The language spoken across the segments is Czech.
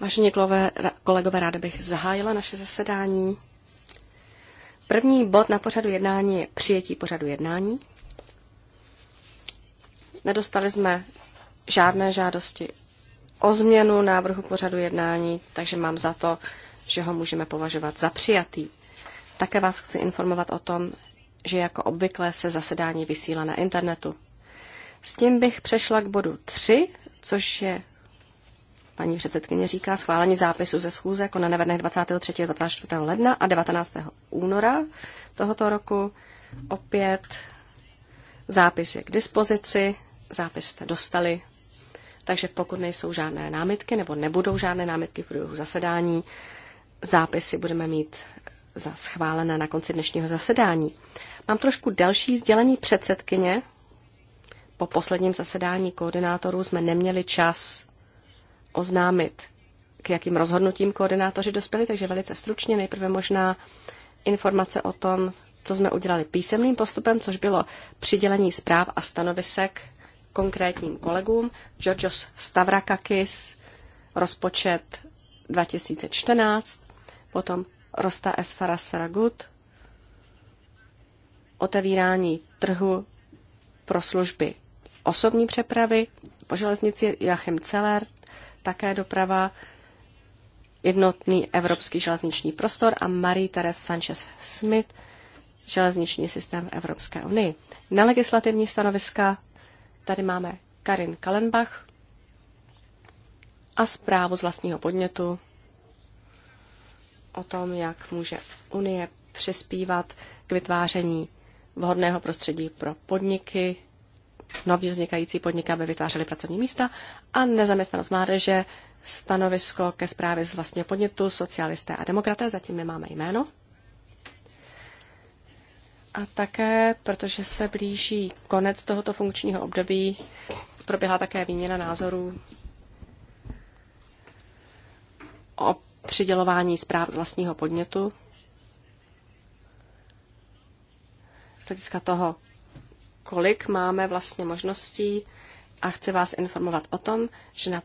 Vážení kolegové, ráda bych zahájila naše zasedání. První bod na pořadu jednání je přijetí pořadu jednání. Nedostali jsme žádné žádosti o změnu návrhu pořadu jednání, takže mám za to, že ho můžeme považovat za přijatý. Také vás chci informovat o tom, že jako obvykle se zasedání vysílá na internetu. S tím bych přešla k bodu 3, což je Paní předsedkyně říká schválení zápisu ze schůze jako na nevedných 23. 24. ledna a 19. února tohoto roku. Opět zápis je k dispozici, zápis jste dostali, takže pokud nejsou žádné námitky nebo nebudou žádné námitky v průběhu zasedání, zápisy budeme mít za schválené na konci dnešního zasedání. Mám trošku další sdělení předsedkyně. Po posledním zasedání koordinátorů jsme neměli čas oznámit, k jakým rozhodnutím koordinátoři dospěli, takže velice stručně nejprve možná informace o tom, co jsme udělali písemným postupem, což bylo přidělení zpráv a stanovisek konkrétním kolegům. Georgios Stavrakakis, rozpočet 2014, potom Rosta Esfara Sferagut, otevírání trhu pro služby osobní přepravy, po železnici Joachim Celer, také doprava, jednotný evropský železniční prostor a Marie-Therese Sanchez-Smith, železniční systém v Evropské unii. Na legislativní stanoviska tady máme Karin Kalenbach a zprávu z vlastního podnětu o tom, jak může Unie přispívat k vytváření vhodného prostředí pro podniky, nově vznikající podniky, aby vytvářely pracovní místa a nezaměstnanost mládeže, stanovisko ke zprávě z vlastního podnětu, socialisté a demokraté, zatím my máme jméno. A také, protože se blíží konec tohoto funkčního období, proběhla také výměna názorů o přidělování zpráv z vlastního podnětu z hlediska toho, kolik máme vlastně možností a chci vás informovat o tom, že na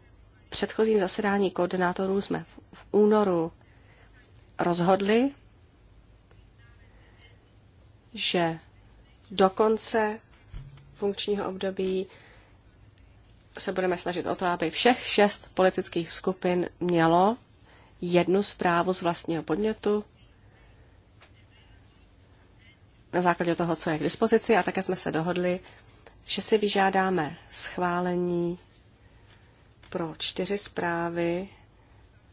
předchozím zasedání koordinátorů jsme v únoru rozhodli, že do konce funkčního období se budeme snažit o to, aby všech šest politických skupin mělo jednu zprávu z vlastního podnětu na základě toho, co je k dispozici a také jsme se dohodli, že si vyžádáme schválení pro čtyři zprávy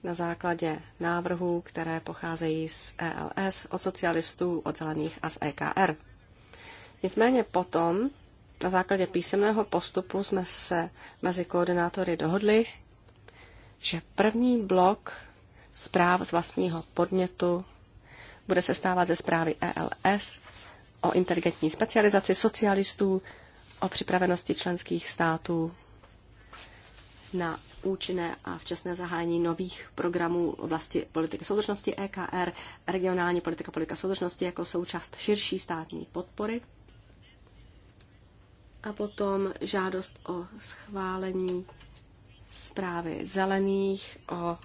na základě návrhů, které pocházejí z ELS, od socialistů, od zelených a z EKR. Nicméně potom, na základě písemného postupu, jsme se mezi koordinátory dohodli, že první blok zpráv z vlastního podnětu bude se stávat ze zprávy ELS o inteligentní specializaci socialistů, o připravenosti členských států na účinné a včasné zahájení nových programů v oblasti politiky soudržnosti EKR, regionální politika politika soudržnosti jako součást širší státní podpory a potom žádost o schválení zprávy zelených, o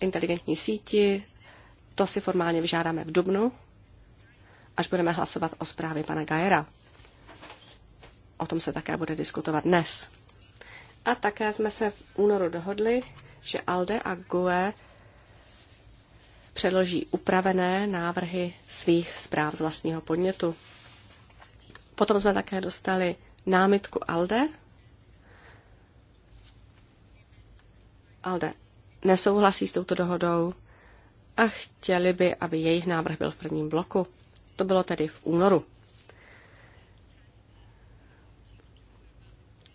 inteligentní síti. To si formálně vyžádáme v Dubnu až budeme hlasovat o zprávě pana Gajera. O tom se také bude diskutovat dnes. A také jsme se v únoru dohodli, že Alde a GUE předloží upravené návrhy svých zpráv z vlastního podnětu. Potom jsme také dostali námitku Alde. Alde nesouhlasí s touto dohodou a chtěli by, aby jejich návrh byl v prvním bloku. To bylo tedy v únoru.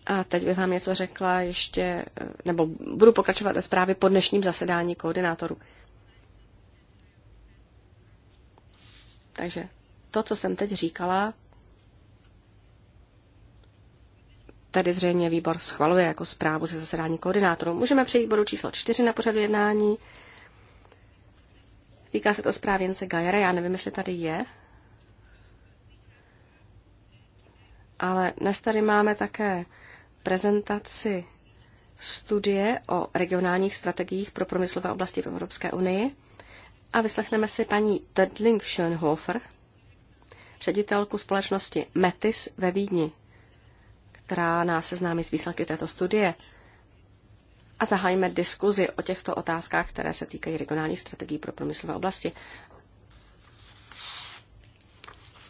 A teď bych vám něco řekla ještě, nebo budu pokračovat ve zprávě po dnešním zasedání koordinátorů. Takže to, co jsem teď říkala, tady zřejmě výbor schvaluje jako zprávu ze zasedání koordinátorů. Můžeme přejít k bodu číslo 4 na pořadu jednání. Týká se to zprávěnce Gajera, já nevím, jestli tady je. Ale dnes tady máme také prezentaci studie o regionálních strategiích pro průmyslové oblasti v Evropské unii a vyslechneme si paní Tedling Schönhofer, ředitelku společnosti Metis ve Vídni, která nás seznámí s výsledky této studie a zahájíme diskuzi o těchto otázkách, které se týkají regionálních strategií pro průmyslové oblasti.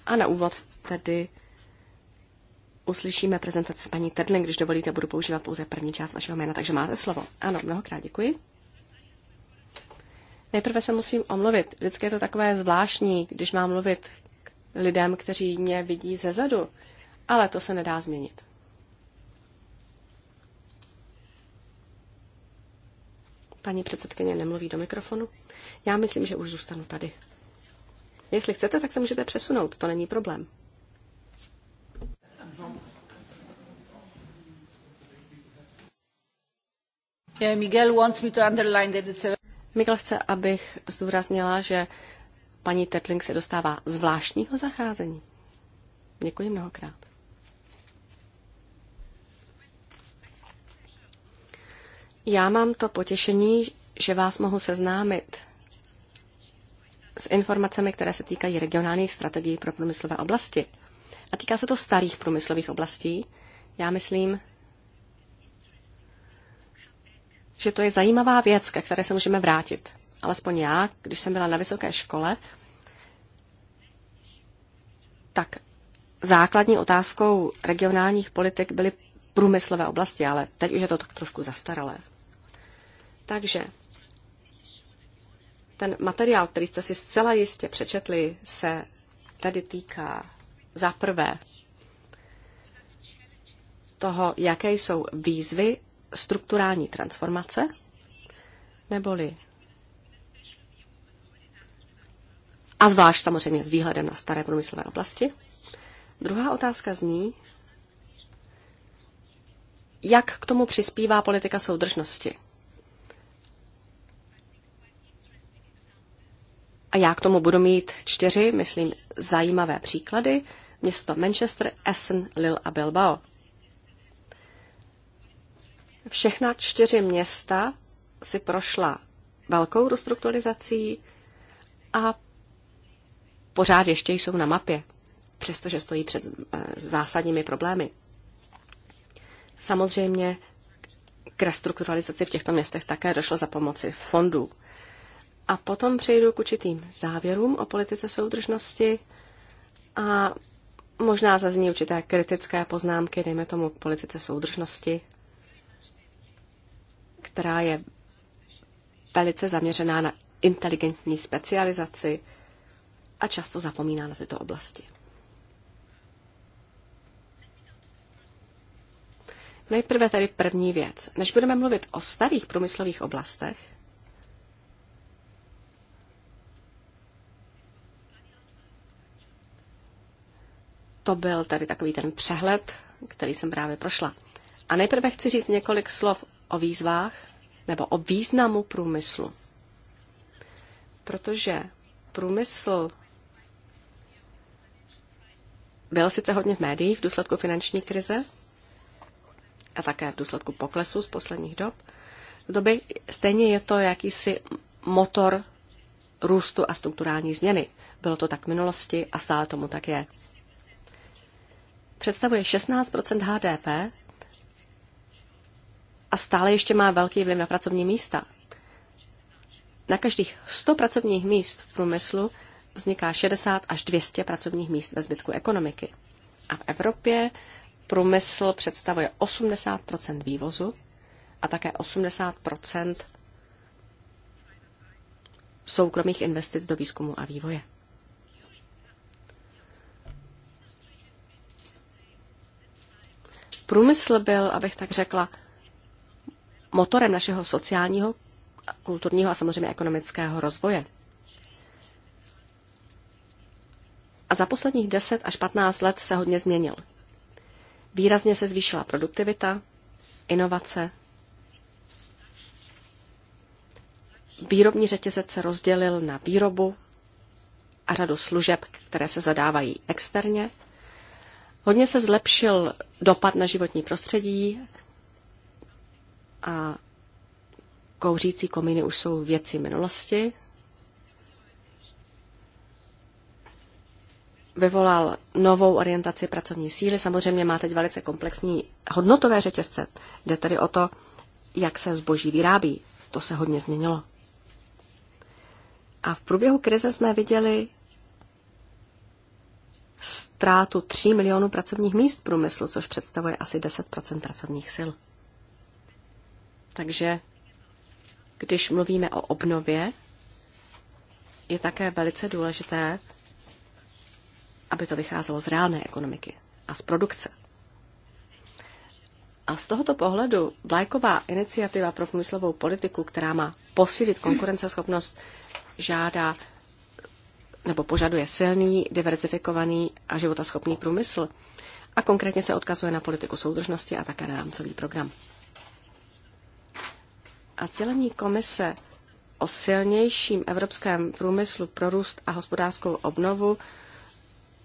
A na úvod tedy uslyšíme prezentaci paní Tedlin. Když dovolíte, budu používat pouze první část vašeho jména, takže máte slovo. Ano, mnohokrát děkuji. Nejprve se musím omluvit. Vždycky je to takové zvláštní, když mám mluvit k lidem, kteří mě vidí ze zadu, ale to se nedá změnit. Paní předsedkyně nemluví do mikrofonu. Já myslím, že už zůstanu tady. Jestli chcete, tak se můžete přesunout, to není problém. Eh, Miguel chce, abych zdůraznila, že paní Tetling se dostává zvláštního zacházení. Děkuji mnohokrát. Já mám to potěšení, že vás mohu seznámit s informacemi, které se týkají regionálních strategií pro průmyslové oblasti. A týká se to starých průmyslových oblastí. Já myslím, že to je zajímavá věc, ke které se můžeme vrátit. Alespoň já, když jsem byla na vysoké škole, tak základní otázkou regionálních politik byly průmyslové oblasti, ale teď už je to tak trošku zastaralé. Takže ten materiál, který jste si zcela jistě přečetli, se tady týká za prvé toho, jaké jsou výzvy strukturální transformace, neboli a zvlášť samozřejmě s výhledem na staré průmyslové oblasti. Druhá otázka zní, jak k tomu přispívá politika soudržnosti. A já k tomu budu mít čtyři, myslím, zajímavé příklady. Město Manchester, Essen, Lille a Bilbao. Všechna čtyři města si prošla velkou restrukturalizací a pořád ještě jsou na mapě, přestože stojí před eh, zásadními problémy. Samozřejmě k restrukturalizaci v těchto městech také došlo za pomoci fondů. A potom přejdu k určitým závěrům o politice soudržnosti a možná zazní určité kritické poznámky, dejme tomu k politice soudržnosti která je velice zaměřená na inteligentní specializaci a často zapomíná na tyto oblasti. Nejprve tedy první věc. Než budeme mluvit o starých průmyslových oblastech, to byl tady takový ten přehled, který jsem právě prošla. A nejprve chci říct několik slov o výzvách nebo o významu průmyslu. Protože průmysl byl sice hodně v médiích v důsledku finanční krize a také v důsledku poklesu z posledních dob, době stejně je to jakýsi motor růstu a strukturální změny. Bylo to tak v minulosti a stále tomu tak je. Představuje 16 HDP a stále ještě má velký vliv na pracovní místa. Na každých 100 pracovních míst v průmyslu vzniká 60 až 200 pracovních míst ve zbytku ekonomiky. A v Evropě průmysl představuje 80 vývozu a také 80 soukromých investic do výzkumu a vývoje. Průmysl byl, abych tak řekla, motorem našeho sociálního, kulturního a samozřejmě ekonomického rozvoje. A za posledních 10 až 15 let se hodně změnil. Výrazně se zvýšila produktivita, inovace. Výrobní řetězec se rozdělil na výrobu a řadu služeb, které se zadávají externě. Hodně se zlepšil dopad na životní prostředí, a kouřící komíny už jsou věci minulosti. Vyvolal novou orientaci pracovní síly. Samozřejmě má teď velice komplexní hodnotové řetězce. Jde tedy o to, jak se zboží vyrábí. To se hodně změnilo. A v průběhu krize jsme viděli ztrátu 3 milionů pracovních míst v průmyslu, což představuje asi 10 pracovních sil. Takže když mluvíme o obnově, je také velice důležité, aby to vycházelo z reálné ekonomiky a z produkce. A z tohoto pohledu vlajková iniciativa pro průmyslovou politiku, která má posílit konkurenceschopnost, žádá nebo požaduje silný, diverzifikovaný a životaschopný průmysl. A konkrétně se odkazuje na politiku soudržnosti a také na rámcový program. A sdělení komise o silnějším evropském průmyslu pro růst a hospodářskou obnovu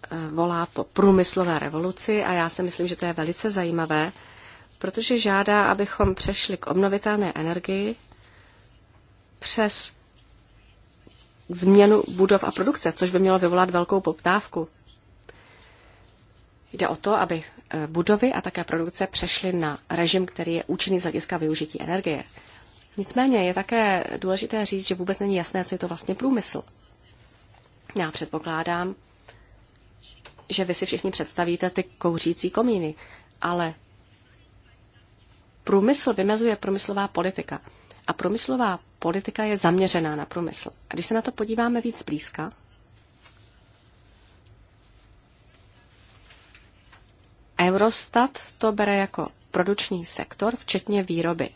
eh, volá po průmyslové revoluci a já si myslím, že to je velice zajímavé, protože žádá, abychom přešli k obnovitelné energii přes změnu budov a produkce, což by mělo vyvolat velkou poptávku. Jde o to, aby eh, budovy a také produkce přešly na režim, který je účinný z hlediska využití energie. Nicméně je také důležité říct, že vůbec není jasné, co je to vlastně průmysl. Já předpokládám, že vy si všichni představíte ty kouřící komíny, ale průmysl vymezuje průmyslová politika. A průmyslová politika je zaměřená na průmysl. A když se na to podíváme víc blízka, Eurostat to bere jako produční sektor, včetně výroby.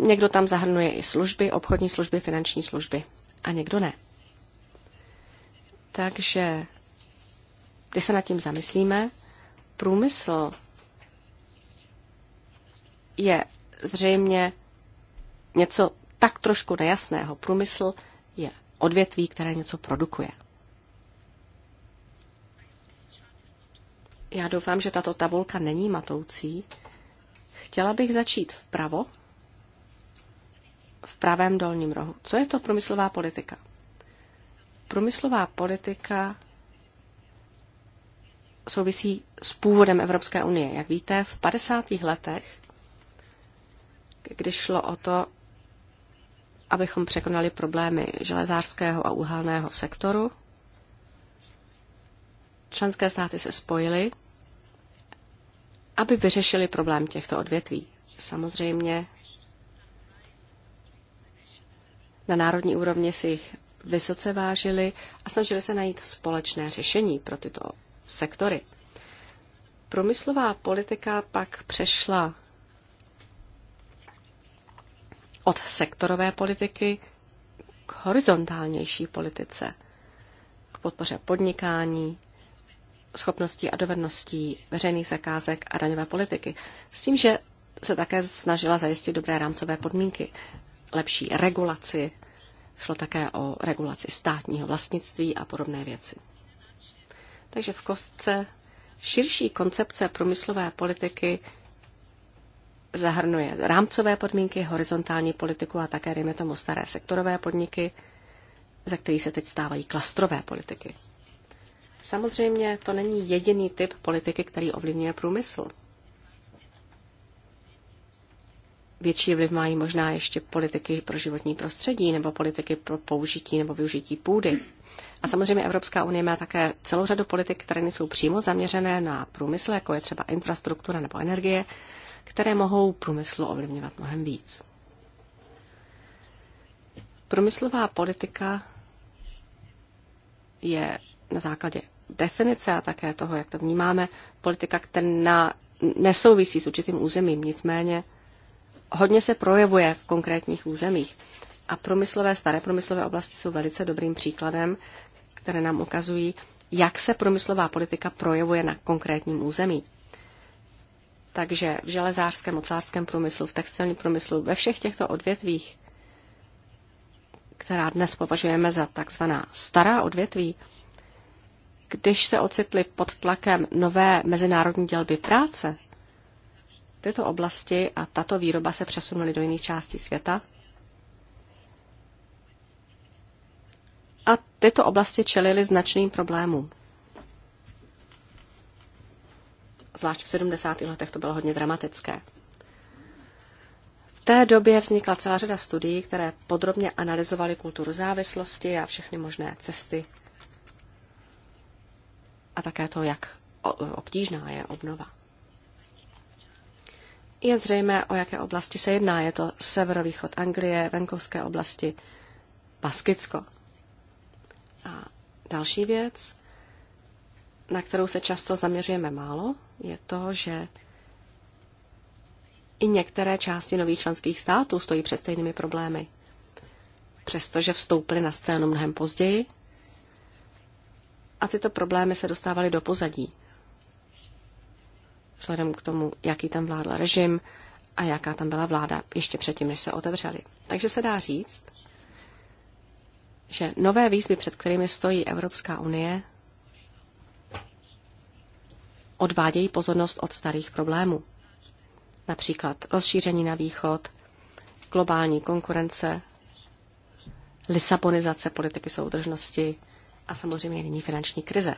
Někdo tam zahrnuje i služby, obchodní služby, finanční služby a někdo ne. Takže když se nad tím zamyslíme, průmysl je zřejmě něco tak trošku nejasného. Průmysl je odvětví, které něco produkuje. Já doufám, že tato tabulka není matoucí. Chtěla bych začít vpravo v pravém dolním rohu. Co je to průmyslová politika? Průmyslová politika souvisí s původem Evropské unie. Jak víte, v 50. letech, když šlo o to, abychom překonali problémy železářského a uhelného sektoru, členské státy se spojily, aby vyřešili problém těchto odvětví. Samozřejmě Na národní úrovni si jich vysoce vážili a snažili se najít společné řešení pro tyto sektory. Promyslová politika pak přešla od sektorové politiky k horizontálnější politice, k podpoře podnikání, schopností a dovedností veřejných zakázek a daňové politiky. S tím, že se také snažila zajistit dobré rámcové podmínky lepší regulaci, šlo také o regulaci státního vlastnictví a podobné věci. Takže v kostce širší koncepce průmyslové politiky zahrnuje rámcové podmínky, horizontální politiku a také, dejme tomu, staré sektorové podniky, ze kterých se teď stávají klastrové politiky. Samozřejmě to není jediný typ politiky, který ovlivňuje průmysl. Větší vliv mají možná ještě politiky pro životní prostředí nebo politiky pro použití nebo využití půdy. A samozřejmě Evropská unie má také celou řadu politik, které nejsou přímo zaměřené na průmysl, jako je třeba infrastruktura nebo energie, které mohou průmyslu ovlivňovat mnohem víc. Průmyslová politika je na základě definice a také toho, jak to vnímáme, politika, která nesouvisí s určitým územím. Nicméně hodně se projevuje v konkrétních územích. A promyslové, staré promyslové oblasti jsou velice dobrým příkladem, které nám ukazují, jak se promyslová politika projevuje na konkrétním území. Takže v železářském, ocářském průmyslu, v textilním průmyslu, ve všech těchto odvětvích, která dnes považujeme za takzvaná stará odvětví, když se ocitli pod tlakem nové mezinárodní dělby práce, Tyto oblasti a tato výroba se přesunuly do jiných částí světa. A tyto oblasti čelily značným problémům. Zvlášť v 70. letech to bylo hodně dramatické. V té době vznikla celá řada studií, které podrobně analyzovaly kulturu závislosti a všechny možné cesty a také to, jak obtížná je obnova. Je zřejmé, o jaké oblasti se jedná. Je to severovýchod Anglie, venkovské oblasti, Baskicko. A další věc, na kterou se často zaměřujeme málo, je to, že i některé části nových členských států stojí před stejnými problémy. Přestože vstoupily na scénu mnohem později a tyto problémy se dostávaly do pozadí vzhledem k tomu, jaký tam vládl režim a jaká tam byla vláda ještě předtím, než se otevřeli. Takže se dá říct, že nové výzvy, před kterými stojí Evropská unie, odvádějí pozornost od starých problémů. Například rozšíření na východ, globální konkurence, lisabonizace politiky soudržnosti a samozřejmě nyní finanční krize.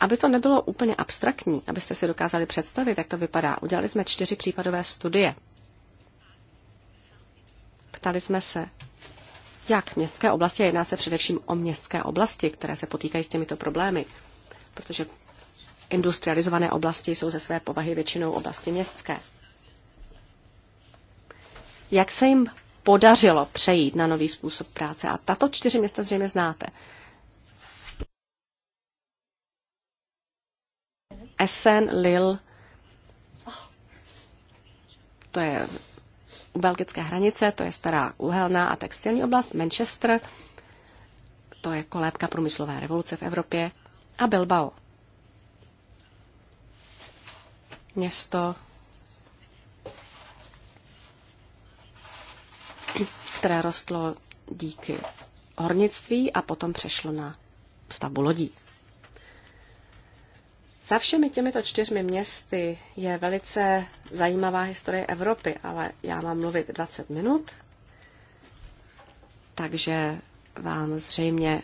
Aby to nebylo úplně abstraktní, abyste si dokázali představit, jak to vypadá, udělali jsme čtyři případové studie. Ptali jsme se, jak městské oblasti, jedná se především o městské oblasti, které se potýkají s těmito problémy, protože industrializované oblasti jsou ze své povahy většinou oblasti městské. Jak se jim podařilo přejít na nový způsob práce. A tato čtyři města zřejmě znáte. Essen, Lille, to je u belgické hranice, to je stará uhelná a textilní oblast, Manchester, to je kolébka průmyslové revoluce v Evropě, a Bilbao. Město, které rostlo díky hornictví a potom přešlo na stavbu lodí. Za všemi těmito čtyřmi městy je velice zajímavá historie Evropy, ale já mám mluvit 20 minut, takže vám zřejmě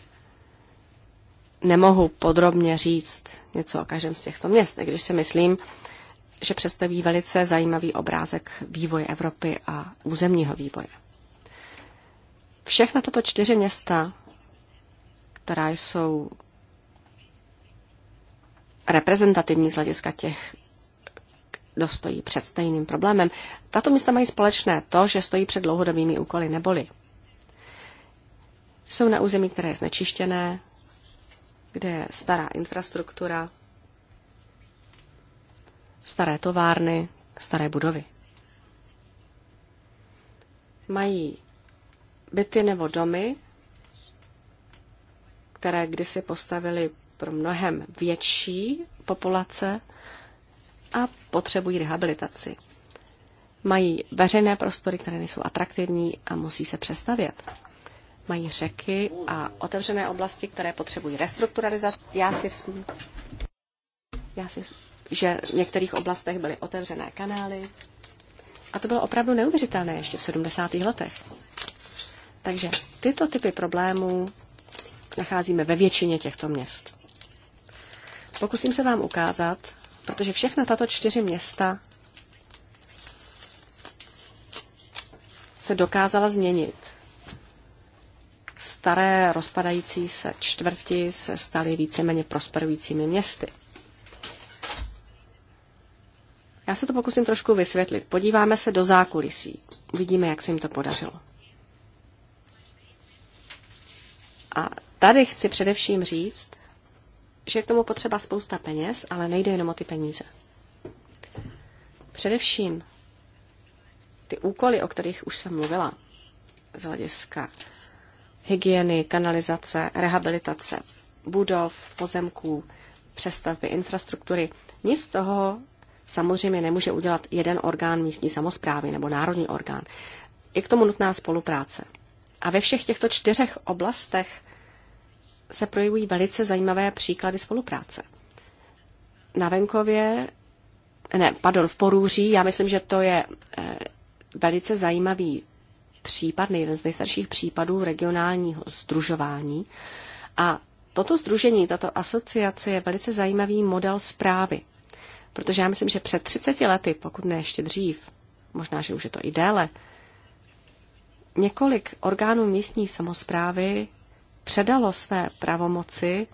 nemohu podrobně říct něco o každém z těchto měst, když si myslím, že představí velice zajímavý obrázek vývoje Evropy a územního vývoje. Všechna tato čtyři města, která jsou reprezentativní z hlediska těch, kdo stojí před stejným problémem, tato města mají společné to, že stojí před dlouhodobými úkoly neboli. Jsou na území, které je znečištěné, kde je stará infrastruktura, staré továrny, staré budovy. Mají byty nebo domy, které kdysi postavili pro mnohem větší populace a potřebují rehabilitaci. Mají veřejné prostory, které nejsou atraktivní a musí se přestavět. Mají řeky a otevřené oblasti, které potřebují restrukturalizaci. Já si, vzpomínám, že v některých oblastech byly otevřené kanály. A to bylo opravdu neuvěřitelné ještě v 70. letech. Takže tyto typy problémů nacházíme ve většině těchto měst. Pokusím se vám ukázat, protože všechna tato čtyři města se dokázala změnit. Staré rozpadající se čtvrti se staly víceméně prosperujícími městy. Já se to pokusím trošku vysvětlit. Podíváme se do zákulisí. Uvidíme, jak se jim to podařilo. A tady chci především říct, že je k tomu potřeba spousta peněz, ale nejde jenom o ty peníze. Především ty úkoly, o kterých už jsem mluvila, z hlediska hygieny, kanalizace, rehabilitace budov, pozemků, přestavby infrastruktury, nic z toho samozřejmě nemůže udělat jeden orgán místní samozprávy nebo národní orgán. Je k tomu nutná spolupráce. A ve všech těchto čtyřech oblastech se projevují velice zajímavé příklady spolupráce. Na venkově, ne, pardon, v Porůří, já myslím, že to je eh, velice zajímavý případ, jeden z nejstarších případů regionálního združování. A toto združení, tato asociace je velice zajímavý model zprávy. Protože já myslím, že před 30 lety, pokud ne ještě dřív, možná, že už je to i déle, Několik orgánů místní samozprávy předalo své pravomoci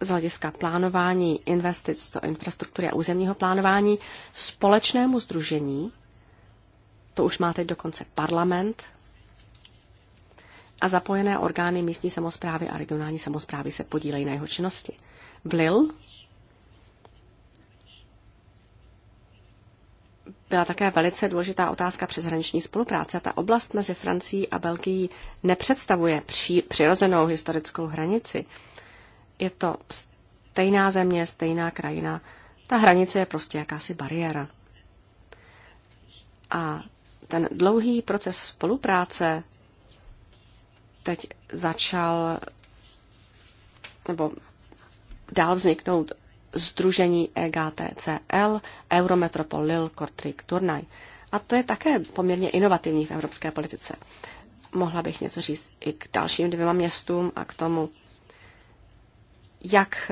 z hlediska plánování investic do infrastruktury a územního plánování společnému združení, to už má teď dokonce parlament, a zapojené orgány místní samozprávy a regionální samozprávy se podílejí na jeho činnosti. V Lille byla také velice důležitá otázka přeshraniční spolupráce. Ta oblast mezi Francií a Belgií nepředstavuje při, přirozenou historickou hranici. Je to stejná země, stejná krajina. Ta hranice je prostě jakási bariéra. A ten dlouhý proces spolupráce teď začal, nebo dál vzniknout Združení EGTCL, Eurometropol Lil Kortrik, Turnaj. A to je také poměrně inovativní v evropské politice. Mohla bych něco říct i k dalším dvěma městům a k tomu, jak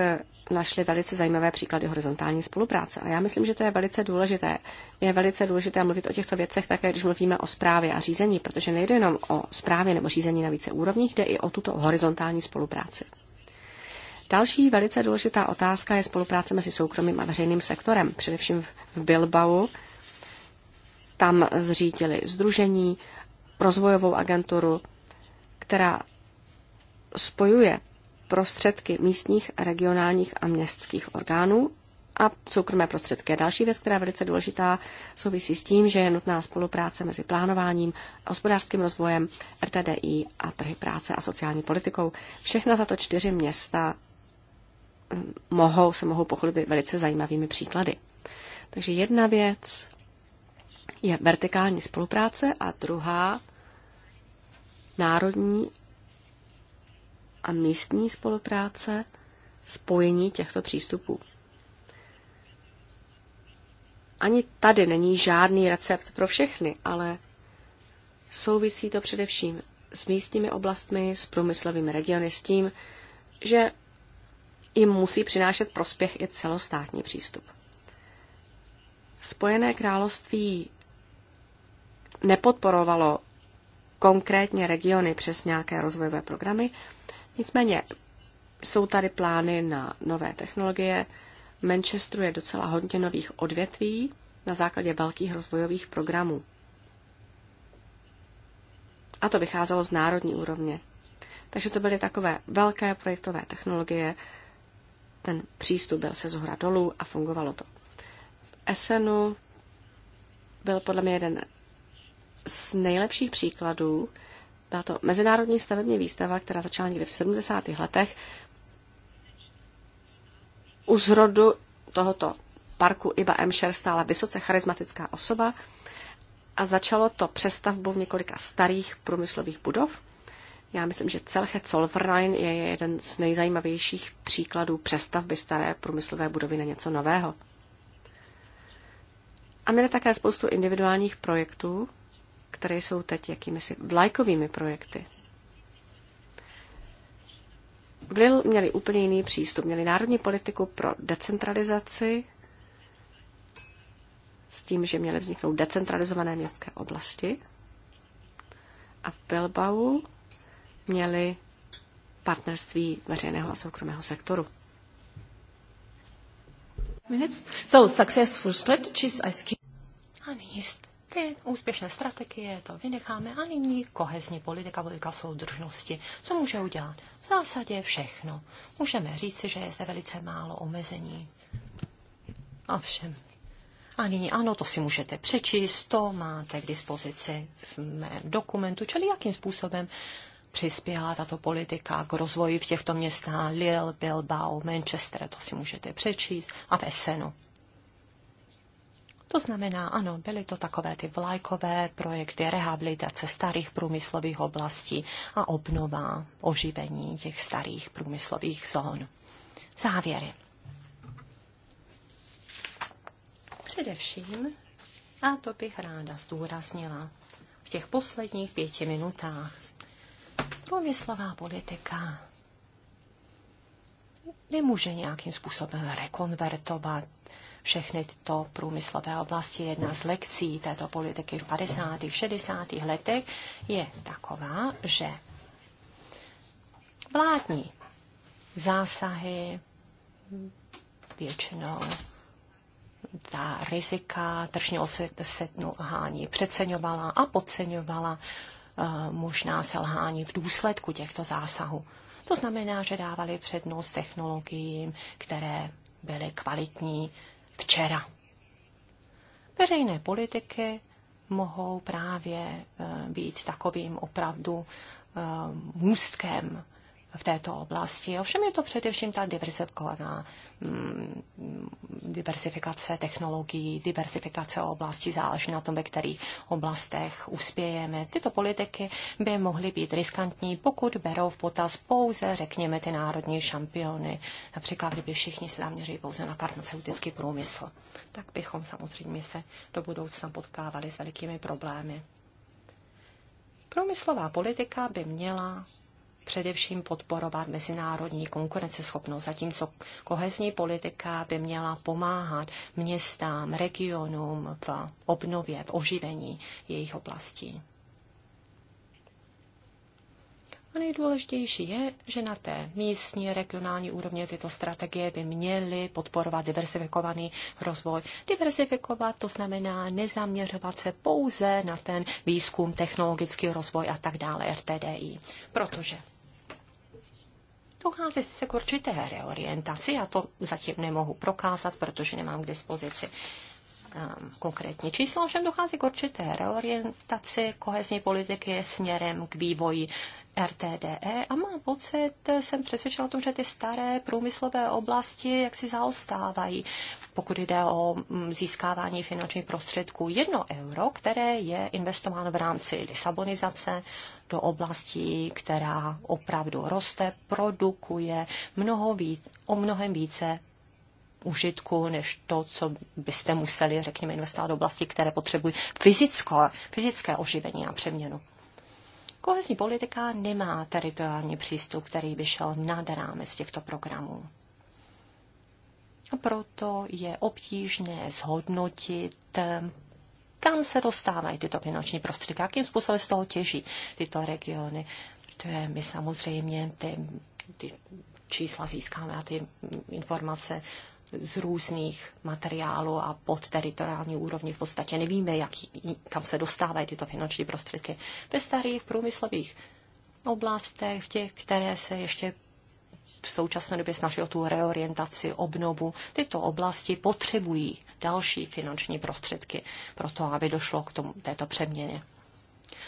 našli velice zajímavé příklady horizontální spolupráce. A já myslím, že to je velice důležité. Je velice důležité mluvit o těchto věcech také, když mluvíme o správě a řízení, protože nejde jenom o správě nebo řízení na více úrovních, jde i o tuto horizontální spolupráci. Další velice důležitá otázka je spolupráce mezi soukromým a veřejným sektorem, především v Bilbao. Tam zřídili združení, rozvojovou agenturu, která spojuje prostředky místních, regionálních a městských orgánů a soukromé prostředky. další věc, která je velice důležitá, souvisí s tím, že je nutná spolupráce mezi plánováním, hospodářským rozvojem, RTDI a trhy práce a sociální politikou. Všechna tato čtyři města Eh, mohou, se mohou pochlubit velice zajímavými příklady. Takže jedna věc je vertikální spolupráce a druhá národní a místní spolupráce, spojení těchto přístupů. Ani tady není žádný recept pro všechny, ale souvisí to především s místními oblastmi, s průmyslovými regiony, s tím, že jim musí přinášet prospěch i celostátní přístup. Spojené království nepodporovalo konkrétně regiony přes nějaké rozvojové programy, nicméně jsou tady plány na nové technologie. Manchesteru je docela hodně nových odvětví na základě velkých rozvojových programů. A to vycházelo z národní úrovně. Takže to byly takové velké projektové technologie, ten přístup byl se zhora dolů a fungovalo to. V Essenu byl podle mě jeden z nejlepších příkladů. Byla to mezinárodní stavební výstava, která začala někdy v 70. letech u zrodu tohoto parku Iba Emšer stála vysoce charismatická osoba a začalo to přestavbou několika starých průmyslových budov. Já myslím, že celé Zollverein je jeden z nejzajímavějších příkladů přestavby staré průmyslové budovy na něco nového. A měli také spoustu individuálních projektů, které jsou teď jakými si vlajkovými projekty. V Lille měli úplně jiný přístup. Měli národní politiku pro decentralizaci s tím, že měly vzniknout decentralizované městské oblasti. A v Bilbao měli partnerství veřejného a soukromého sektoru. So successful strategies I skip. A nyní ty úspěšné strategie, to vynecháme. A nyní kohezní politika, politika soudržnosti. Co může udělat? V zásadě všechno. Můžeme říci, že je zde velice málo omezení. Ovšem. A nyní ano, to si můžete přečíst, to máte k dispozici v mém dokumentu, čili jakým způsobem přispěla tato politika k rozvoji v těchto městách Lille, Bilbao, Manchester, to si můžete přečíst, a ve Senu. To znamená, ano, byly to takové ty vlajkové projekty rehabilitace starých průmyslových oblastí a obnova, oživení těch starých průmyslových zón. Závěry. Především, a to bych ráda zdůraznila, v těch posledních pěti minutách Průmyslová politika nemůže nějakým způsobem rekonvertovat všechny tyto průmyslové oblasti. Jedna z lekcí této politiky v 50. 60. letech je taková, že vládní zásahy většinou ta rizika tržního selhání přeceňovala a podceňovala Eh, možná selhání v důsledku těchto zásahů. To znamená, že dávali přednost technologiím, které byly kvalitní včera. Veřejné politiky mohou právě eh, být takovým opravdu eh, můstkem v této oblasti. Ovšem je to především ta diversifikovaná mm, diversifikace technologií, diversifikace oblasti, záleží na tom, ve kterých oblastech uspějeme. Tyto politiky by mohly být riskantní, pokud berou v potaz pouze, řekněme, ty národní šampiony. Například, kdyby všichni se zaměřili pouze na farmaceutický průmysl, tak bychom samozřejmě se do budoucna potkávali s velikými problémy. Průmyslová politika by měla především podporovat mezinárodní konkurenceschopnost, zatímco kohezní politika by měla pomáhat městám, regionům v obnově, v oživení jejich oblastí. A nejdůležitější je, že na té místní, regionální úrovni tyto strategie by měly podporovat diversifikovaný rozvoj. Diversifikovat to znamená nezaměřovat se pouze na ten výzkum, technologický rozvoj a tak dále, RTDI. Protože Dochází se k určité reorientaci, já to zatím nemohu prokázat, protože nemám k dispozici um, konkrétní číslo, ovšem dochází k určité reorientaci kohezní politiky směrem k vývoji RTDE a mám pocit, jsem přesvědčena o tom, že ty staré průmyslové oblasti jak si zaostávají pokud jde o mm, získávání finančních prostředků. Jedno euro, které je investováno v rámci Lisabonizace do oblastí, která opravdu roste, produkuje mnoho víc, o mnohem více užitku, než to, co byste museli, řekněme, investovat do oblasti, které potřebují fyzické, fyzické oživení a přeměnu. Kohezní politika nemá teritoriální přístup, který by šel nad rámec těchto programů. A proto je obtížné zhodnotit, kam se dostávají tyto finanční prostředky, jakým způsobem z toho těží tyto regiony. Protože my samozřejmě ty, ty čísla získáme a ty informace z různých materiálů a pod teritoriální úrovni v podstatě nevíme, jak, kam se dostávají tyto finanční prostředky. Ve starých průmyslových oblastech, v těch, které se ještě v současné době snaží o tu reorientaci, obnovu. Tyto oblasti potřebují další finanční prostředky pro to, aby došlo k tomu, této přeměně.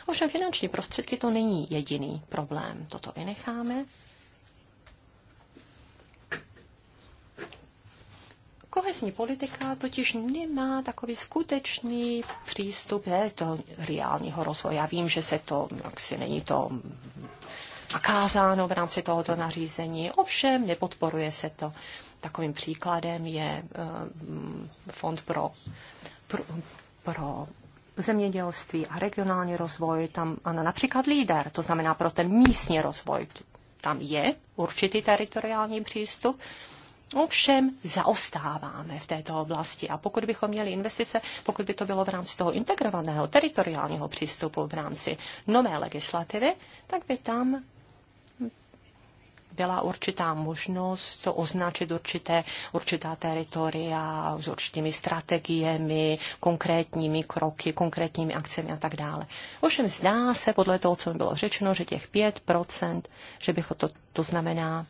Ovšem finanční prostředky to není jediný problém. Toto vynecháme. Kohezní politika totiž nemá takový skutečný přístup do reálního rozvoje. Já vím, že se to, jak není to zakázáno v rámci tohoto nařízení, ovšem nepodporuje se to. Takovým příkladem je eh, Fond pro, pro, pro zemědělství a regionální rozvoj. Tam ano, například líder, to znamená pro ten místní rozvoj. Tam je určitý teritoriální přístup, Ovšem zaostáváme v této oblasti a pokud bychom měli investice, pokud by to bylo v rámci toho integrovaného teritoriálního přístupu v rámci nové legislativy, tak by tam byla určitá možnost označit určité, určitá teritoria s určitými strategiemi, konkrétními kroky, konkrétními akcemi a tak dále. Ovšem zdá se, podle toho, co mi bylo řečeno, že těch 5%, že bych to, to znamená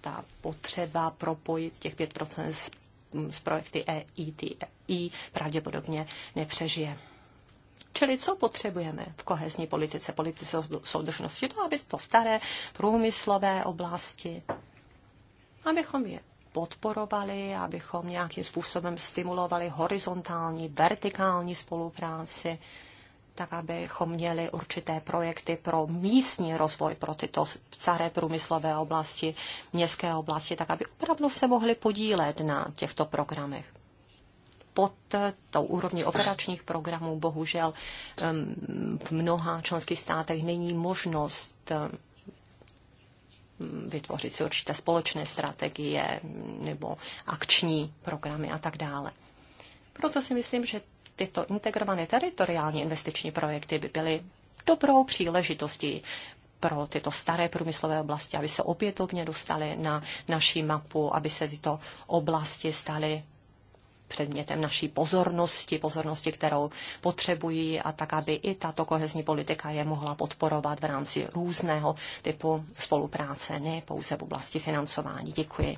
ta potřeba propojit těch 5% s, s projekty EITI pravděpodobně nepřežije. Čili co potřebujeme v kohezní politice, politice soudržnosti? To, no, aby to staré průmyslové oblasti, abychom je podporovali, abychom nějakým způsobem stimulovali horizontální, vertikální spolupráci, tak abychom měli určité projekty pro místní rozvoj, pro tyto staré průmyslové oblasti, městské oblasti, tak aby opravdu se mohli podílet na těchto programech pod tou úrovní operačních programů. Bohužel v mnoha členských státech není možnost vytvořit si určité společné strategie nebo akční programy a tak dále. Proto si myslím, že tyto integrované teritoriální investiční projekty by byly dobrou příležitostí pro tyto staré průmyslové oblasti, aby se opětovně dostaly na naší mapu, aby se tyto oblasti staly předmětem naší pozornosti, pozornosti, kterou potřebují a tak, aby i tato kohezní politika je mohla podporovat v rámci různého typu spolupráce, ne pouze v oblasti financování. Děkuji.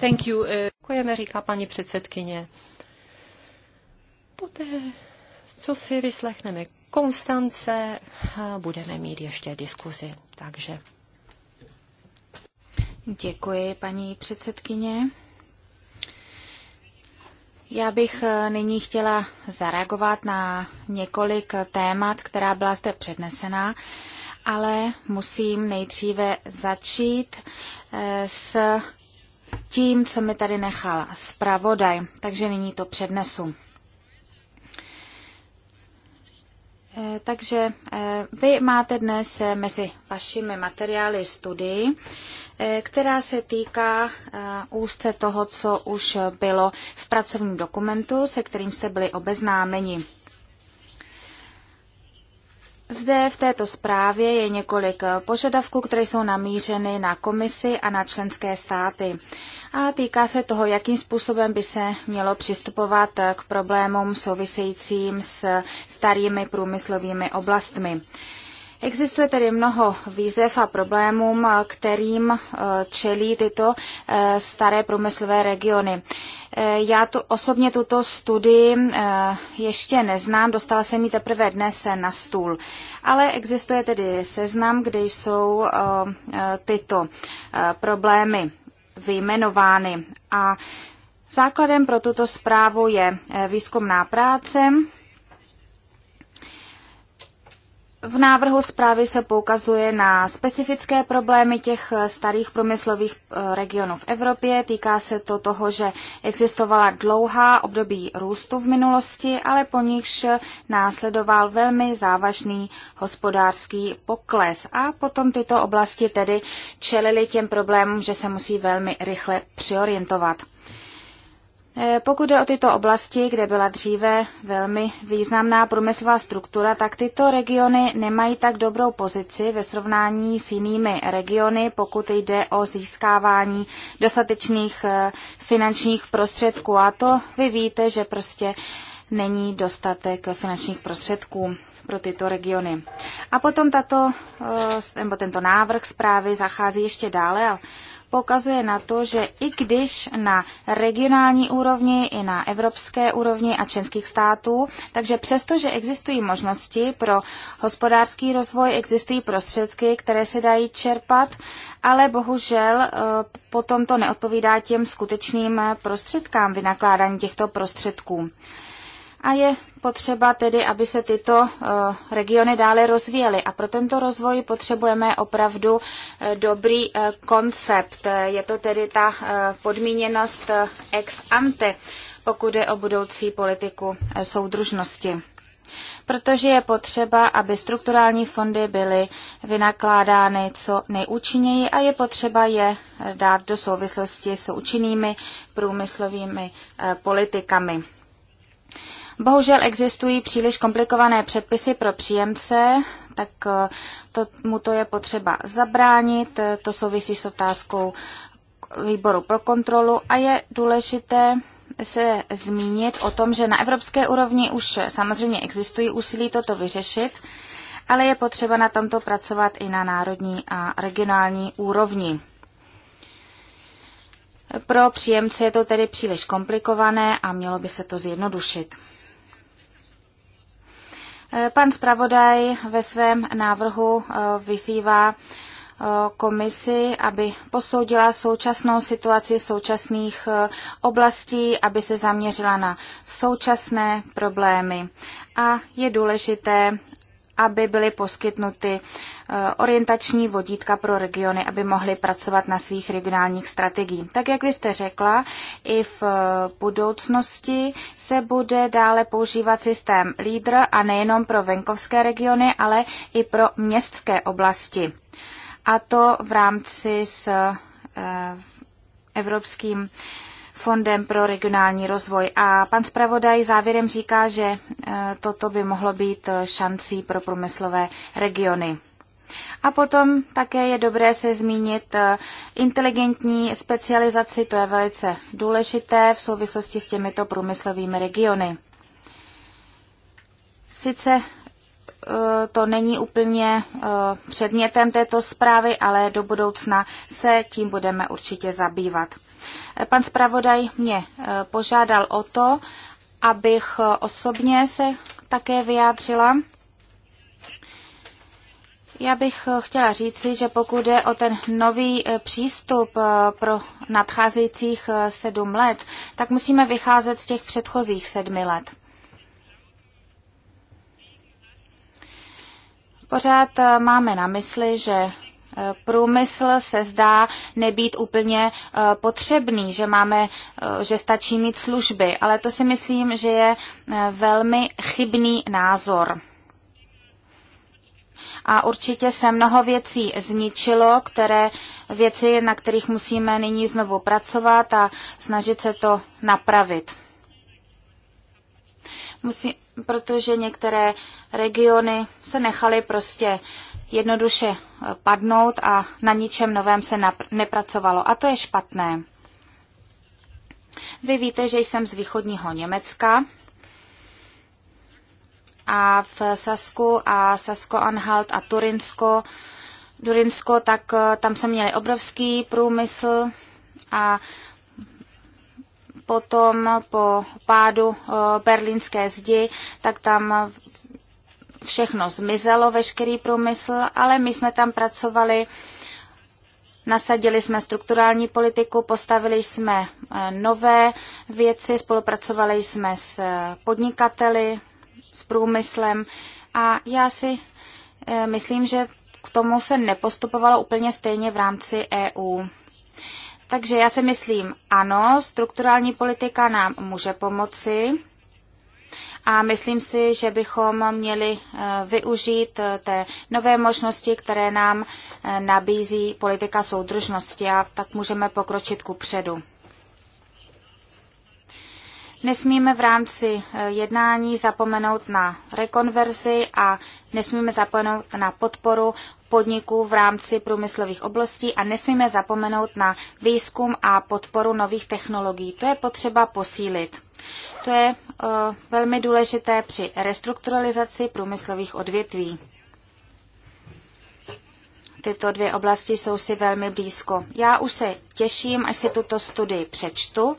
Thank you. Eh. Děkujeme, říká paní předsedkyně. Poté, co si vyslechneme Konstance, budeme mít ještě diskuzi. Takže Děkuji, paní předsedkyně. Já bych eh, nyní chtěla zareagovat na několik eh, témat, která byla zde přednesena, ale musím nejdříve začít eh, s tím, co mi tady nechal zpravodaj, takže nyní to přednesu. Takže vy máte dnes mezi vašimi materiály studii, Eh, která se týká eh, úzce toho, co už bylo v pracovním dokumentu, se kterým jste byli obeznámeni. Zde v této zprávě je několik požadavků, které jsou namířeny na komisi a na členské státy. A týká se toho, jakým způsobem by se mělo přistupovat k problémům souvisejícím s starými průmyslovými oblastmi. Existuje tedy mnoho výzev a problémů, kterým e, čelí tyto e, staré průmyslové regiony. E, já tu osobně tuto studii ještě neznám, dostala jsem ji teprve dnes na stůl. Ale existuje tedy seznam, kde jsou tyto problémy vyjmenovány. A základem pro tuto zprávu je výzkumná práce, v návrhu zprávy se poukazuje na specifické problémy těch starých průmyslových eh, regionů v Evropě. Týká se to toho, že existovala dlouhá období růstu v minulosti, ale po nichž následoval velmi závažný hospodářský pokles. A potom tyto oblasti tedy čelily těm problémům, že se musí velmi rychle přiorientovat. Eh, pokud jde o tyto oblasti, kde byla dříve velmi významná průmyslová struktura, tak tyto regiony nemají tak dobrou pozici ve srovnání s jinými regiony, pokud jde o získávání dostatečných eh, finančních prostředků. A to vy víte, že prostě není dostatek finančních prostředků pro tyto regiony. A potom tato, eh, nebo tento návrh zprávy zachází ještě dále poukazuje na to, že i když na regionální úrovni, i na evropské úrovni a členských států, takže přestože existují možnosti pro hospodářský rozvoj, existují prostředky, které se dají čerpat, ale bohužel eh, potom to neodpovídá těm skutečným eh, prostředkám vynakládání těchto prostředků. A je potřeba tedy, aby se tyto eh, regiony dále rozvíjely. A pro tento rozvoj potřebujeme opravdu eh, dobrý eh, koncept. Je to tedy ta podmíněnost ex ante, pokud je o budoucí politiku soudružnosti protože je potřeba, aby strukturální fondy byly vynakládány co nejúčinněji a je potřeba je dát do souvislosti s účinnými průmyslovými politikami. Bohužel existují příliš komplikované předpisy pro příjemce, tak eh, to, mu to je potřeba zabránit, eh, to souvisí s otázkou výboru pro kontrolu a je důležité se zmínit o tom, že na evropské úrovni už samozřejmě existují úsilí toto vyřešit, ale je potřeba na tomto pracovat i na národní a regionální úrovni. Pro příjemce je to tedy příliš komplikované a mělo by se to zjednodušit. Pan zpravodaj ve svém návrhu eh, vyzývá eh, komisi, aby posoudila současnou situaci současných eh, oblastí, aby se zaměřila na současné problémy. A je důležité aby byly poskytnuty eh, orientační vodítka pro regiony, aby mohly pracovat na svých regionálních strategiích. Tak, jak vy jste řekla, i v eh, budoucnosti se bude dále používat systém LEADER a nejenom pro venkovské regiony, ale i pro městské oblasti. A to v rámci s eh, evropským Fondem pro regionální rozvoj. A pan zpravodaj závěrem říká, že eh, toto by mohlo být eh, šancí pro průmyslové regiony. A potom také je dobré se zmínit eh, inteligentní specializaci, to je velice důležité v souvislosti s těmito průmyslovými regiony. Sice to není úplně předmětem této zprávy, ale do budoucna se tím budeme určitě zabývat. Pan zpravodaj mě eh, požádal o to, abych eh, osobně se také vyjádřila. Já bych eh, chtěla říci, že pokud je o ten nový přístup pro nadcházejících sedm let, tak musíme vycházet z těch předchozích sedmi let. Pořád máme na mysli, že průmysl se zdá nebýt úplně eh, potřebný, že máme, eh, že stačí mít služby, ale to si myslím, že je eh, velmi chybný názor. A určitě se mnoho věcí zničilo, které věci, na kterých musíme nyní znovu pracovat a snažit se to napravit. Musí, protože některé regiony se nechaly prostě uh, jednoduše eh, padnout a na ničem novém se nepracovalo. A to je špatné. Vy víte, že jsem z východního Německa a v Sasku a Sasko-Anhalt a Turinsko, Durinsko, tak eh, tam jsme měli obrovský průmysl a potom po pádu eh, berlínské zdi, tak tam všechno zmizelo, veškerý průmysl, ale my jsme tam pracovali, nasadili jsme strukturální politiku, postavili jsme eh, nové věci, spolupracovali jsme s eh, podnikateli, s průmyslem a já si eh, myslím, že k tomu se nepostupovalo úplně stejně v rámci EU. Takže já si myslím, ano, strukturální politika nám může pomoci a myslím si, že bychom měli eh, využít eh, té nové možnosti, které nám eh, nabízí politika soudržnosti a tak můžeme pokročit ku předu. Nesmíme v rámci jednání zapomenout na rekonverzi a nesmíme zapomenout na podporu podniků v rámci průmyslových oblastí a nesmíme zapomenout na výzkum a podporu nových technologií. To je potřeba posílit. To je eh, velmi důležité při restrukturalizaci průmyslových odvětví. Tyto dvě oblasti jsou si velmi blízko. Já už se těším, až si tuto studii přečtu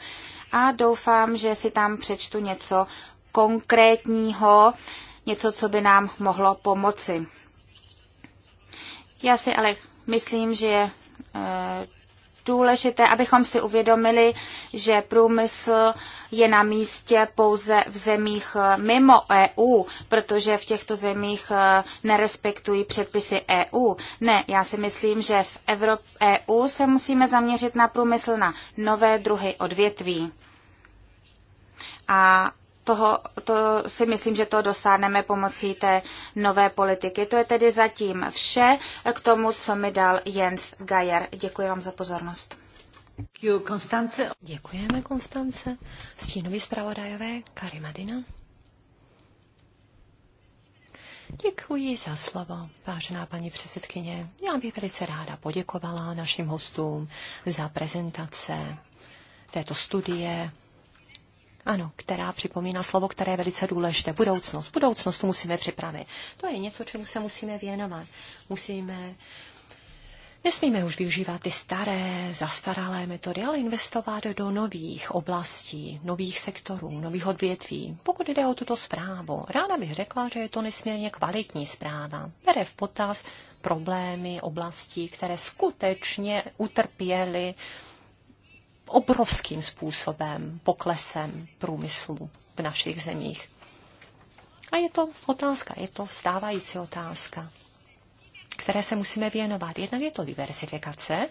a doufám, že si tam přečtu něco konkrétního, něco, co by nám mohlo pomoci. Já si ale myslím, že je eh, důležité, abychom si uvědomili, že průmysl je na místě pouze v zemích eh, mimo EU, protože v těchto zemích eh, nerespektují předpisy EU. Ne, já si myslím, že v Evrop- EU se musíme zaměřit na průmysl na nové druhy odvětví. A toho, to si myslím, že to dosáhneme pomocí té nové politiky. To je tedy zatím vše k tomu, co mi dal Jens Geier. Děkuji vám za pozornost. Děkuji, Konstance. Děkujeme, Konstance. Stínový zpravodajové Karimadina. Děkuji za slovo, vážená paní předsedkyně. Já bych velice ráda poděkovala našim hostům za prezentace této studie ano, která připomíná slovo, které je velice důležité. Budoucnost. Budoucnost tu musíme připravit. To je něco, čemu se musíme věnovat. Musíme Nesmíme už využívat ty staré, zastaralé metody, ale investovat do nových oblastí, nových sektorů, nových odvětví. Pokud jde o tuto zprávu, ráda bych řekla, že je to nesmírně kvalitní zpráva. Bere v potaz problémy, oblasti, které skutečně utrpěly obrovským způsobem, poklesem průmyslu v našich zemích. A je to otázka, je to stávající otázka, které se musíme věnovat. Jednak je to diversifikace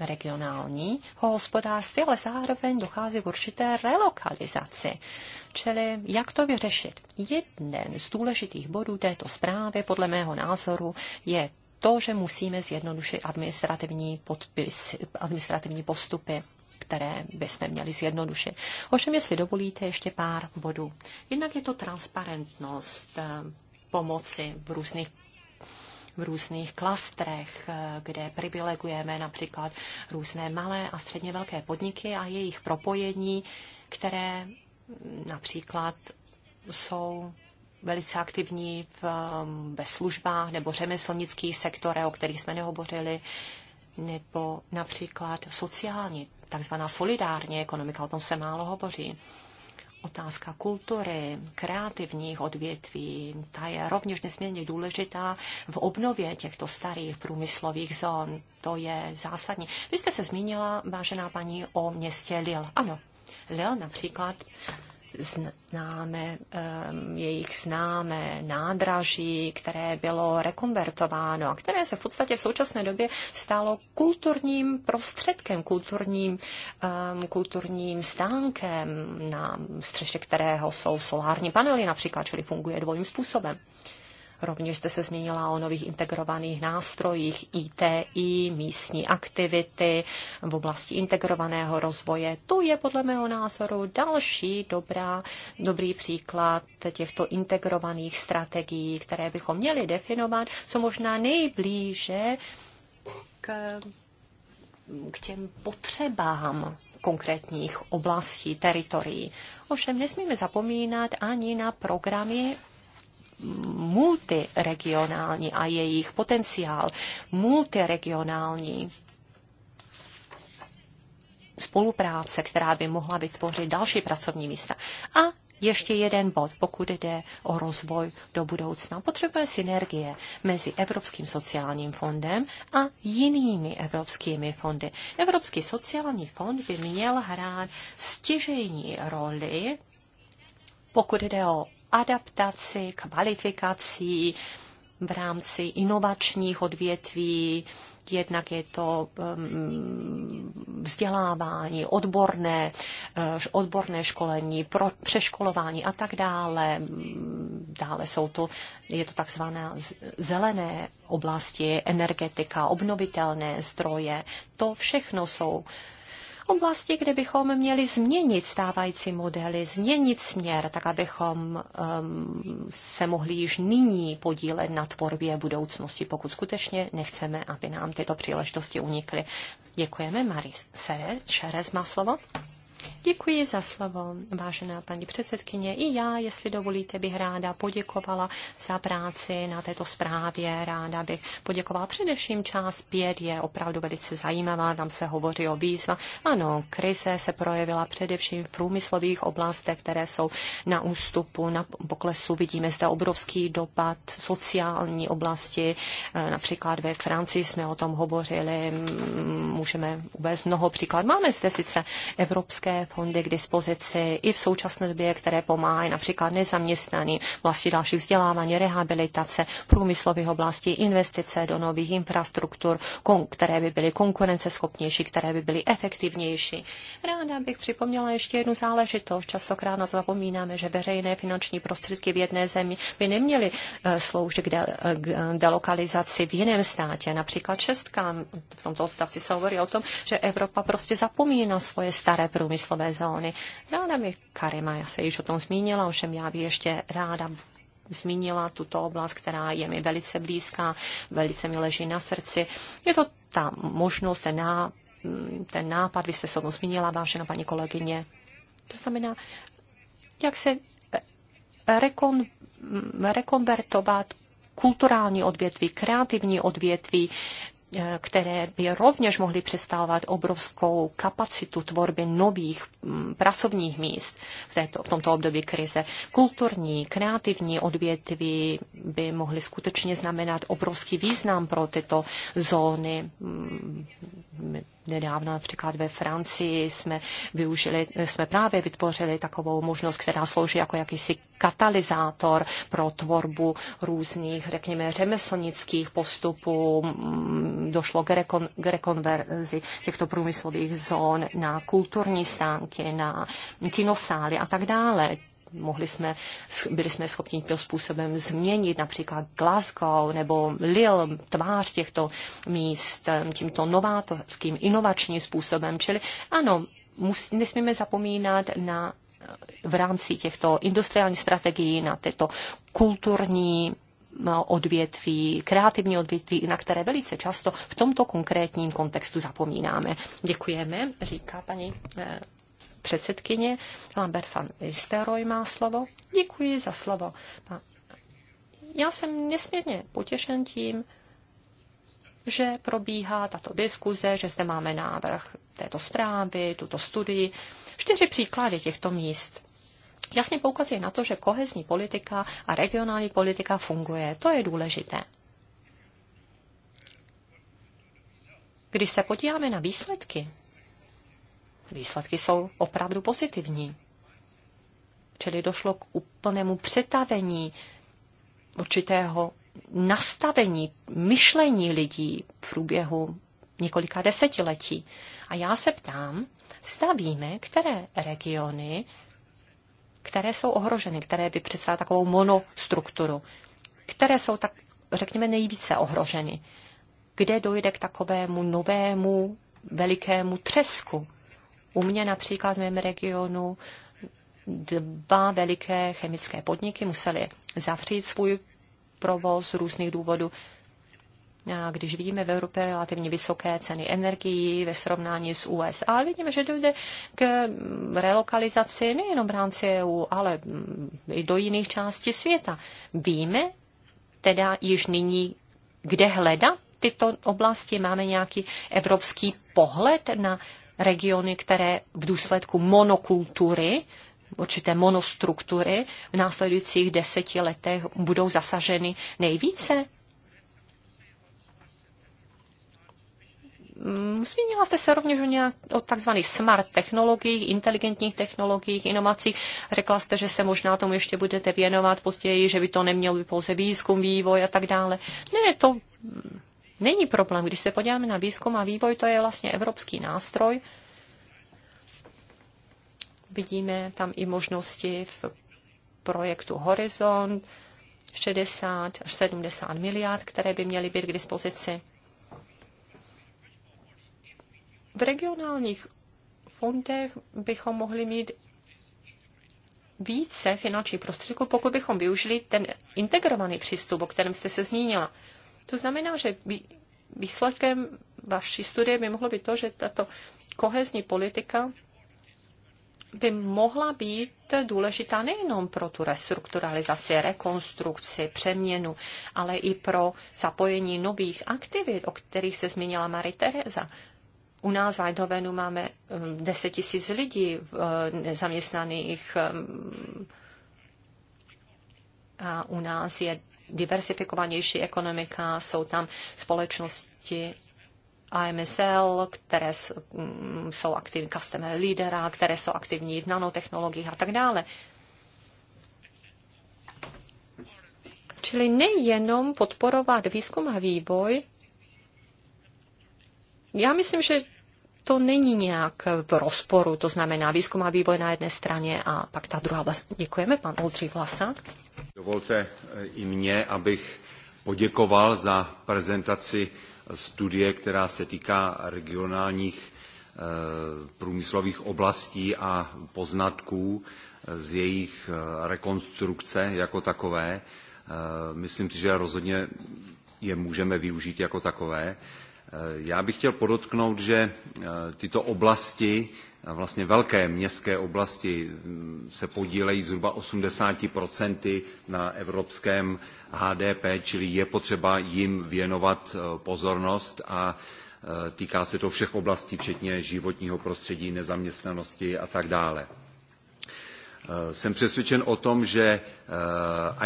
regionálního hospodářství, ale zároveň dochází k určité relokalizaci. Čili jak to vyřešit? Jeden z důležitých bodů této zprávy podle mého názoru je to, že musíme zjednodušit administrativní, podpis, administrativní postupy které bychom měli zjednodušit. Ovšem, jestli dovolíte, ještě pár bodů. Jednak je to transparentnost eh, pomoci v různých v různých klastrech, eh, kde privilegujeme například různé malé a středně velké podniky a jejich propojení, které například jsou velice aktivní v, um, ve službách nebo řemeslnický sektor, o kterých jsme nehovořili, nebo například sociální, takzvaná solidární ekonomika, o tom se málo hovoří. Otázka kultury, kreativních odvětví, ta je rovněž nesmírně důležitá v obnově těchto starých průmyslových zón. To je zásadní. Vy jste se zmínila, vážená paní, o městě Lille. Ano, Lille například známe, ehm, jejich známé nádraží, které bylo rekonvertováno a které se v podstatě v současné době stalo kulturním prostředkem, kulturním, ehm, kulturním stánkem, na střeše kterého jsou solární panely například, čili funguje dvojím způsobem. Rovněž jste se zmínila o nových integrovaných nástrojích ITI, místní aktivity v oblasti integrovaného rozvoje. To je podle mého názoru další dobrá, dobrý příklad těchto integrovaných strategií, které bychom měli definovat, co možná nejblíže k, k těm potřebám konkrétních oblastí, teritorií. Ovšem nesmíme zapomínat ani na programy multiregionální a jejich potenciál multiregionální spolupráce, která by mohla vytvořit další pracovní místa. A ještě jeden bod, pokud jde o rozvoj do budoucna. Potřebuje synergie mezi Evropským sociálním fondem a jinými evropskými fondy. Evropský sociální fond by měl hrát stěžejní roli, pokud jde o adaptaci, kvalifikací v rámci inovačních odvětví, jednak je to mm, vzdělávání, odborné, eh, odborné školení, pro, přeškolování a tak dále. Dále jsou to, je to takzvané zelené oblasti, energetika, obnovitelné zdroje. To všechno jsou oblasti, kde bychom měli změnit stávající modely, změnit směr, tak abychom um, se mohli již nyní podílet na tvorbě budoucnosti, pokud skutečně nechceme, aby nám tyto příležitosti unikly. Děkujeme. Marie Šerez má slovo. Děkuji za slovo, vážená paní předsedkyně. I já, jestli dovolíte, bych ráda poděkovala za práci na této zprávě. Ráda bych poděkovala především část 5, je opravdu velice zajímavá, tam se hovoří o výzva. Ano, krize se projevila především v průmyslových oblastech, které jsou na ústupu, na poklesu. Vidíme zde obrovský dopad sociální oblasti. E, například ve Francii jsme o tom hovořili, můžeme uvést mnoho příklad. Máme zde sice evropské evropské fondy k dispozici i v současné době, které pomáhají například nezaměstnaní, vlastně další vzdělávání, rehabilitace, průmyslových oblastí, investice do nových infrastruktur, které by byly konkurenceschopnější, které by byly efektivnější. Ráda bych připomněla ještě jednu záležitost. Častokrát na zapomínáme, že veřejné finanční prostředky v jedné zemi by neměly eh, sloužit k, de- eh, k eh, delokalizaci v jiném státě. Například Česká v tomto odstavci se hovorí o tom, že Evropa prostě zapomíná svoje staré průmysl průmyslové zóny. Ráda mi Karima, já se již o tom zmínila, ovšem já bych ještě ráda zmínila tuto oblast, která je mi velice blízká, velice mi leží na srdci. Je to ta možnost, ten, ná, ten nápad, vy jste se o tom zmínila, vážená paní kolegyně. To znamená, jak se rekon, rekonvertovat kulturální odvětví, kreativní odvětví, které by rovněž mohly představovat obrovskou kapacitu tvorby nových mm, pracovních míst v, této, v tomto období krize. Kulturní, kreativní odvětví by mohly skutečně znamenat obrovský význam pro tyto zóny mm, nedávno například ve Francii jsme využili, jsme právě vytvořili takovou možnost, která slouží jako jakýsi katalyzátor pro tvorbu různých, řekněme, řemeslnických postupů. Došlo k, rekon, k rekonverzi těchto průmyslových zón na kulturní stánky, na kinosály a tak dále mohli jsme, byli jsme schopni tím způsobem změnit například Glasgow nebo Lille, tvář těchto míst eh, tímto novátorským, inovačním způsobem. Čili ano, mus, nesmíme zapomínat na eh, v rámci těchto industriálních strategií na tyto kulturní eh, odvětví, kreativní odvětví, na které velice často v tomto konkrétním kontextu zapomínáme. Děkujeme, říká paní předsedkyně. Lambert van Isteroj má slovo. Děkuji za slovo. Já jsem nesmírně potěšen tím, že probíhá tato diskuze, že zde máme návrh této zprávy, tuto studii. Čtyři příklady těchto míst jasně poukazuje na to, že kohezní politika a regionální politika funguje. To je důležité. Když se podíváme na výsledky, výsledky jsou opravdu pozitivní. Čili došlo k úplnému přetavení určitého nastavení myšlení lidí v průběhu několika desetiletí. A já se ptám, zda víme, které regiony, které jsou ohroženy, které by představila takovou monostrukturu, které jsou tak, řekněme, nejvíce ohroženy, kde dojde k takovému novému velikému třesku u mě například v mém regionu dva veliké chemické podniky museli zavřít svůj provoz z různých důvodů. A když vidíme v Evropě relativně vysoké ceny energií ve srovnání s USA, vidíme, že dojde k relokalizaci nejenom v rámci EU, ale i do jiných částí světa. Víme teda již nyní, kde hledat tyto oblasti? Máme nějaký evropský pohled na regiony, které v důsledku monokultury určité monostruktury v následujících deseti letech budou zasaženy nejvíce? Mm, zmínila jste se rovněž o, nějak, o takzvaných smart technologiích, inteligentních technologiích, inovacích. Řekla jste, že se možná tomu ještě budete věnovat později, že by to neměl být pouze výzkum, vývoj a tak dále. Ne, to není problém. Když se podíváme na výzkum a vývoj, to je vlastně evropský nástroj. Vidíme tam i možnosti v projektu Horizon 60 až 70 miliard, které by měly být k dispozici. V regionálních fondech bychom mohli mít více finančních prostředků, pokud bychom využili ten integrovaný přístup, o kterém jste se zmínila. To znamená, že výsledkem vaší studie by mohlo být to, že tato kohezní politika by mohla být důležitá nejenom pro tu restrukturalizaci, rekonstrukci, přeměnu, ale i pro zapojení nových aktivit, o kterých se zmínila Marie Tereza. U nás v Eindhovenu máme 10 um, tisíc lidí uh, zaměstnaných um, a u nás je diversifikovanější ekonomika, jsou tam společnosti AMSL, které mm, jsou aktivní customer leadera, které jsou aktivní v nanotechnologiích a tak dále. Čili nejenom podporovat výzkum a vývoj, já myslím, že to není nějak v rozporu, to znamená výzkum a vývoj na jedné straně a pak ta druhá vlast. Děkujeme, pan Oldřich Vlasák. Dovolte eh, i mě, abych poděkoval za prezentaci studie, která se týká regionálních eh, průmyslových oblastí a poznatků eh, z jejich rekonstrukce jako takové. Myslím si, že rozhodně je můžeme využít jako takové. Eh, já bych chtěl podotknout, že eh, tyto oblasti, eh, vlastně velké městské oblasti, mm, se podílejí zhruba 80% na evropském HDP, čili je potřeba jim věnovat pozornost a týká se to všech oblastí, včetně životního prostředí, nezaměstnanosti a tak dále. Eh, jsem přesvědčen o tom, že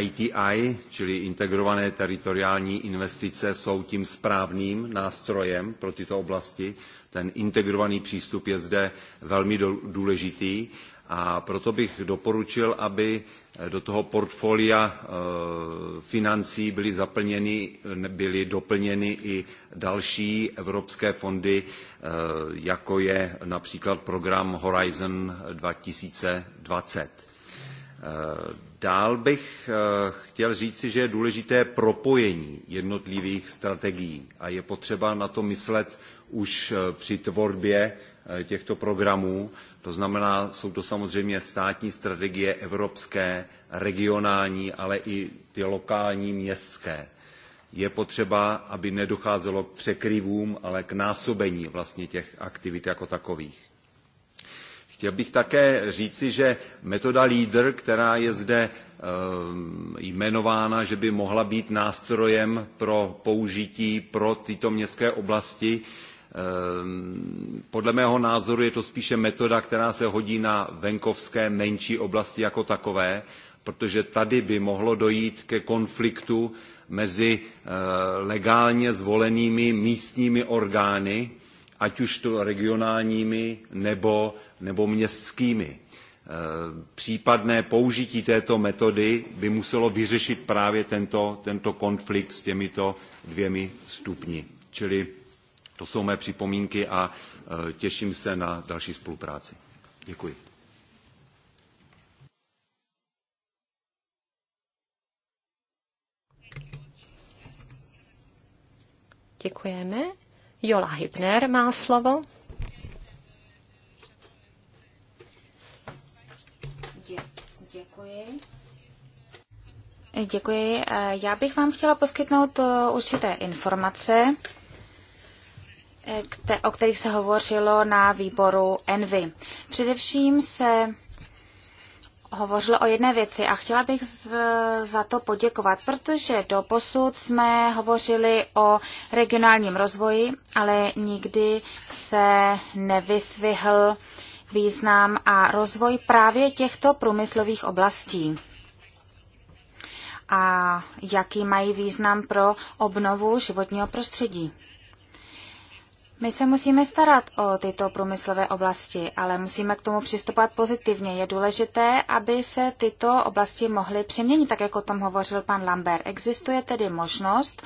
ITI, eh, čili integrované teritoriální investice, jsou tím správným nástrojem pro tyto oblasti. Ten integrovaný přístup je zde velmi důležitý a proto bych doporučil, aby do toho portfolia eh, financí byly zaplněny, byly doplněny i další evropské fondy, eh, jako je například program Horizon 2020. Eh, dál bych chtěl říci, že je důležité propojení jednotlivých strategií a je potřeba na to myslet už při tvorbě těchto programů to znamená, jsou to samozřejmě státní strategie evropské, regionální, ale i ty lokální, městské. Je potřeba, aby nedocházelo k překryvům, ale k násobení vlastně těch aktivit jako takových. Chtěl bych také říci, že metoda LEADER, která je zde eh, jmenována, že by mohla být nástrojem pro použití pro tyto městské oblasti, Ehm, podle mého názoru je to spíše metoda, která se hodí na venkovské menší oblasti jako takové, protože tady by mohlo dojít ke konfliktu mezi eh, legálně zvolenými místními orgány, ať už to regionálními nebo, nebo městskými. Ehm, případné použití této metody by muselo vyřešit právě tento, tento konflikt s těmito dvěmi stupni. Čili to jsou mé připomínky a e, těším se na další spolupráci. Děkuji. Děkujeme. Jola Hybner má slovo. Děkuji. Děkuji. E, já bych vám chtěla poskytnout e, určité informace. Eh, o kterých se hovořilo na výboru Envy. Především se hovořilo o jedné věci a chtěla bych za to poděkovat, protože do posud jsme hovořili o regionálním rozvoji, ale nikdy se nevysvihl význam a rozvoj právě těchto průmyslových oblastí a jaký mají význam pro obnovu životního prostředí. My se musíme starat o tyto průmyslové oblasti, ale musíme k tomu přistupovat pozitivně. Je důležité, aby se tyto oblasti mohly přeměnit, tak jako o tom hovořil pan Lambert. Existuje tedy možnost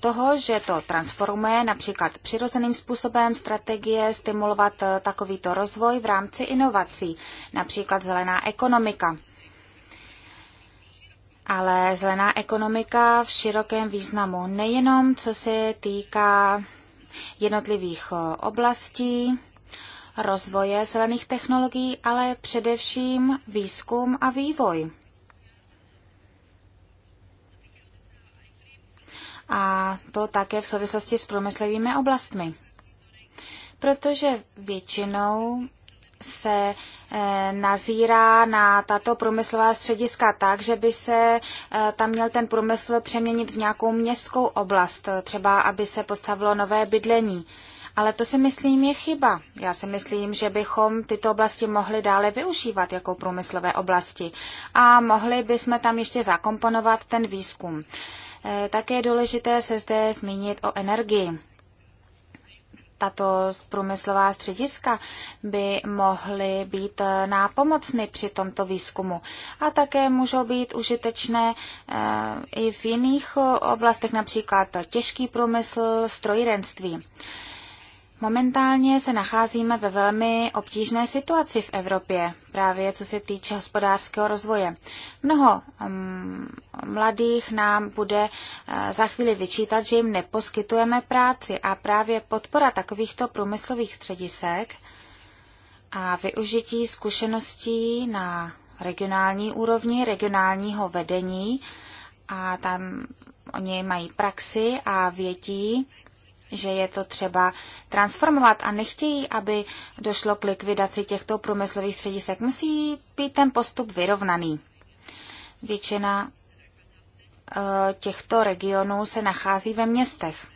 toho, že to transformuje například přirozeným způsobem strategie stimulovat eh, takovýto rozvoj v rámci inovací, například zelená ekonomika. Ale zelená ekonomika v širokém významu, nejenom co se týká jednotlivých eh, oblastí rozvoje zelených technologií, ale především výzkum a vývoj. A to také v souvislosti s průmyslovými oblastmi. Protože většinou se eh, nazírá na tato průmyslová střediska tak, že by se eh, tam měl ten průmysl přeměnit v nějakou městskou oblast, třeba aby se postavilo nové bydlení. Ale to si myslím je chyba. Já si myslím, že bychom tyto oblasti mohli dále využívat jako průmyslové oblasti a mohli bychom tam ještě zakomponovat ten výzkum. Eh, také je důležité se zde zmínit o energii tato průmyslová střediska by mohly být nápomocny při tomto výzkumu a také můžou být užitečné eh, i v jiných oblastech, například těžký průmysl, strojírenství. Momentálně se nacházíme ve velmi obtížné situaci v Evropě, právě co se týče hospodářského rozvoje. Mnoho mm, mladých nám bude eh, za chvíli vyčítat, že jim neposkytujeme práci a právě podpora takovýchto průmyslových středisek a využití zkušeností na regionální úrovni, regionálního vedení a tam oni mají praxi a vědí, že je to třeba transformovat a nechtějí, aby došlo k likvidaci těchto průmyslových středisek. Musí být ten postup vyrovnaný. Většina eh, těchto regionů se nachází ve městech.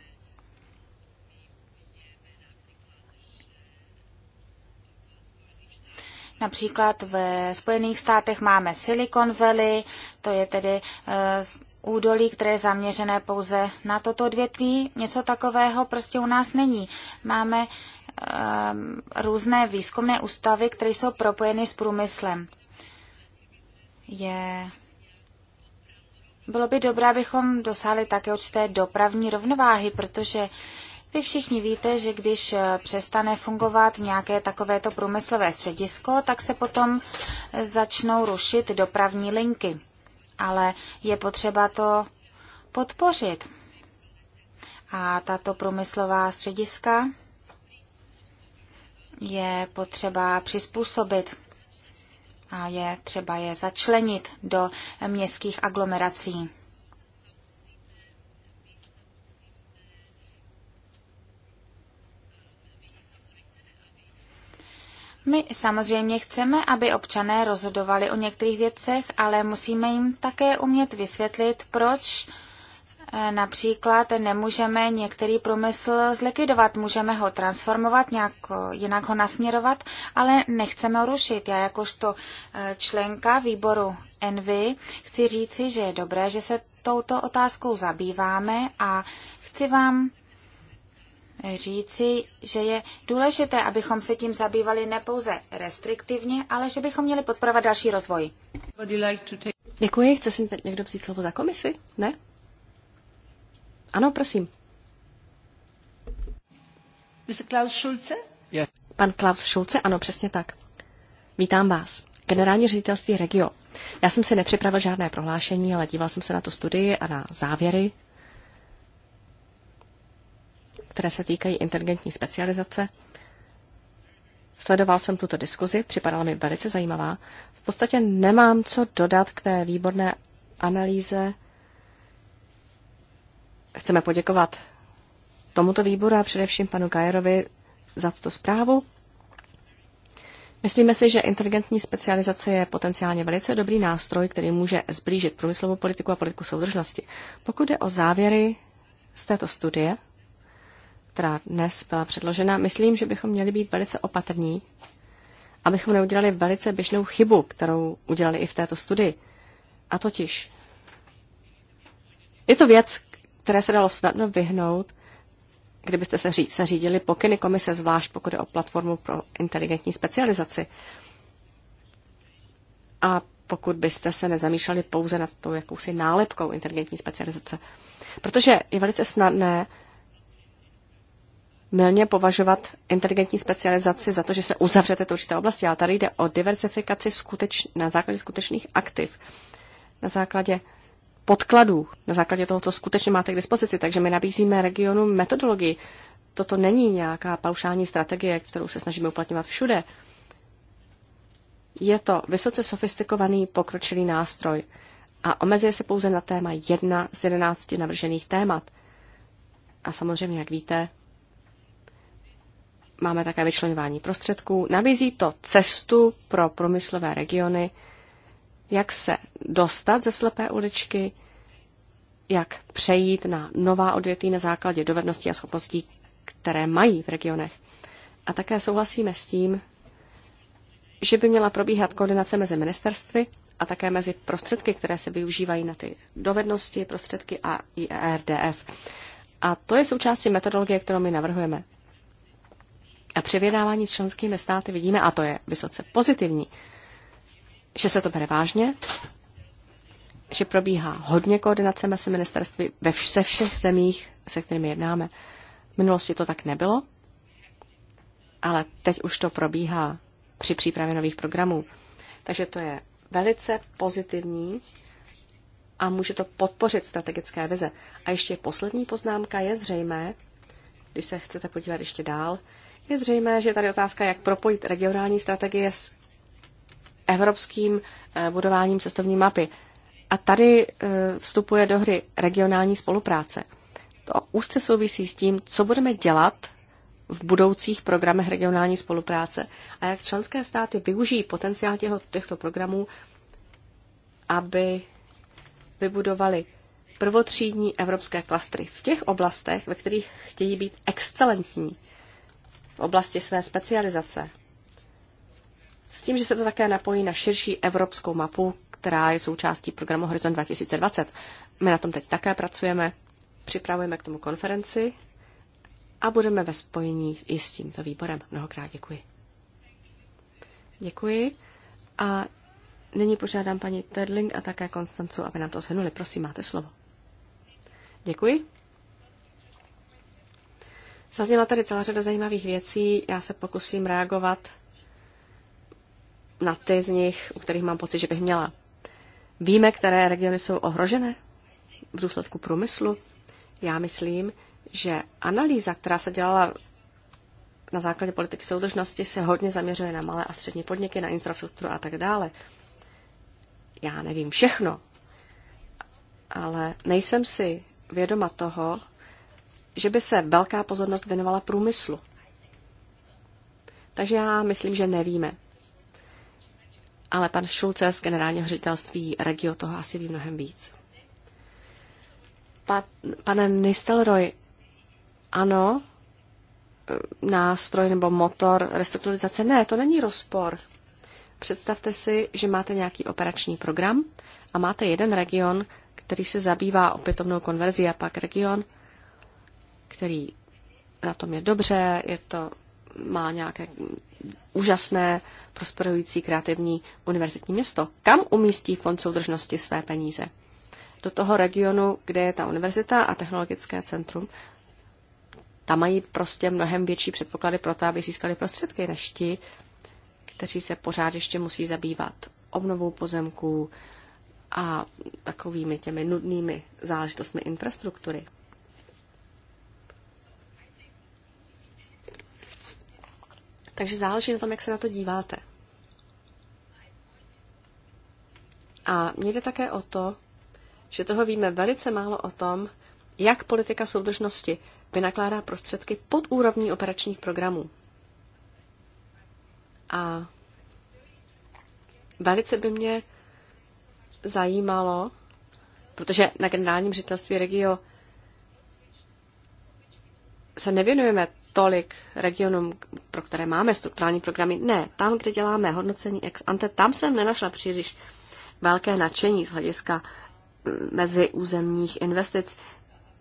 Například ve Spojených státech máme Silicon Valley, to je tedy eh, údolí, které je zaměřené pouze na toto odvětví. Něco takového prostě u nás není. Máme um, různé výzkumné ústavy, které jsou propojeny s průmyslem. Je... Bylo by dobré, abychom dosáhli také určité dopravní rovnováhy, protože vy všichni víte, že když eh, přestane fungovat nějaké takovéto průmyslové středisko, tak se potom začnou rušit dopravní linky ale je potřeba to podpořit. A tato průmyslová střediska je potřeba přizpůsobit a je třeba je začlenit do městských aglomerací. My samozřejmě chceme, aby občané rozhodovali o některých věcech, ale musíme jim také umět vysvětlit, proč eh, například nemůžeme některý průmysl zlikvidovat, můžeme ho transformovat, nějak eh, jinak ho nasměrovat, ale nechceme ho rušit. Já jakožto eh, členka výboru Envy chci říci, že je dobré, že se touto otázkou zabýváme a chci vám říci, že je důležité, abychom se tím zabývali nepouze restriktivně, ale že bychom měli podporovat další rozvoj. Děkuji. Chce si někdo vzít slovo za komisi? Ne? Ano, prosím. Klaus Schulze? Pan Klaus Schulze, ano, přesně tak. Vítám vás. Generální ředitelství Regio. Já jsem si nepřipravil žádné prohlášení, ale díval jsem se na tu studii a na závěry které se týkají inteligentní specializace. Sledoval jsem tuto diskuzi, připadala mi velice zajímavá. V podstatě nemám co dodat k té výborné analýze. Chceme poděkovat tomuto výboru a především panu Gajerovi za tuto zprávu. Myslíme si, že inteligentní specializace je potenciálně velice dobrý nástroj, který může zblížit průmyslovou politiku a politiku soudržnosti. Pokud jde o závěry z této studie, která dnes byla předložena, myslím, že bychom měli být velice opatrní, abychom neudělali velice běžnou chybu, kterou udělali i v této studii. A totiž je to věc, které se dalo snadno vyhnout, kdybyste se, ří, se řídili pokyny komise, zvlášť pokud je o platformu pro inteligentní specializaci. A pokud byste se nezamýšleli pouze nad tou jakousi nálepkou inteligentní specializace. Protože je velice snadné mylně považovat inteligentní specializaci za to, že se uzavřete této určité oblasti, ale tady jde o diversifikaci skuteč, na základě skutečných aktiv, na základě podkladů, na základě toho, co skutečně máte k dispozici. Takže my nabízíme regionu metodologii. Toto není nějaká paušální strategie, kterou se snažíme uplatňovat všude. Je to vysoce sofistikovaný pokročilý nástroj a omezuje se pouze na téma jedna z jedenácti navržených témat. A samozřejmě, jak víte, máme také vyčlenování prostředků. Nabízí to cestu pro promyslové regiony, jak se dostat ze slepé uličky, jak přejít na nová odvětví na základě dovedností a schopností, které mají v regionech. A také souhlasíme s tím, že by měla probíhat koordinace mezi ministerstvy a také mezi prostředky, které se využívají na ty dovednosti, prostředky a IRDF. E a to je součástí metodologie, kterou my navrhujeme. A při vyjednávání s členskými státy vidíme, a to je vysoce pozitivní, že se to bere vážně, že probíhá hodně koordinace mezi ministerství ve vše, všech zemích, se kterými jednáme. V minulosti to tak nebylo, ale teď už to probíhá při přípravě nových programů. Takže to je velice pozitivní a může to podpořit strategické vize. A ještě poslední poznámka je zřejmé, když se chcete podívat ještě dál, je zřejmé, že tady otázka, jak propojit regionální strategie s evropským eh, budováním cestovní mapy. A tady eh, vstupuje do hry regionální spolupráce. To úzce souvisí s tím, co budeme dělat v budoucích programech regionální spolupráce a jak členské státy využijí potenciál těho, těchto programů, aby vybudovali prvotřídní evropské klastry v těch oblastech, ve kterých chtějí být excelentní v oblasti své specializace. S tím, že se to také napojí na širší evropskou mapu, která je součástí programu Horizon 2020. My na tom teď také pracujeme, připravujeme k tomu konferenci a budeme ve spojení i s tímto výborem. Mnohokrát děkuji. Děkuji. A nyní požádám paní Tedling a také Konstancu, aby nám to zhrnuli. Prosím, máte slovo. Děkuji. Zazněla tady celá řada zajímavých věcí, já se pokusím reagovat na ty z nich, u kterých mám pocit, že bych měla. Víme, které regiony jsou ohrožené v důsledku průmyslu? Já myslím, že analýza, která se dělala na základě politiky soudržnosti, se hodně zaměřuje na malé a střední podniky, na infrastrukturu a tak dále. Já nevím všechno, ale nejsem si vědoma toho, že by se velká pozornost věnovala průmyslu. Takže já myslím, že nevíme. Ale pan Šulce z generálního ředitelství Regio toho asi ví mnohem víc. Pa, pane Nistelroy, ano, nástroj nebo motor restrukturalizace, ne, to není rozpor. Představte si, že máte nějaký operační program a máte jeden region, který se zabývá opětovnou konverzí a pak region, který na tom je dobře, je to, má nějaké úžasné, prosperující, kreativní univerzitní město. Kam umístí Fond soudržnosti své peníze? Do toho regionu, kde je ta univerzita a technologické centrum, tam mají prostě mnohem větší předpoklady pro to, aby získali prostředky, než ti, kteří se pořád ještě musí zabývat obnovou pozemků a takovými těmi nudnými záležitostmi infrastruktury. Takže záleží na tom, jak se na to díváte. A mě jde také o to, že toho víme velice málo o tom, jak politika soudržnosti vynakládá prostředky pod úrovní operačních programů. A velice by mě zajímalo, protože na generálním ředitelství regio se nevěnujeme tolik regionům, pro které máme strukturální programy. Ne, tam, kde děláme hodnocení ex ante, tam jsem nenašla příliš velké nadšení z hlediska mezi územních investic.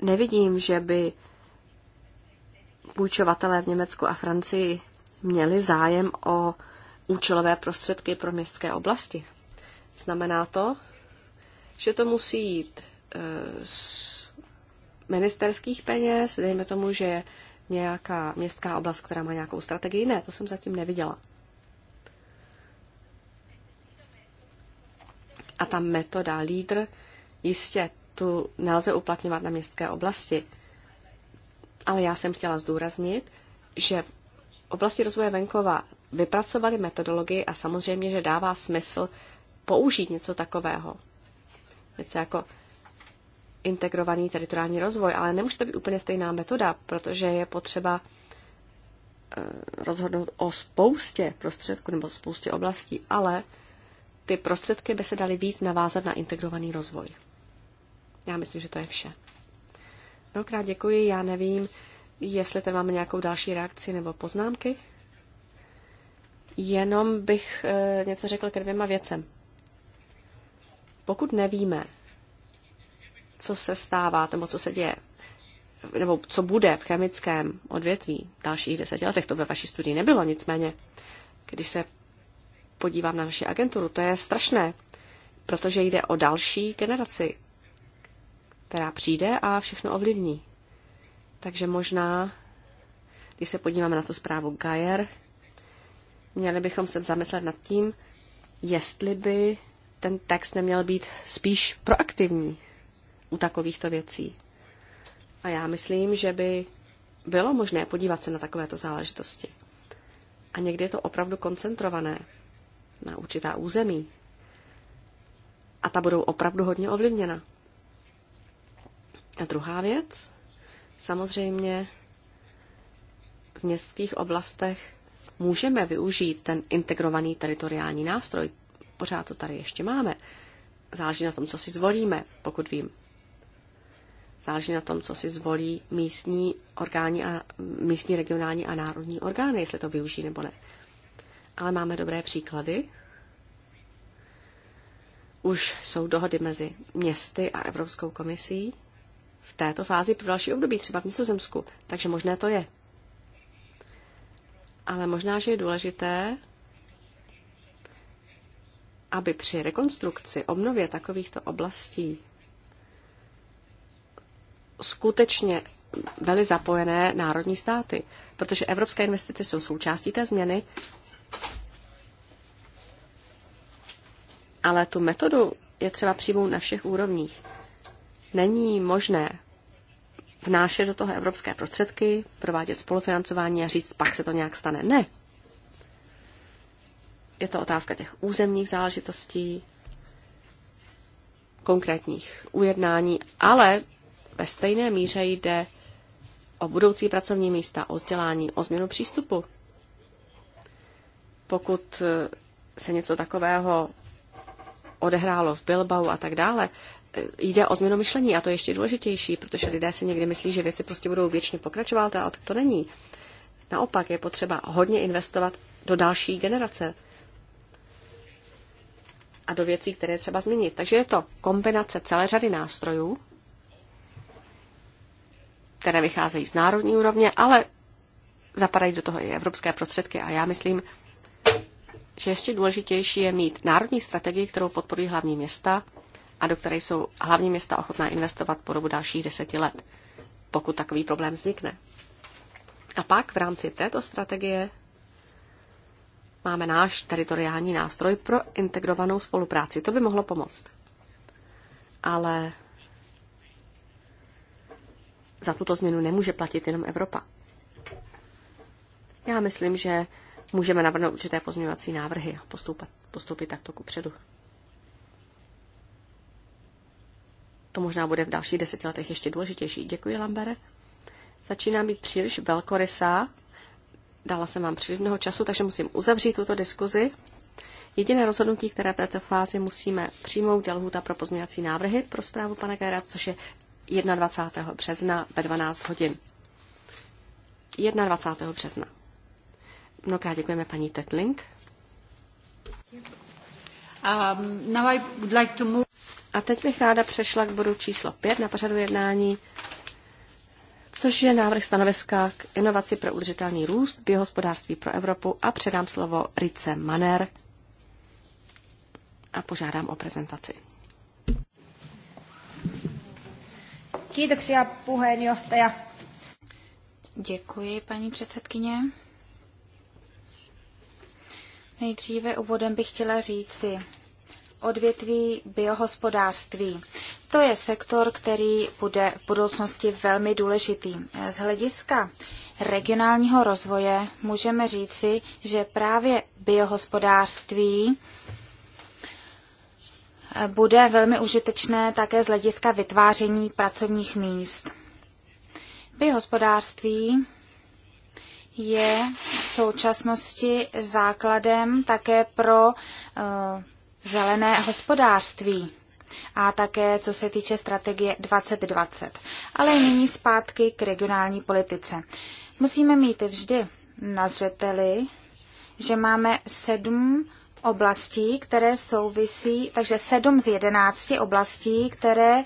Nevidím, že by půjčovatelé v Německu a Francii měli zájem o účelové prostředky pro městské oblasti. Znamená to, že to musí jít e, z ministerských peněz, dejme tomu, že nějaká městská oblast, která má nějakou strategii. Ne, to jsem zatím neviděla. A ta metoda lídr, jistě, tu nelze uplatňovat na městské oblasti. Ale já jsem chtěla zdůraznit, že v oblasti rozvoje venkova vypracovali metodologii a samozřejmě, že dává smysl použít něco takového. Něco jako integrovaný teritoriální rozvoj, ale nemůže to být úplně stejná metoda, protože je potřeba eh, rozhodnout o spoustě prostředků nebo spoustě oblastí, ale ty prostředky by se daly víc navázat na integrovaný rozvoj. Já myslím, že to je vše. Mnohokrát děkuji, já nevím, jestli tam máme nějakou další reakci nebo poznámky. Jenom bych eh, něco řekl ke dvěma věcem. Pokud nevíme, co se stává, nebo co se děje, nebo co bude v chemickém odvětví v dalších deseti letech, to ve vaší studii nebylo, nicméně, když se podívám na naši agenturu, to je strašné, protože jde o další generaci, která přijde a všechno ovlivní. Takže možná, když se podíváme na tu zprávu Gajer, měli bychom se zamyslet nad tím, jestli by ten text neměl být spíš proaktivní, u takovýchto věcí. A já myslím, že by bylo možné podívat se na takovéto záležitosti. A někdy je to opravdu koncentrované na určitá území. A ta budou opravdu hodně ovlivněna. A druhá věc, samozřejmě v městských oblastech můžeme využít ten integrovaný teritoriální nástroj. Pořád to tady ještě máme. Záleží na tom, co si zvolíme, pokud vím. Záleží na tom, co si zvolí místní, orgány a, místní regionální a národní orgány, jestli to využijí nebo ne. Ale máme dobré příklady. Už jsou dohody mezi městy a Evropskou komisí v této fázi pro další období, třeba v Nizozemsku. Takže možné to je. Ale možná, že je důležité, aby při rekonstrukci, obnově takovýchto oblastí skutečně byly zapojené národní státy, protože evropské investice jsou součástí té změny, ale tu metodu je třeba přijmout na všech úrovních. Není možné vnášet do toho evropské prostředky, provádět spolufinancování a říct, pak se to nějak stane. Ne. Je to otázka těch územních záležitostí, konkrétních ujednání, ale ve stejné míře jde o budoucí pracovní místa, o vzdělání, o změnu přístupu. Pokud eh, se něco takového odehrálo v Bilbao a tak dále, eh, jde o změnu myšlení a to je ještě důležitější, protože lidé si někdy myslí, že věci prostě budou věčně pokračovat, ale tak to není. Naopak je potřeba hodně investovat do další generace a do věcí, které třeba změnit. Takže je to kombinace celé řady nástrojů, které vycházejí z národní úrovně, ale zapadají do toho i evropské prostředky. A já myslím, že ještě důležitější je mít národní strategii, kterou podporují hlavní města a do které jsou hlavní města ochotná investovat po dobu dalších deseti let, pokud takový problém vznikne. A pak v rámci této strategie máme náš teritoriální nástroj pro integrovanou spolupráci. To by mohlo pomoct. Ale za tuto změnu nemůže platit jenom Evropa. Já myslím, že můžeme navrhnout určité pozměňovací návrhy a postoupat, postoupit takto ku předu. To možná bude v dalších deseti letech ještě důležitější. Děkuji, Lambere. Začínám být příliš velkorysá. Dala jsem vám příliš mnoho času, takže musím uzavřít tuto diskuzi. Jediné rozhodnutí, které v této fázi musíme přijmout, je lhůta pro pozměňovací návrhy pro zprávu pana Gera, což je 21. března ve 12 hodin. 21. března. Mnohokrát děkujeme paní Tetling. Um, a teď bych ráda přešla k bodu číslo 5 na pořadu jednání, což je návrh stanoviska k inovaci pro udržitelný růst, biohospodářství pro Evropu a předám slovo Rice Maner a požádám o prezentaci. Kiitoksia puheenjohtaja. Děkuji, paní předsedkyně. Nejdříve úvodem bych chtěla říci odvětví biohospodářství. To je sektor, který bude v budoucnosti velmi důležitý. Z hlediska regionálního rozvoje můžeme říci, že právě biohospodářství bude velmi užitečné také z hlediska vytváření pracovních míst. Biohospodářství je v současnosti základem také pro uh, zelené hospodářství a také co se týče strategie 2020. Ale nyní zpátky k regionální politice. Musíme mít vždy na zřeteli, že máme sedm oblastí, které souvisí, takže sedm z jedenácti oblastí, které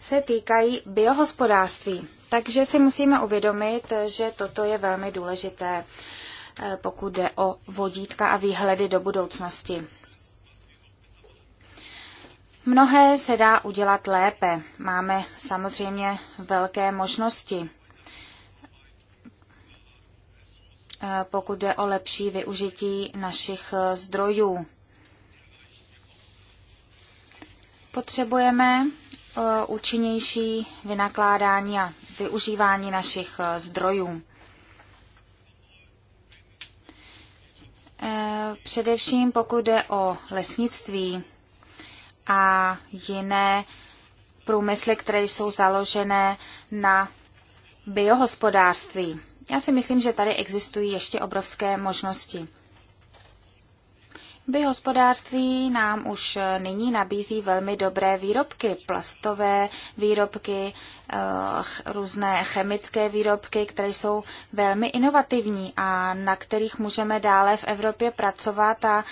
se týkají biohospodářství. Takže si musíme uvědomit, že toto je velmi důležité, eh, pokud jde o vodítka a výhledy do budoucnosti. Mnohé se dá udělat lépe. Máme samozřejmě velké možnosti. Eh, pokud jde o lepší využití našich eh, zdrojů. Potřebujeme eh, účinnější vynakládání a využívání našich zdrojů. Především pokud jde o lesnictví a jiné průmysly, které jsou založené na biohospodářství. Já si myslím, že tady existují ještě obrovské možnosti. hospodářství nám už nyní nabízí velmi dobré výrobky, plastové výrobky, eh, různé chemické výrobky, které jsou velmi inovativní a na kterých můžeme dále v Evropě pracovat a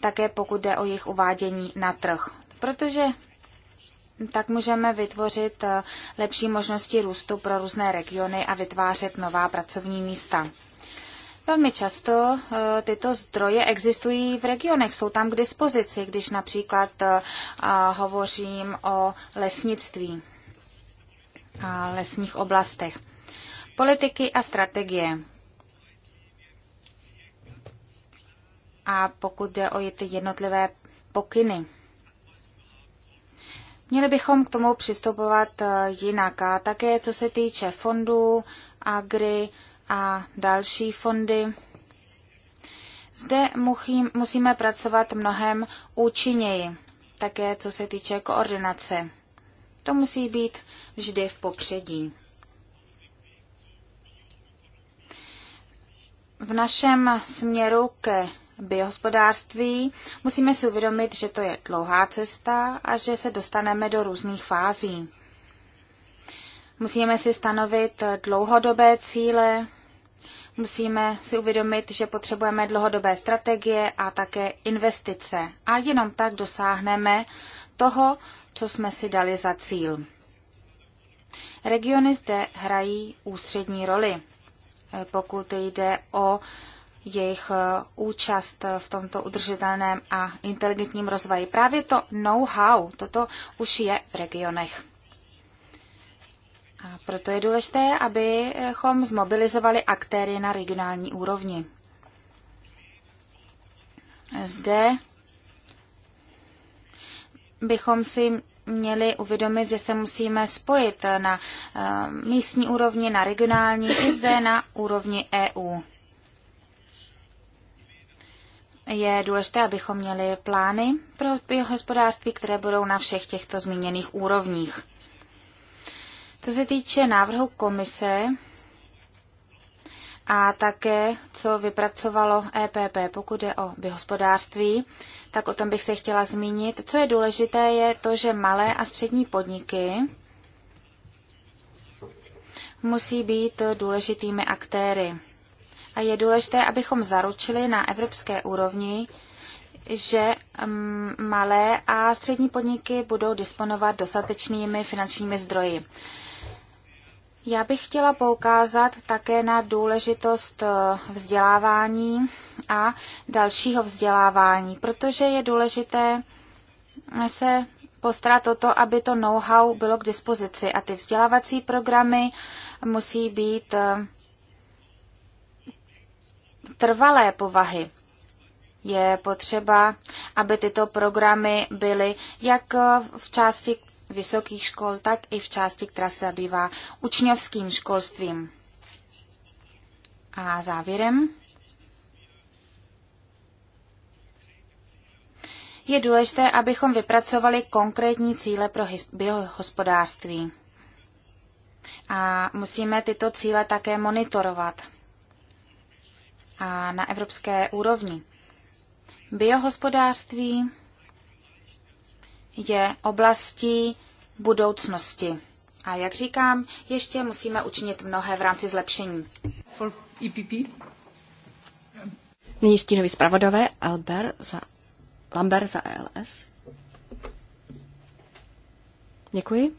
také pokud jde o jejich uvádění na trh. Protože tak můžeme vytvořit eh, lepší možnosti růstu pro různé regiony a vytvářet nová pracovní místa. Velmi často eh, tyto zdroje existují v regionech, jsou tam k dispozici, když například eh, hovořím o lesnictví a lesních oblastech. Politiky a strategie. A pokud jde o ty jednotlivé pokyny. Měli bychom k tomu přistupovat eh, jinak a také co se týče fondů, agri a další fondy. Zde musíme pracovat mnohem účinněji, také co se týče koordinace. To musí být vždy v popředí. V našem směru ke biohospodářství, musíme si uvědomit, že to je dlouhá cesta a že se dostaneme do různých fází. Musíme si stanovit dlouhodobé cíle, musíme si uvědomit, že potřebujeme dlouhodobé strategie a také investice. A jenom tak dosáhneme toho, co jsme si dali za cíl. Regiony zde hrají ústřední roli, pokud jde o jejich eh, účast v tomto udržitelném a inteligentním rozvoji. Právě to know-how, toto už je v regionech. A proto je důležité, abychom zmobilizovali aktéry na regionální úrovni. Zde bychom si měli uvědomit, že se musíme spojit na eh, místní úrovni, na regionální i zde na úrovni EU je důležité, abychom měli plány pro biohospodářství, které budou na všech těchto zmíněných úrovních. Co se týče návrhu komise a také, co vypracovalo EPP, pokud je o biohospodářství, tak o tom bych se chtěla zmínit. Co je důležité, je to, že malé a střední podniky musí být důležitými aktéry a je důležité, abychom zaručili na evropské úrovni, že mm, malé a střední podniky budou disponovat dostatečnými finančními zdroji. Já bych chtěla poukázat také na důležitost eh, vzdělávání a dalšího vzdělávání, protože je důležité se postarat o to, aby to know-how bylo k dispozici a ty vzdělávací programy musí být eh, trvalé povahy. Je potřeba, aby tyto programy byly jak v části vysokých škol, tak i v části, která se zabývá učňovským školstvím. A závěrem. Je důležité, abychom vypracovali konkrétní cíle pro biohospodářství. A musíme tyto cíle také monitorovat a na evropské úrovni. Biohospodářství je oblastí budoucnosti. A jak říkám, ještě musíme učinit mnohé v rámci zlepšení. For EPP. Nyní stínový zpravodové Albert za, Lambert za ELS. Děkuji.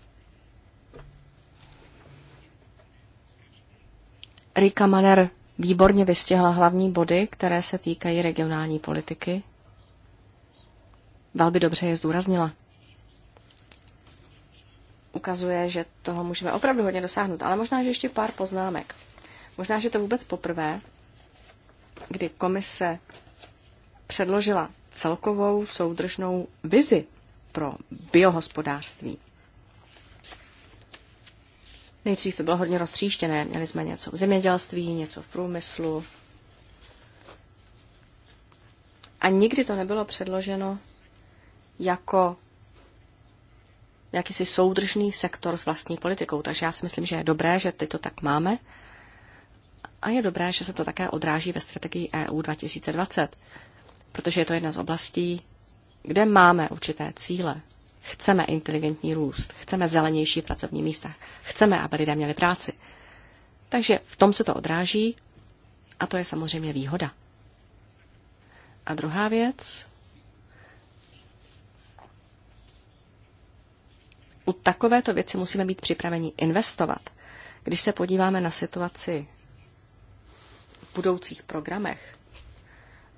Rika Maner výborně vystihla hlavní body, které se týkají regionální politiky. Velmi dobře je zdůraznila. Ukazuje, že toho můžeme opravdu hodně dosáhnout, ale možná, že ještě pár poznámek. Možná, že to vůbec poprvé, kdy komise předložila celkovou soudržnou vizi pro biohospodářství. Nejdřív to bylo hodně roztříštěné. Měli jsme něco v zemědělství, něco v průmyslu. A nikdy to nebylo předloženo jako jakýsi soudržný sektor s vlastní politikou. Takže já si myslím, že je dobré, že teď to tak máme. A je dobré, že se to také odráží ve strategii EU 2020, protože je to jedna z oblastí, kde máme určité cíle, Chceme inteligentní růst, chceme zelenější pracovní místa, chceme, aby lidé měli práci. Takže v tom se to odráží a to je samozřejmě výhoda. A druhá věc, u takovéto věci musíme být připraveni investovat. Když se podíváme na situaci v budoucích programech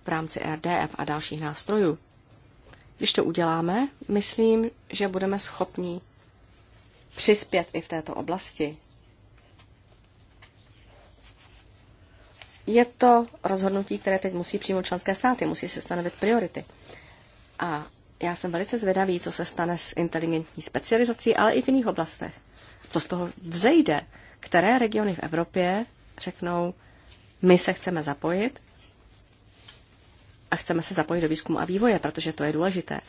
v rámci RDF a dalších nástrojů, když to uděláme, myslím, že budeme schopni přispět i v této oblasti. Je to rozhodnutí, které teď musí přijmout členské státy, musí se stanovit priority. A já jsem velice zvědavý, co se stane s inteligentní specializací, ale i v jiných oblastech. Co z toho vzejde? Které regiony v Evropě řeknou, my se chceme zapojit a chceme se zapojit do výzkumu a vývoje, protože to je důležité.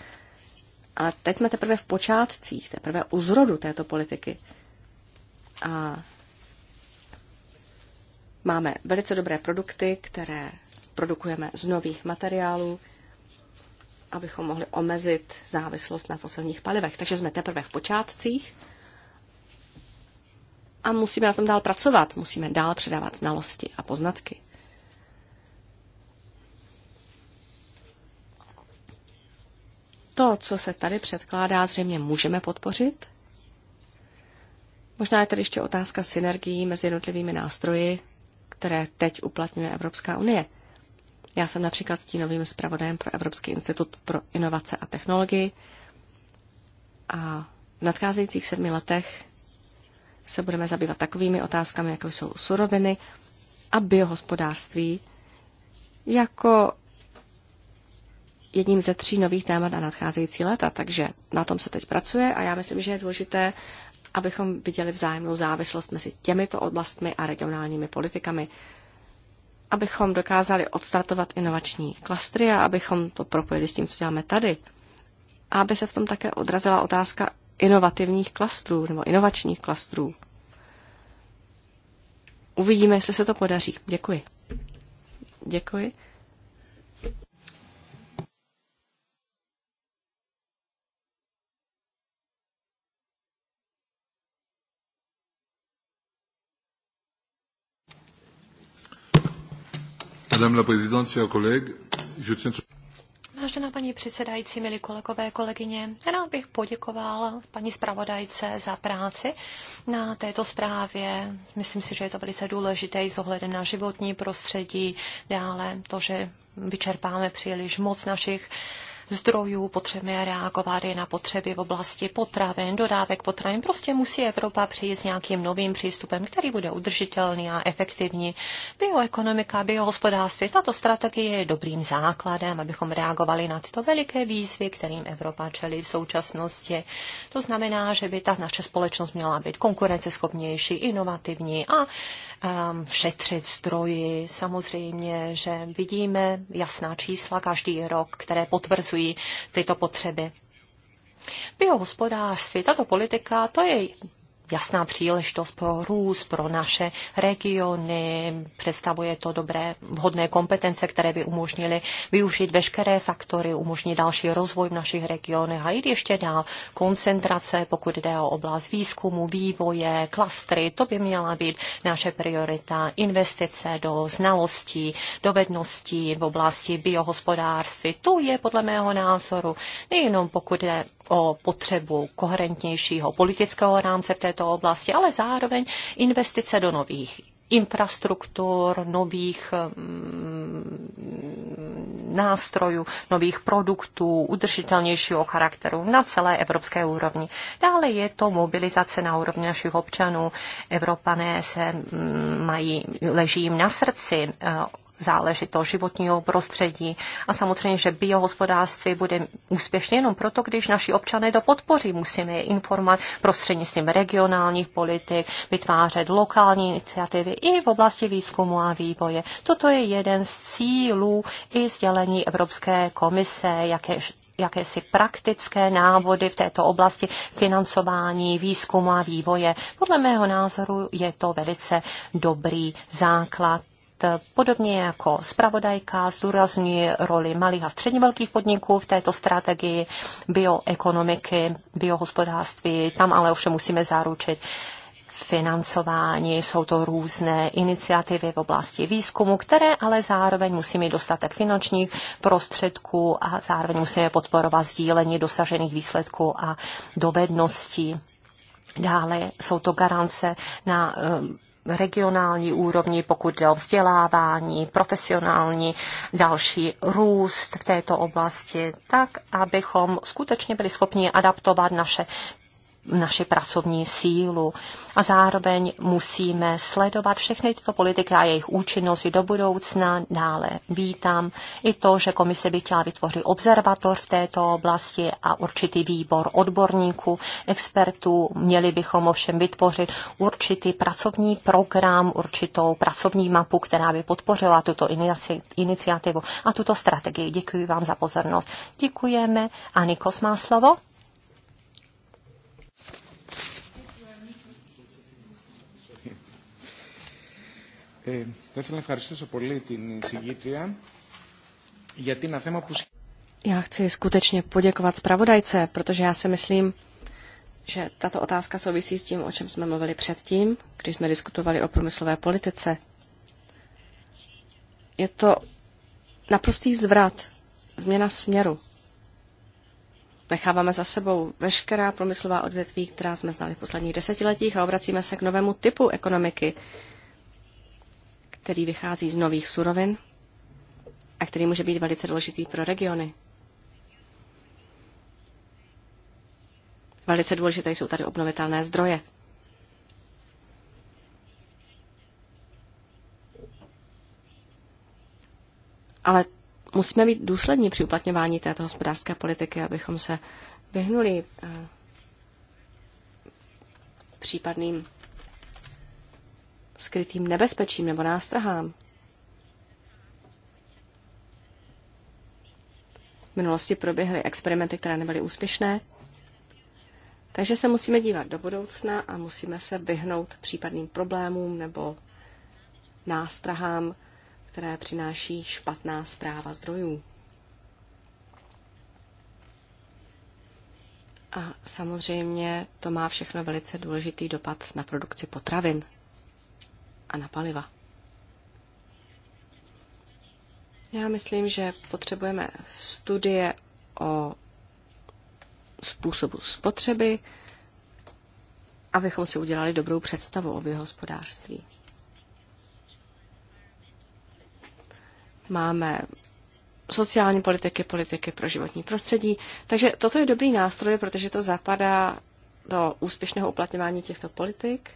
A teď jsme teprve v počátcích, teprve u zrodu této politiky. A máme velice dobré produkty, které produkujeme z nových materiálů, abychom mohli omezit závislost na fosilních palivech. Takže jsme teprve v počátcích a musíme na tom dál pracovat, musíme dál předávat znalosti a poznatky. to, co se tady předkládá, zřejmě můžeme podpořit. Možná je tady ještě otázka synergií mezi jednotlivými nástroji, které teď uplatňuje Evropská unie. Já jsem například stínovým zpravodajem pro Evropský institut pro inovace a technologii a v nadcházejících sedmi letech se budeme zabývat takovými otázkami, jako jsou suroviny a biohospodářství, jako jedním ze tří nových témat na nadcházející léta, takže na tom se teď pracuje a já myslím, že je důležité, abychom viděli vzájemnou závislost mezi těmito oblastmi a regionálními politikami, abychom dokázali odstartovat inovační klastry a abychom to propojili s tím, co děláme tady. A aby se v tom také odrazila otázka inovativních klastrů nebo inovačních klastrů. Uvidíme, jestli se to podaří. Děkuji. Děkuji. Vážená paní předsedající, milí kolegové, kolegyně, rád bych poděkoval paní zpravodajce za práci na této zprávě. Myslím si, že je to velice důležité i s ohledem na životní prostředí, dále to, že vyčerpáme příliš moc našich zdrojů, potřebujeme reagovat i na potřeby v oblasti potravin, dodávek potravin. Prostě musí Evropa přijít s nějakým novým přístupem, který bude udržitelný a efektivní. Bioekonomika, biohospodářství, tato strategie je dobrým základem, abychom reagovali na tyto veliké výzvy, kterým Evropa čelí v současnosti. To znamená, že by ta naše společnost měla být konkurenceschopnější, inovativní a um, šetřit zdroji. Samozřejmě, že vidíme jasná čísla každý rok, které potvrzují realizují tyto potřeby. Biohospodářství, tato politika, to je jasná příležitost pro růst, pro naše regiony, představuje to dobré, vhodné kompetence, které by umožnily využít veškeré faktory, umožnit další rozvoj v našich regionech a jít ještě dál. Koncentrace, pokud jde o oblast výzkumu, vývoje, klastry, to by měla být naše priorita. Investice do znalostí, dovedností v oblasti biohospodářství, to je podle mého názoru nejenom pokud jde o potřebu koherentnějšího politického rámce v této oblasti, ale zároveň investice do nových infrastruktur, nových mm, nástrojů, nových produktů, udržitelnějšího charakteru na celé evropské úrovni. Dále je to mobilizace na úrovni našich občanů. Evropané se mm, mají, leží jim na srdci eh, záležitost životního prostředí. A samozřejmě, že biohospodářství bude úspěšně jenom proto, když naši občané to podpoří. Musíme je informovat prostřednictvím regionálních politik, vytvářet lokální iniciativy i v oblasti výzkumu a vývoje. Toto je jeden z cílů i sdělení Evropské komise, jaké jakési praktické návody v této oblasti financování, výzkumu a vývoje. Podle mého názoru je to velice dobrý základ Podobně jako zpravodajka zdůrazňuje roli malých a středně velkých podniků v této strategii bioekonomiky, biohospodářství. Tam ale ovšem musíme zaručit financování, jsou to různé iniciativy v oblasti výzkumu, které ale zároveň musí mít dostatek finančních prostředků a zároveň musíme podporovat sdílení dosažených výsledků a dovedností. Dále jsou to garance na eh, regionální úrovni, pokud jde o vzdělávání, profesionální, další růst v této oblasti, tak abychom skutečně byli schopni adaptovat naše naši pracovní sílu a zároveň musíme sledovat všechny tyto politiky a jejich účinnosti do budoucna. Dále vítám i to, že komise by chtěla vytvořit observator v této oblasti a určitý výbor odborníků, expertů. Měli bychom ovšem vytvořit určitý pracovní program, určitou pracovní mapu, která by podpořila tuto iniciativu a tuto strategii. Děkuji vám za pozornost. Děkujeme. A Nikos má slovo. Ε, θα ήθελα να ευχαριστήσω πολύ την συγγήτρια γιατί ένα θέμα που... Já chci skutečně poděkovat zpravodajce, protože já si myslím, že tato otázka souvisí s tím, o čem jsme mluvili předtím, když jsme diskutovali o průmyslové politice. Je to naprostý zvrat, změna směru. Necháváme za sebou veškerá průmyslová odvětví, která jsme znali v posledních desetiletích a obracíme se k novému typu ekonomiky, který vychází z nových surovin a který může být velice důležitý pro regiony. Velice důležité jsou tady obnovitelné zdroje. Ale musíme být důslední při uplatňování této hospodářské politiky, abychom se vyhnuli eh, případným skrytým nebezpečím nebo nástrahám. V minulosti proběhly experimenty, které nebyly úspěšné, takže se musíme dívat do budoucna a musíme se vyhnout případným problémům nebo nástrahám, které přináší špatná zpráva zdrojů. A samozřejmě to má všechno velice důležitý dopad na produkci potravin a na paliva. Já myslím, že potřebujeme studie o způsobu spotřeby, abychom si udělali dobrou představu o biohospodářství. Máme sociální politiky, politiky pro životní prostředí. Takže toto je dobrý nástroj, protože to zapadá do úspěšného uplatňování těchto politik.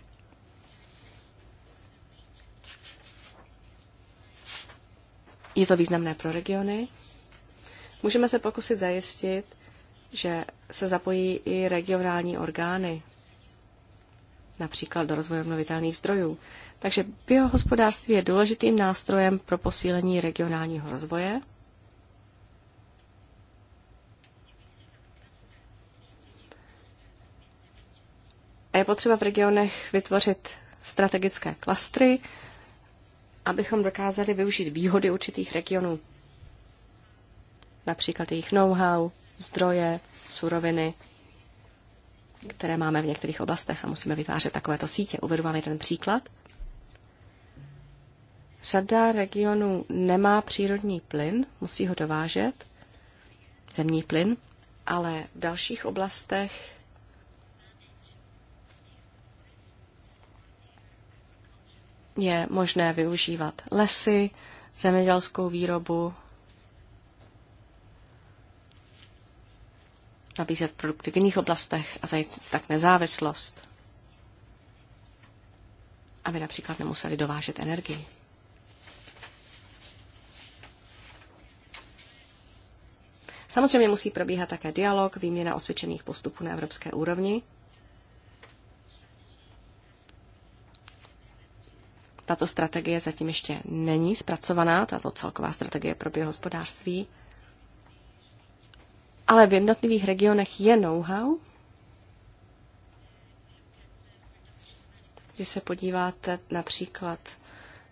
Je to významné pro regiony. Můžeme se pokusit zajistit, že se zapojí i regionální orgány, například do rozvoje obnovitelných zdrojů. Takže biohospodářství je důležitým nástrojem pro posílení regionálního rozvoje. A je potřeba v regionech vytvořit strategické klastry, abychom dokázali využít výhody určitých regionů. Například jejich know-how, zdroje, suroviny, které máme v některých oblastech a musíme vytvářet takovéto sítě. Uvedu vám jeden příklad. Řada regionů nemá přírodní plyn, musí ho dovážet, zemní plyn, ale v dalších oblastech je možné využívat lesy, zemědělskou výrobu, nabízet produkty v jiných oblastech a zajistit tak nezávislost, aby například nemuseli dovážet energii. Samozřejmě musí probíhat také dialog, výměna osvědčených postupů na evropské úrovni Tato strategie zatím ještě není zpracovaná, tato celková strategie pro biohospodářství, ale v jednotlivých regionech je know-how. Když se podíváte například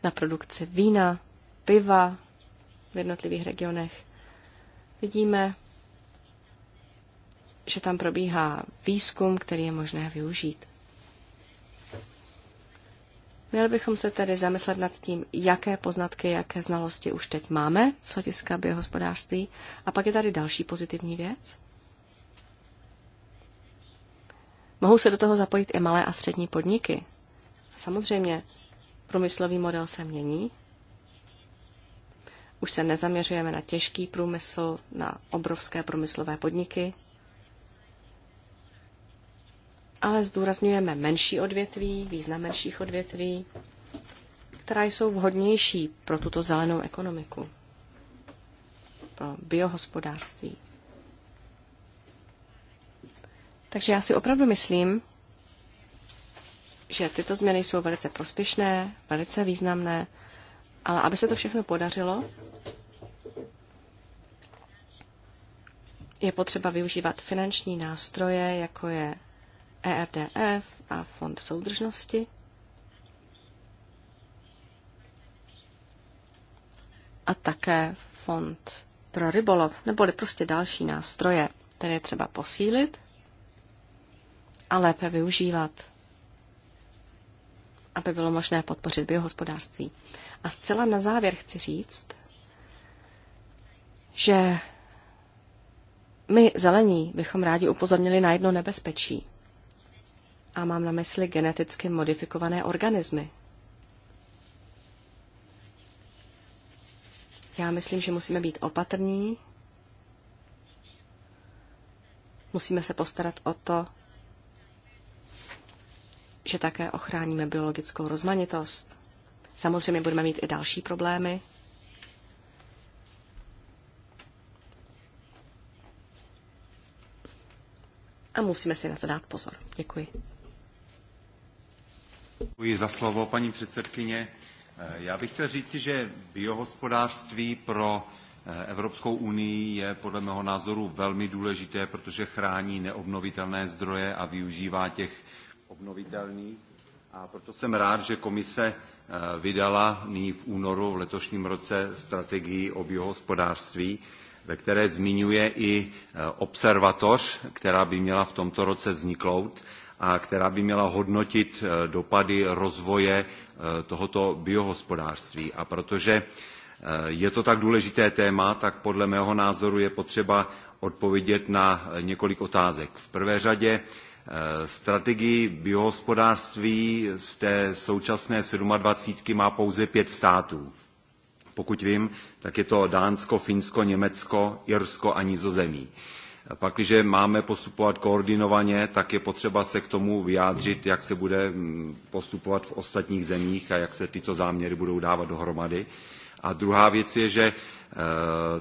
na produkci vína, piva v jednotlivých regionech, vidíme, že tam probíhá výzkum, který je možné využít. Měli bychom se tedy zamyslet nad tím, jaké poznatky, jaké znalosti už teď máme z hlediska biohospodářství. A pak je tady další pozitivní věc. Mohou se do toho zapojit i malé a střední podniky. Samozřejmě, průmyslový model se mění. Už se nezaměřujeme na těžký průmysl, na obrovské průmyslové podniky, ale zdůrazňujeme menší odvětví, význam menších odvětví, která jsou vhodnější pro tuto zelenou ekonomiku, pro biohospodářství. Takže já si opravdu myslím, že tyto změny jsou velice prospěšné, velice významné, ale aby se to všechno podařilo, je potřeba využívat finanční nástroje, jako je ERDF a Fond soudržnosti. A také Fond pro rybolov, neboli prostě další nástroje, které je třeba posílit a lépe využívat, aby bylo možné podpořit biohospodářství. A zcela na závěr chci říct, že my zelení bychom rádi upozornili na jedno nebezpečí. A mám na mysli geneticky modifikované organismy. Já myslím, že musíme být opatrní. Musíme se postarat o to, že také ochráníme biologickou rozmanitost. Samozřejmě budeme mít i další problémy. A musíme si na to dát pozor. Děkuji. Děkuji za slovo, paní předsedkyně. Eh, já bych chtěl říci, že biohospodářství pro eh, Evropskou unii je podle mého názoru velmi důležité, protože chrání neobnovitelné zdroje a využívá těch obnovitelných. A proto jsem rád, že komise eh, vydala nyní v únoru v letošním roce strategii o biohospodářství, ve které zmiňuje i observatoř, která by měla v tomto roce vzniknout která by měla hodnotit eh, dopady rozvoje eh, tohoto biohospodářství. A protože eh, je to tak důležité téma, tak podle mého názoru je potřeba odpovědět na několik otázek. V prvé řadě strategii biohospodářství z té současné 27 má pouze pět států. Pokud vím, tak je to Dánsko, Finsko, Německo, Irsko a Nizozemí. Pakliže máme postupovat koordinovaně, tak je potřeba se k tomu vyjádřit, jak se bude mm, postupovat v ostatních zemích a jak se tyto záměry budou dávat dohromady. A druhá věc je, že eh,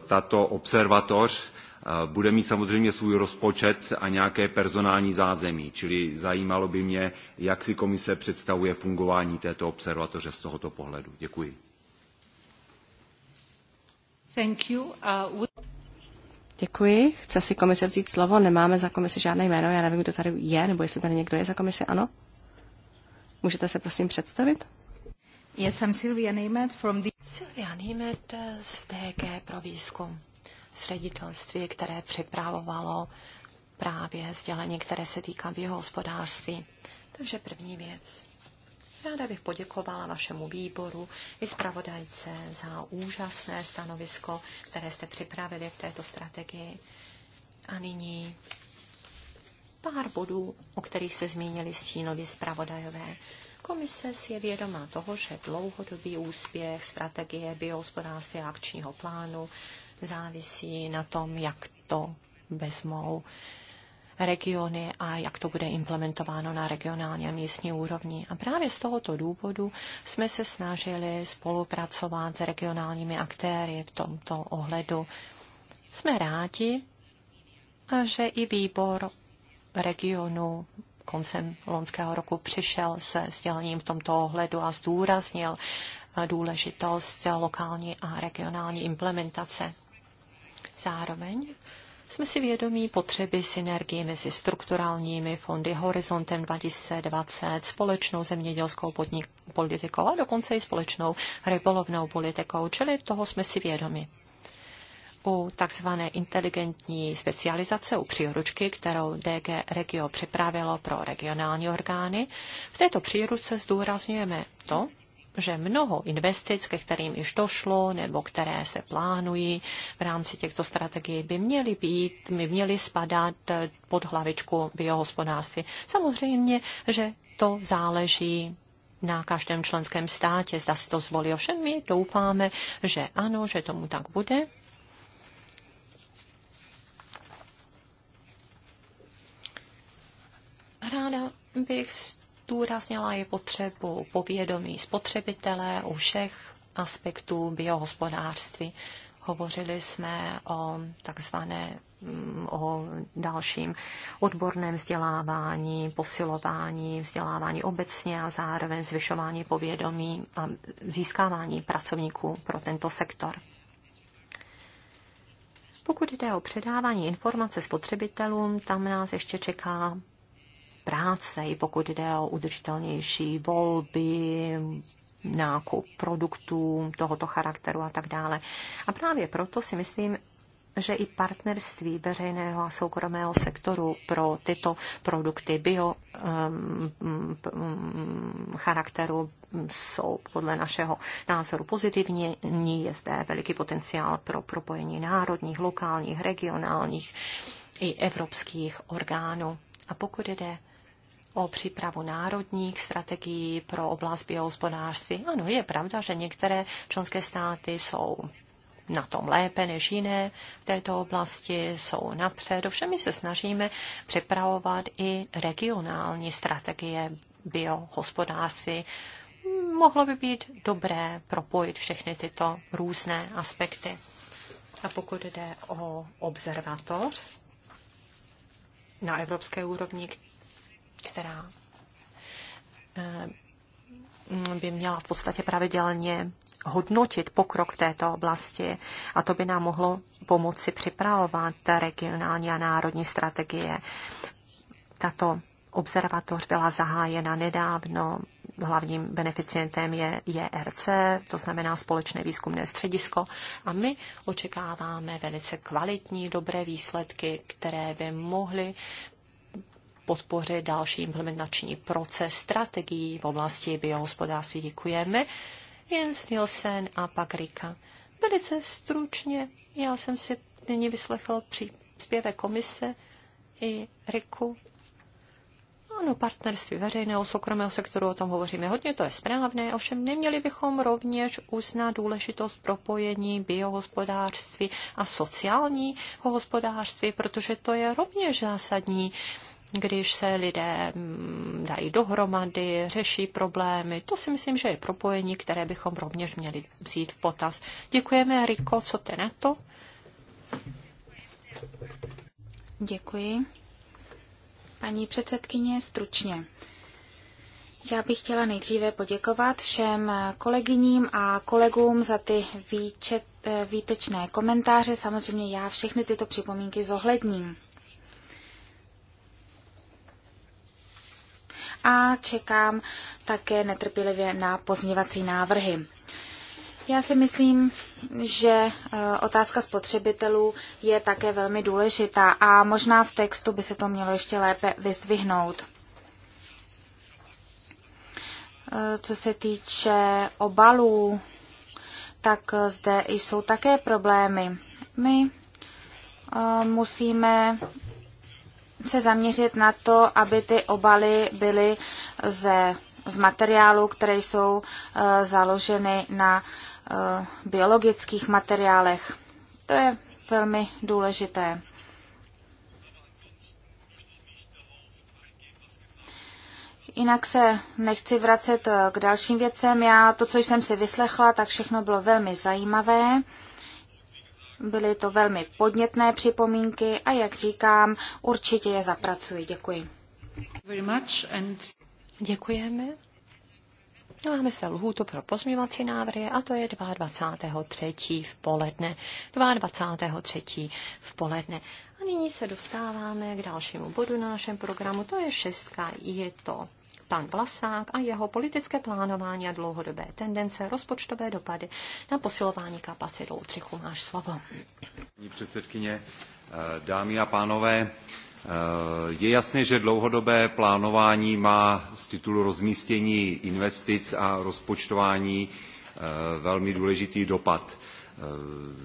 tato observatoř eh, bude mít samozřejmě svůj rozpočet a nějaké personální zázemí, čili zajímalo by mě, jak si komise představuje fungování této observatoře z tohoto pohledu. Děkuji. Thank you. Uh, we... Děkuji. Chce si komise vzít slovo? Nemáme za komisi žádné jméno. Já nevím, kdo tady je, nebo jestli tady někdo je za komisi. Ano? Můžete se prosím představit? Já jsem Silvia Neymet from the... Silvia Neymet z DG pro výzkum. Z ředitelství, které připravovalo právě sdělení, které se týká biohospodářství. Takže první věc. Ráda bych poděkovala vašemu výboru i zpravodajce za úžasné stanovisko, které jste připravili k této strategii. A nyní pár bodů, o kterých se zmínili stínovi zpravodajové. Komise si je vědoma toho, že dlouhodobý úspěch strategie biohospodářství a akčního plánu závisí na tom, jak to vezmou regiony a jak to bude implementováno na regionální a místní úrovni. A právě z tohoto důvodu jsme se snažili spolupracovat s regionálními aktéry v tomto ohledu. Jsme rádi, že i výbor regionu koncem loňského roku přišel se sdělením v tomto ohledu a zdůraznil eh, důležitost lokální a regionální implementace. Zároveň jsme si vědomí potřeby synergie mezi strukturálními fondy Horizontem 2020, společnou zemědělskou podnik- politikou a dokonce i společnou rybolovnou politikou, čili toho jsme si vědomi u takzvané inteligentní specializace, u příručky, kterou DG Regio připravilo pro regionální orgány. V této příručce zdůrazňujeme to, že mnoho investic, ke kterým již došlo nebo které se plánují v rámci těchto strategií, by měly být, by měly spadat eh, pod hlavičku biohospodářství. Samozřejmě, že to záleží na každém členském státě, zda si to zvolí. Ovšem my doufáme, že ano, že tomu tak bude. Ráda bych zdůraznila je potřebu povědomí spotřebitele u všech aspektů biohospodářství. Hovořili jsme o takzvané mm, o dalším odborném vzdělávání, posilování, vzdělávání obecně a zároveň zvyšování povědomí a získávání pracovníků pro tento sektor. Pokud jde o předávání informace spotřebitelům, tam nás ještě čeká práce, i pokud jde o udržitelnější volby, nákup produktů tohoto charakteru a tak dále. A právě proto si myslím, že i partnerství veřejného a soukromého sektoru pro tyto produkty bio um, um charakteru jsou podle našeho názoru pozitivní. Ní je zde veliký potenciál pro propojení národních, lokálních, regionálních i evropských orgánů. A pokud jde o přípravu národních strategií pro oblast biohospodářství. Ano, je pravda, že některé členské státy jsou na tom lépe než jiné v této oblasti, jsou napřed. Ovšem my se snažíme připravovat i regionální strategie biohospodářství. Mohlo by být dobré propojit všechny tyto různé aspekty. A pokud jde o observatoř na evropské úrovni, která eh, by měla v podstatě pravidelně hodnotit pokrok této oblasti a to by nám mohlo pomoci připravovat regionální a národní strategie. Tato observatoř byla zahájena nedávno. Hlavním beneficientem je JRC, e to znamená Společné výzkumné středisko. A my očekáváme velice kvalitní, dobré výsledky, které by mohly podpořit další implementační proces strategií v oblasti biohospodářství. Děkujeme. Jens Nielsen a pak Rika. Velice stručně, já jsem si nyní vyslechl příspěvek komise i Riku. Ano, partnerství veřejného soukromého sektoru, o tom hovoříme hodně, to je správné, ovšem neměli bychom rovněž uznat důležitost propojení biohospodářství a sociálního hospodářství, protože to je rovněž zásadní když se lidé mm, dají dohromady, řeší problémy. To si myslím, že je propojení, které bychom rovněž měli vzít v potaz. Děkujeme, Riko, co ty na to? Děkuji. Paní předsedkyně, stručně. Já bych chtěla nejdříve poděkovat všem kolegyním a kolegům za ty výčet, eh, výtečné komentáře. Samozřejmě já všechny tyto připomínky zohledním. a čekám také netrpělivě na pozměvací návrhy. Já si myslím, že eh, otázka spotřebitelů je také velmi důležitá a možná v textu by se to mělo ještě lépe vyzdvihnout. Eh, co se týče obalů, tak zde jsou také problémy. My eh, musíme se zaměřit na to, aby ty obaly byly ze, z materiálu, které jsou uh, založeny na uh, biologických materiálech. To je velmi důležité. Jinak se nechci vracet eh, k dalším věcem. Já to, co jsem si vyslechla, tak všechno bylo velmi zajímavé. Byly to velmi podnětné připomínky a jak říkám, určitě je zapracuji. Děkuji. Děkujeme. Máme se lhůtu pro pozměvací návrhy a to je 22.3. v poledne. 22.3. v poledne. A nyní se dostáváme k dalšímu bodu na našem programu, to je šestka. Je to pan Vlasák a jeho politické plánování a dlouhodobé tendence, rozpočtové dopady na posilování kapacit Ultrichu. Máš slovo. Pani předsedkyně, eh, dámy a pánové, eh, je jasné, že dlouhodobé plánování má z titulu rozmístění investic a rozpočtování eh, velmi důležitý dopad.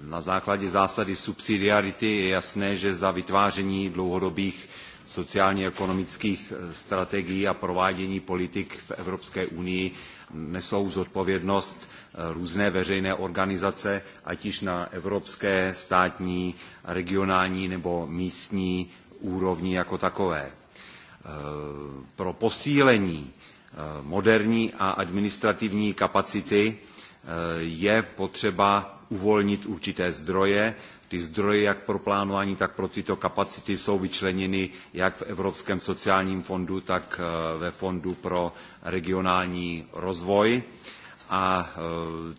Na základě zásady subsidiarity je jasné, že za vytváření dlouhodobých sociálně-ekonomických eh, strategií a provádění politik v Evropské unii nesou zodpovědnost eh, různé veřejné organizace, ať již na evropské, státní, regionální nebo místní úrovni jako takové. Eh, pro posílení moderní a administrativní kapacity je potřeba uvolnit určité zdroje, ty zdroje jak pro plánování, tak pro tyto kapacity jsou vyčleněny jak v Evropském sociálním fondu, tak eh, ve Fondu pro regionální rozvoj. A eh,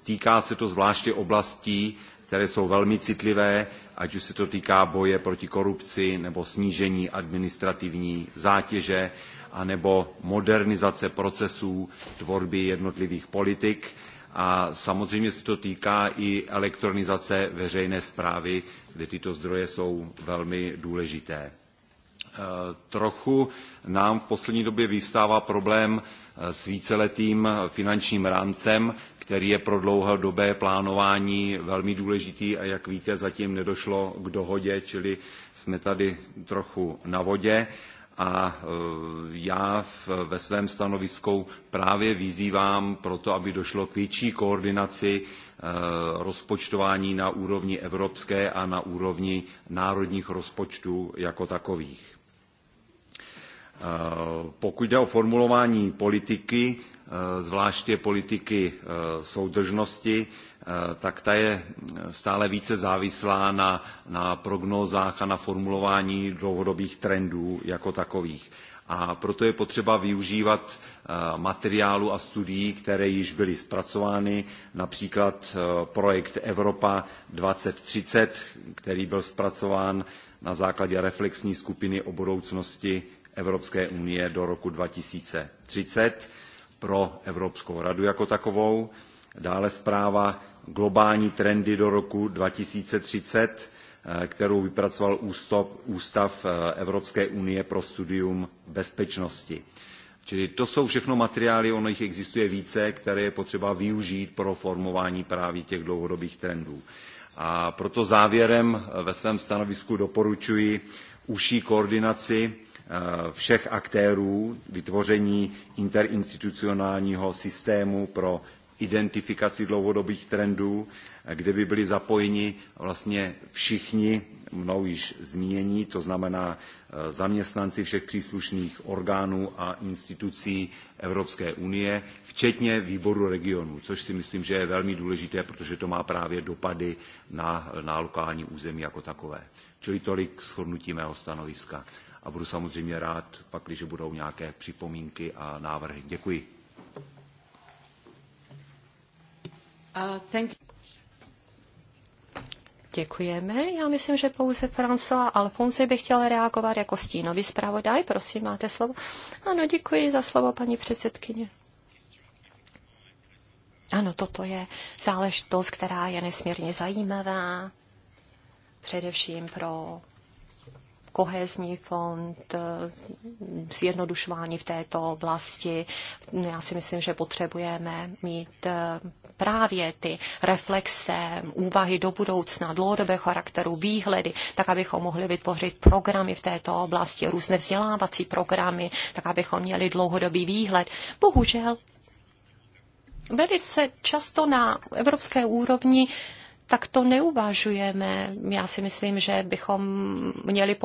týká se to zvláště oblastí, které jsou velmi citlivé, ať už se to týká boje proti korupci nebo snížení administrativní zátěže, anebo modernizace procesů tvorby jednotlivých politik a samozřejmě se to týká i elektronizace veřejné zprávy, kde tyto zdroje jsou velmi důležité. E, trochu nám v poslední době vyvstává problém e, s víceletým finančním rámcem, který je pro dlouhodobé plánování velmi důležitý a jak víte, zatím nedošlo k dohodě, čili jsme tady trochu na vodě a e, já ve svém stanovisku právě vyzývám proto, aby došlo k větší koordinaci e, rozpočtování na úrovni evropské a na úrovni národních rozpočtů jako takových. E, pokud jde o formulování politiky, zvláště politiky soudržnosti, Eh, tak ta je eh, stále více závislá na, na prognózách a na formulování dlouhodobých trendů jako takových. A proto je potřeba využívat eh, materiálu a studií, které již byly zpracovány, například projekt Evropa 2030, který byl zpracován na základě reflexní skupiny o budoucnosti Evropské unie do roku 2030 pro Evropskou radu jako takovou. Dále zpráva globální trendy do roku 2030, eh, kterou vypracoval Ústav eh, Evropské unie pro studium bezpečnosti. Čili to jsou všechno materiály, ono jich existuje více, které je potřeba využít pro formování právě těch dlouhodobých trendů. A proto závěrem eh, ve svém stanovisku doporučuji užší koordinaci všech aktérů, vytvoření interinstitucionálního systému pro identifikaci dlouhodobých trendů, kde by byli zapojeni vlastně všichni mnou již zmínění, to znamená eh, zaměstnanci všech příslušných orgánů a institucí Evropské unie, včetně výboru regionů, což si myslím, že je velmi důležité, protože to má právě dopady na, na lokální území jako takové. Čili tolik shodnutí mého stanoviska. A budu samozřejmě rád, pakliže budou nějaké připomínky a návrhy. Děkuji. Uh, Děkujeme. Já myslím, že pouze Francela Alfonse by chtěl reagovat jako stínový zpravodaj. Prosím, máte slovo. Ano, děkuji za slovo, paní předsedkyně. Ano, toto je záležitost, která je nesmírně zajímavá, především pro kohezní fond, eh, zjednodušování v této oblasti. Já si myslím, že potřebujeme mít eh, právě ty reflexe, úvahy do budoucna, dlouhodobé charakteru, výhledy, tak abychom mohli vytvořit programy v této oblasti, různé vzdělávací programy, tak abychom měli dlouhodobý výhled. Bohužel velice často na evropské úrovni tak to neuvažujeme. Já si myslím, že bychom měli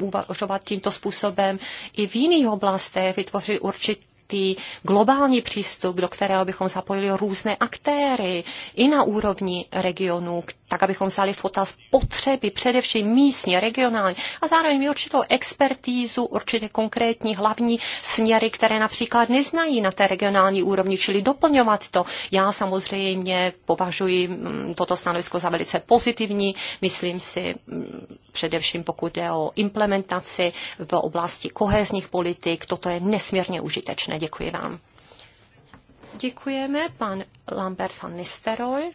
uvažovat tímto způsobem i v jiných oblastech, vytvořit určitě určitý globální přístup, do kterého bychom zapojili různé aktéry i na úrovni regionů, tak abychom vzali v potaz potřeby, především místní, regionální a zároveň i určitou expertízu, určité konkrétní hlavní směry, které například neznají na té regionální úrovni, čili doplňovat to. Já samozřejmě považuji mm, toto stanovisko za velice pozitivní, myslím si mm, především pokud jde o implementaci v oblasti kohezních politik, toto je nesmírně užitečné. Děkuji vám. Děkujeme, pan Lambert van Nisteroy.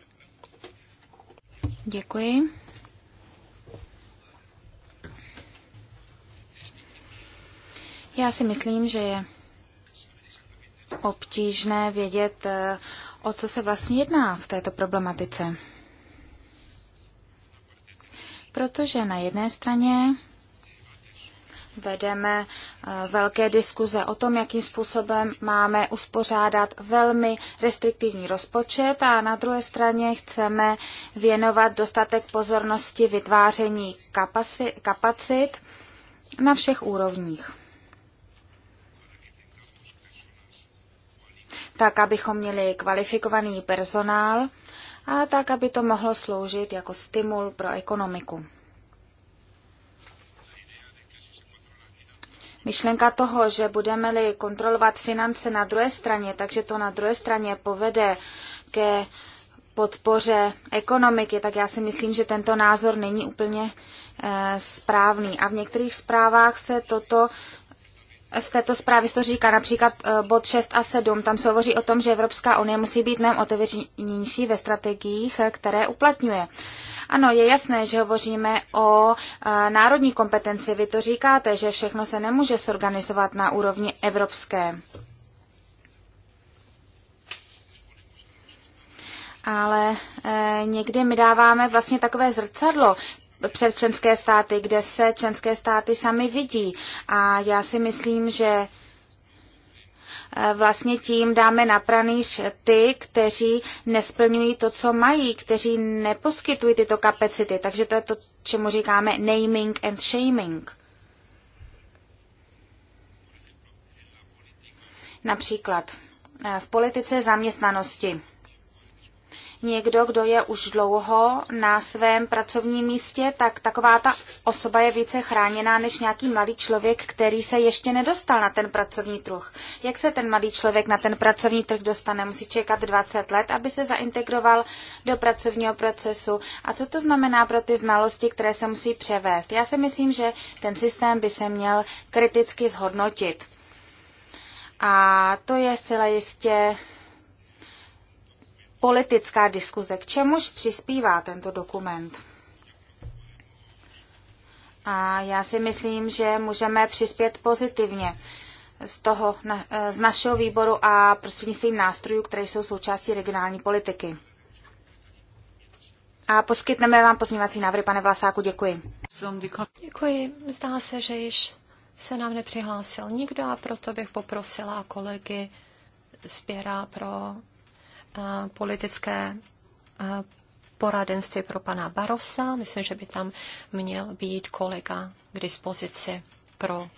Děkuji. Já si myslím, že je obtížné vědět, eh, o co se vlastně jedná v této problematice. Protože na jedné straně vedeme eh, velké diskuze o tom, jakým způsobem máme uspořádat velmi restriktivní rozpočet a na druhé straně chceme věnovat dostatek pozornosti vytváření kapacit na všech úrovních. Tak, abychom měli kvalifikovaný personál a tak, aby to mohlo sloužit jako stimul pro ekonomiku. Myšlenka toho, že budeme-li kontrolovat finance na druhé straně, takže to na druhé straně povede ke podpoře ekonomiky, tak já si myslím, že tento názor není úplně e, správný. A v některých zprávách se toto v této zprávě se to říká například eh, bod 6 a 7. Tam se hovoří o tom, že Evropská unie musí být nám otevřenější ve strategiích, eh, které uplatňuje. Ano, je jasné, že hovoříme o eh, národní kompetenci. Vy to říkáte, že všechno se nemůže sorganizovat na úrovni evropské. Ale eh, někdy my dáváme vlastně takové zrcadlo před členské státy, kde se členské státy sami vidí. A já si myslím, že Eh, vlastně tím dáme na pranýř ty, kteří nesplňují to, co mají, kteří neposkytují tyto kapacity. Takže to je to, čemu říkáme naming and shaming. Například eh, v politice zaměstnanosti někdo, kdo je už dlouho na svém pracovním místě, tak taková ta osoba je více chráněná než nějaký mladý člověk, který se ještě nedostal na ten pracovní trh. Jak se ten mladý člověk na ten pracovní trh dostane? Musí čekat 20 let, aby se zaintegroval do pracovního procesu. A co to znamená pro ty znalosti, které se musí převést? Já si myslím, že ten systém by se měl kriticky zhodnotit. A to je zcela jistě politická diskuze, k čemuž přispívá tento dokument. A já si myslím, že můžeme přispět pozitivně z, toho, z našeho výboru a prostřednictvím nástrojů, které jsou součástí regionální politiky. A poskytneme vám pozměňovací návrhy, pane Vlasáku, děkuji. Děkuji. Zdá se, že již se nám nepřihlásil nikdo a proto bych poprosila kolegy sběra pro politické poradenství pro pana Barosa. Myslím, že by tam měl být kolega k dispozici pro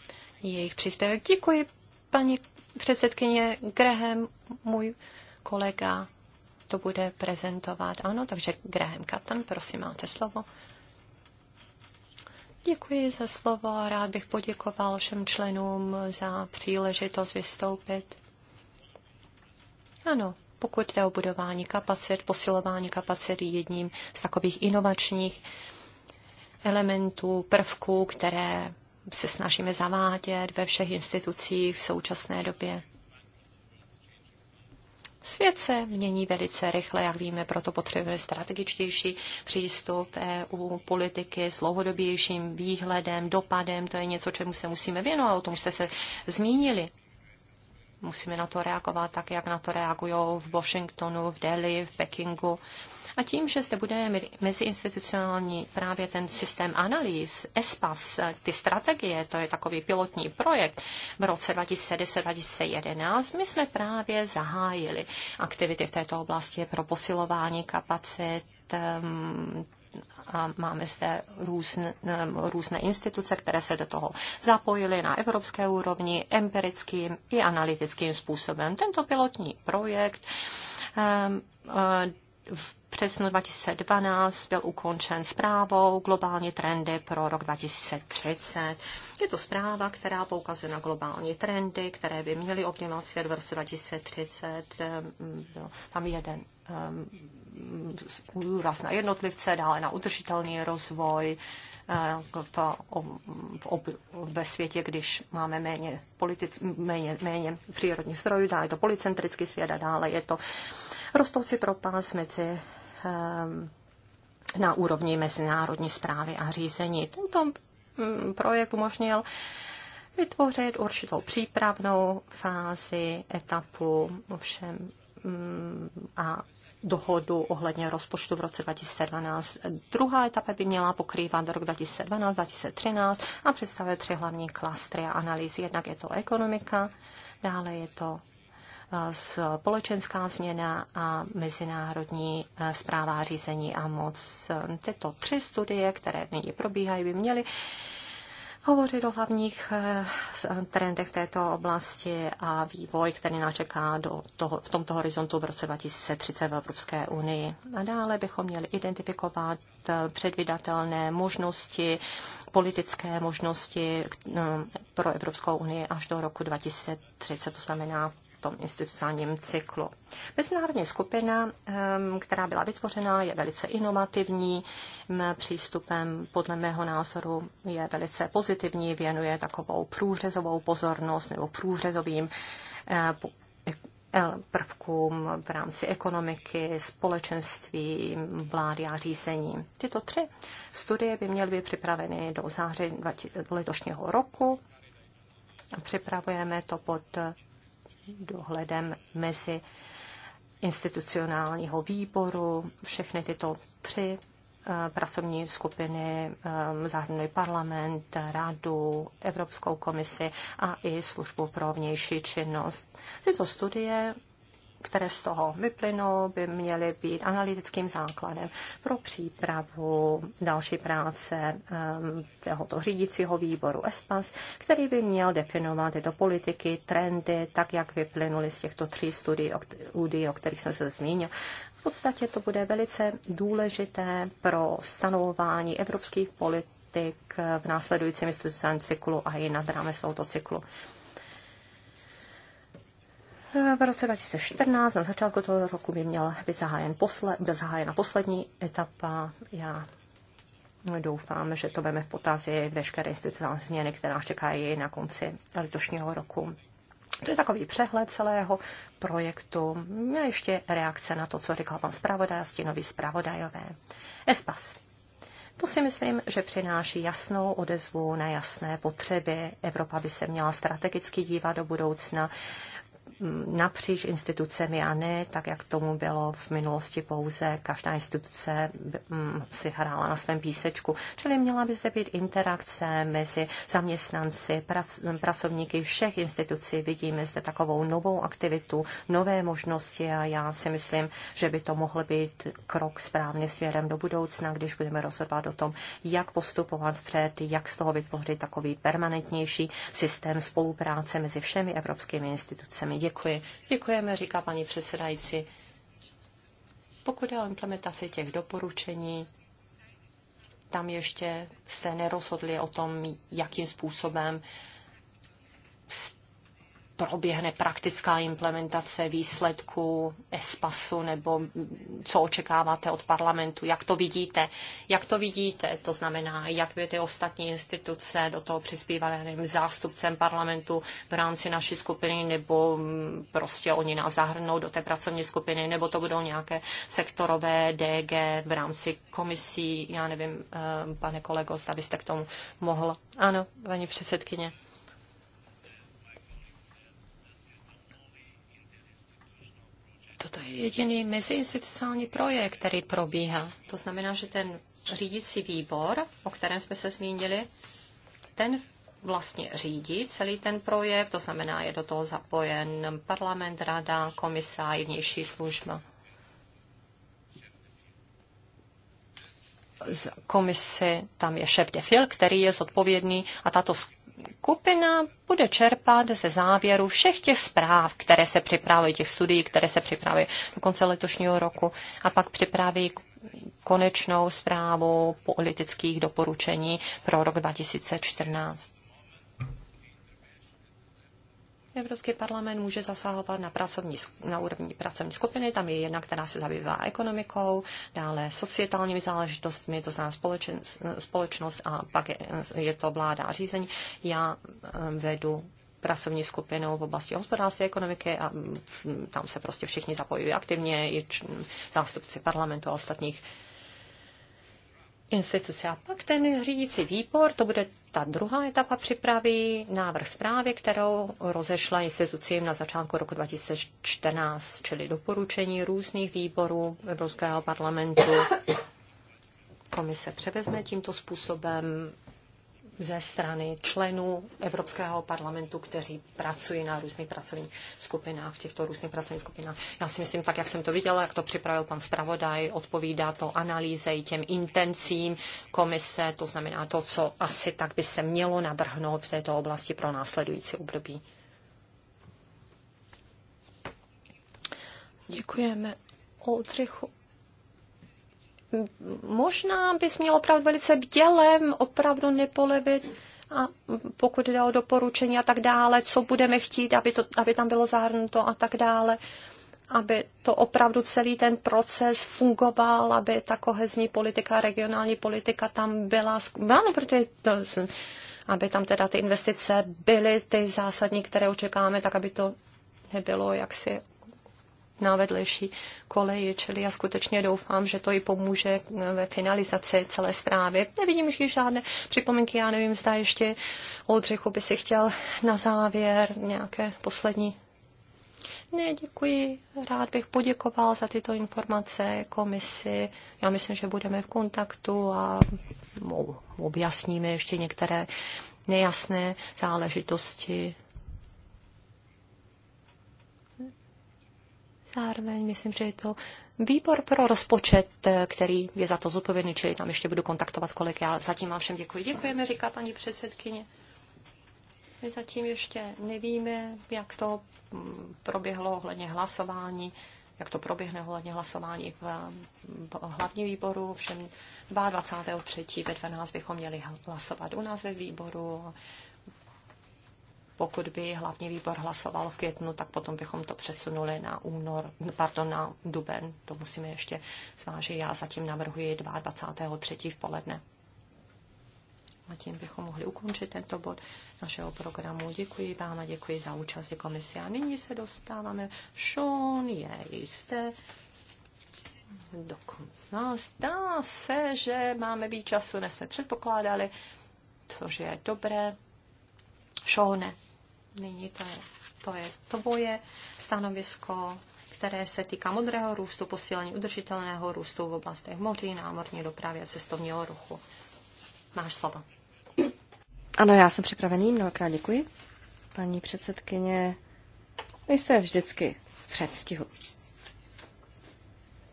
jejich příspěvek. Děkuji, paní předsedkyně Graham, můj kolega to bude prezentovat. Ano, takže Graham Katan, prosím, máte slovo. Děkuji za slovo a rád bych poděkoval všem členům za příležitost vystoupit. Ano, pokud jde o budování kapacit, posilování kapacit jedním z takových inovačních elementů, prvků, které se snažíme zavádět ve všech institucích v současné době. Svět se mění velice rychle, jak víme, proto potřebujeme strategičtější přístup EU politiky s dlouhodobějším výhledem, dopadem. To je něco, čemu se musíme věnovat, o tom jste se zmínili. Musíme na to reagovat tak, jak na to reagují v Washingtonu, v Delhi, v Pekingu. A tím, že zde bude meziinstitucionální právě ten systém analýz, ESPAS, ty strategie, to je takový pilotní projekt v roce 2010-2011, my jsme právě zahájili aktivity v této oblasti pro posilování kapacit ehm, a máme zde různé, různé instituce, které se do toho zapojily na evropské úrovni empirickým i analytickým způsobem. Tento pilotní projekt e, v přesnu 2012 byl ukončen zprávou Globální trendy pro rok 2030. Je to zpráva, která poukazuje na globální trendy, které by měly ovlivňovat svět v roce 2030. Byl tam jeden důraz na jednotlivce, dále na udržitelný rozvoj eh, v, v, ob, ve světě, když máme méně, politic, méně, méně přírodní zdrojů, dále je to policentrický svět a dále je to rostoucí propás mezi eh, na úrovni mezinárodní zprávy a řízení. Tento hm, projekt umožnil vytvořit určitou přípravnou fázi, etapu, všem hm, a dohodu ohledně rozpočtu v roce 2012. Druhá etapa by měla pokrývat rok 2012-2013 a představit tři hlavní klastry a analýzy. Jednak je to ekonomika, dále je to eh, společenská změna a mezinárodní zpráva eh, řízení a moc. Tyto tři studie, které nyní probíhají, by měly hovořit o hlavních eh, eh, trendech v této oblasti a vývoj, který nás čeká do toho, v tomto horizontu v roce 2030 v Evropské unii. A dále bychom měli identifikovat eh, předvydatelné možnosti, politické možnosti pro Evropskou unii až do roku 2030, to znamená tom institucionálním cyklu. Mezinárodní skupina, která byla vytvořena, je velice inovativní přístupem, podle mého názoru je velice pozitivní, věnuje takovou průřezovou pozornost nebo průřezovým eh, eh, eh, prvkům v rámci ekonomiky, společenství, vlády a řízení. Tyto tři studie by měly být připraveny do září letošního roku. Připravujeme to pod dohledem mezi institucionálního výboru. Všechny tyto tři eh, pracovní skupiny eh, zahrnují parlament, radu, Evropskou komisi a i službu pro vnější činnost. Tyto studie které z toho vyplynou, by měly být analytickým základem pro přípravu další práce ehm, tohoto řídícího výboru ESPAS, který by měl definovat tyto politiky, trendy, tak jak vyplynuly z těchto tří studií, o kterých jsem se zmínil. V podstatě to bude velice důležité pro stanovování evropských politik v následujícím institucionálním cyklu a i nad rámec tohoto cyklu. V roce 2014, na začátku toho roku, by měla být zahájen posle, byla zahájena poslední etapa. Já doufám, že to veme v potazy veškeré institucionální změny, které nás čekají na konci letošního roku. To je takový přehled celého projektu. A ještě reakce na to, co říkal pan zpravodaj a stínový zpravodajové. ESPAS. To si myslím, že přináší jasnou odezvu na jasné potřeby. Evropa by se měla strategicky dívat do budoucna napříč institucemi a ne tak, jak tomu bylo v minulosti pouze každá instituce mm, si hrála na svém písečku. Čili měla by zde být interakce mezi zaměstnanci, pracovníky všech institucí. Vidíme zde takovou novou aktivitu, nové možnosti a já si myslím, že by to mohl být krok správně směrem do budoucna, když budeme rozhodovat o tom, jak postupovat před, jak z toho vytvořit takový permanentnější systém spolupráce mezi všemi evropskými institucemi. Děkuji. Děkuji. Děkujeme, říká paní předsedající. Pokud je o implementaci těch doporučení, tam ještě jste nerozhodli o tom, jakým způsobem proběhne praktická implementace výsledků ESPASu nebo co očekáváte od parlamentu, jak to vidíte, jak to vidíte, to znamená, jak by ty ostatní instituce do toho přispívaly, nevím, zástupcem parlamentu v rámci naší skupiny, nebo prostě oni nás zahrnou do té pracovní skupiny, nebo to budou nějaké sektorové DG v rámci komisí, já nevím, eh, pane kolego, zda byste k tomu mohl. Ano, paní předsedkyně. Toto je jediný meziinstitucionální projekt, který probíhá. To znamená, že ten řídící výbor, o kterém jsme se zmínili, ten vlastně řídí celý ten projekt, to znamená, je do toho zapojen parlament, rada, komisa i vnější služba. Z komisy tam je šéf Defil, který je zodpovědný a tato Kupina bude čerpat ze závěru všech těch zpráv, které se připravují, těch studií, které se připravují do konce letošního roku a pak připraví konečnou zprávu politických doporučení pro rok 2014. Evropský parlament může zasahovat na, pracovní, na úrovni pracovní skupiny, tam je jedna, která se zabývá ekonomikou, dále sociálními záležitostmi, to znamená společen, společnost a pak je, je to vláda a řízení. Já eh, vedu pracovní skupinou v oblasti hospodářství ekonomiky a mm, tam se prostě všichni zapojují aktivně, i zástupci parlamentu a ostatních institucí A pak ten řídící výbor, to bude ta druhá etapa připraví návrh zprávy, kterou rozešla institucím na začátku roku 2014, čili doporučení různých výborů Evropského parlamentu. Komise převezme tímto způsobem ze strany členů Evropského parlamentu, kteří pracují na různých pracovních skupinách, v těchto různých pracovních skupinách. Já si myslím, tak jak jsem to viděla, jak to připravil pan zpravodaj, odpovídá to analýze i těm intencím komise, to znamená to, co asi tak by se mělo navrhnout v této oblasti pro následující období. Děkujeme Oldřichu možná bys měl opravdu velice bdělem opravdu nepolevit a pokud jde o doporučení a tak dále, co budeme chtít, aby, to, aby tam bylo zahrnuto a tak dále, aby to opravdu celý ten proces fungoval, aby ta kohezní politika, regionální politika tam byla, ano, no, protože to, aby tam teda ty investice byly ty zásadní, které očekáváme, tak aby to nebylo jaksi na vedlejší koleji, čili já skutečně doufám, že to i pomůže ve finalizaci celé zprávy. Nevidím už žádné připomínky, já nevím, zda ještě Oldřichu by si chtěl na závěr nějaké poslední ne, děkuji. Rád bych poděkoval za tyto informace komisi. Já myslím, že budeme v kontaktu a objasníme ještě některé nejasné záležitosti Zároveň myslím, že je to výbor pro rozpočet, který je za to zodpovědný, čili tam ještě budu kontaktovat kolik. Já zatím vám všem děkuji. Děkujeme, říká paní předsedkyně. My zatím ještě nevíme, jak to mm, proběhlo ohledně hlasování, jak to proběhne ohledně hlasování v, hlavním výboru. Všem 22.3. ve 12 bychom měli hlasovat u nás ve výboru pokud by hlavní výbor hlasoval v květnu, tak potom bychom to přesunuli na únor, pardon, na duben. To musíme ještě zvážit. Já zatím navrhuji 22.3. v poledne. A tím bychom mohli ukončit tento bod našeho programu. Děkuji vám a děkuji za účast komise. A nyní se dostáváme. Sean je jisté. Dokonce zdá se, že máme víc času, než jsme předpokládali, což je dobré. Šone, Nyní to je, to je tvoje stanovisko, které se týká modrého růstu, posílení udržitelného růstu v oblastech moří, námorní dopravy a cestovního ruchu. Máš slovo. Ano, já jsem připravený, mnohokrát děkuji. Paní předsedkyně, jste vždycky v předstihu.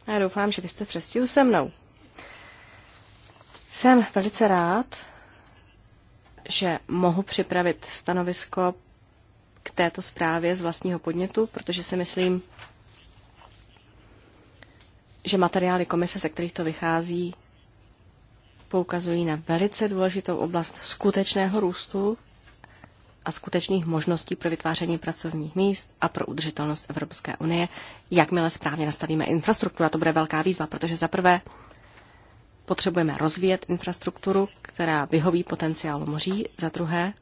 Já doufám, že vy jste v předstihu se mnou. Jsem velice rád, že mohu připravit stanovisko k této zprávě z vlastního podnětu, protože si myslím, že materiály komise, ze kterých to vychází, poukazují na velice důležitou oblast skutečného růstu a skutečných možností pro vytváření pracovních míst a pro udržitelnost Evropské unie, jakmile správně nastavíme infrastrukturu. A to bude velká výzva, protože za prvé potřebujeme rozvíjet infrastrukturu, která vyhoví potenciálu moří, za druhé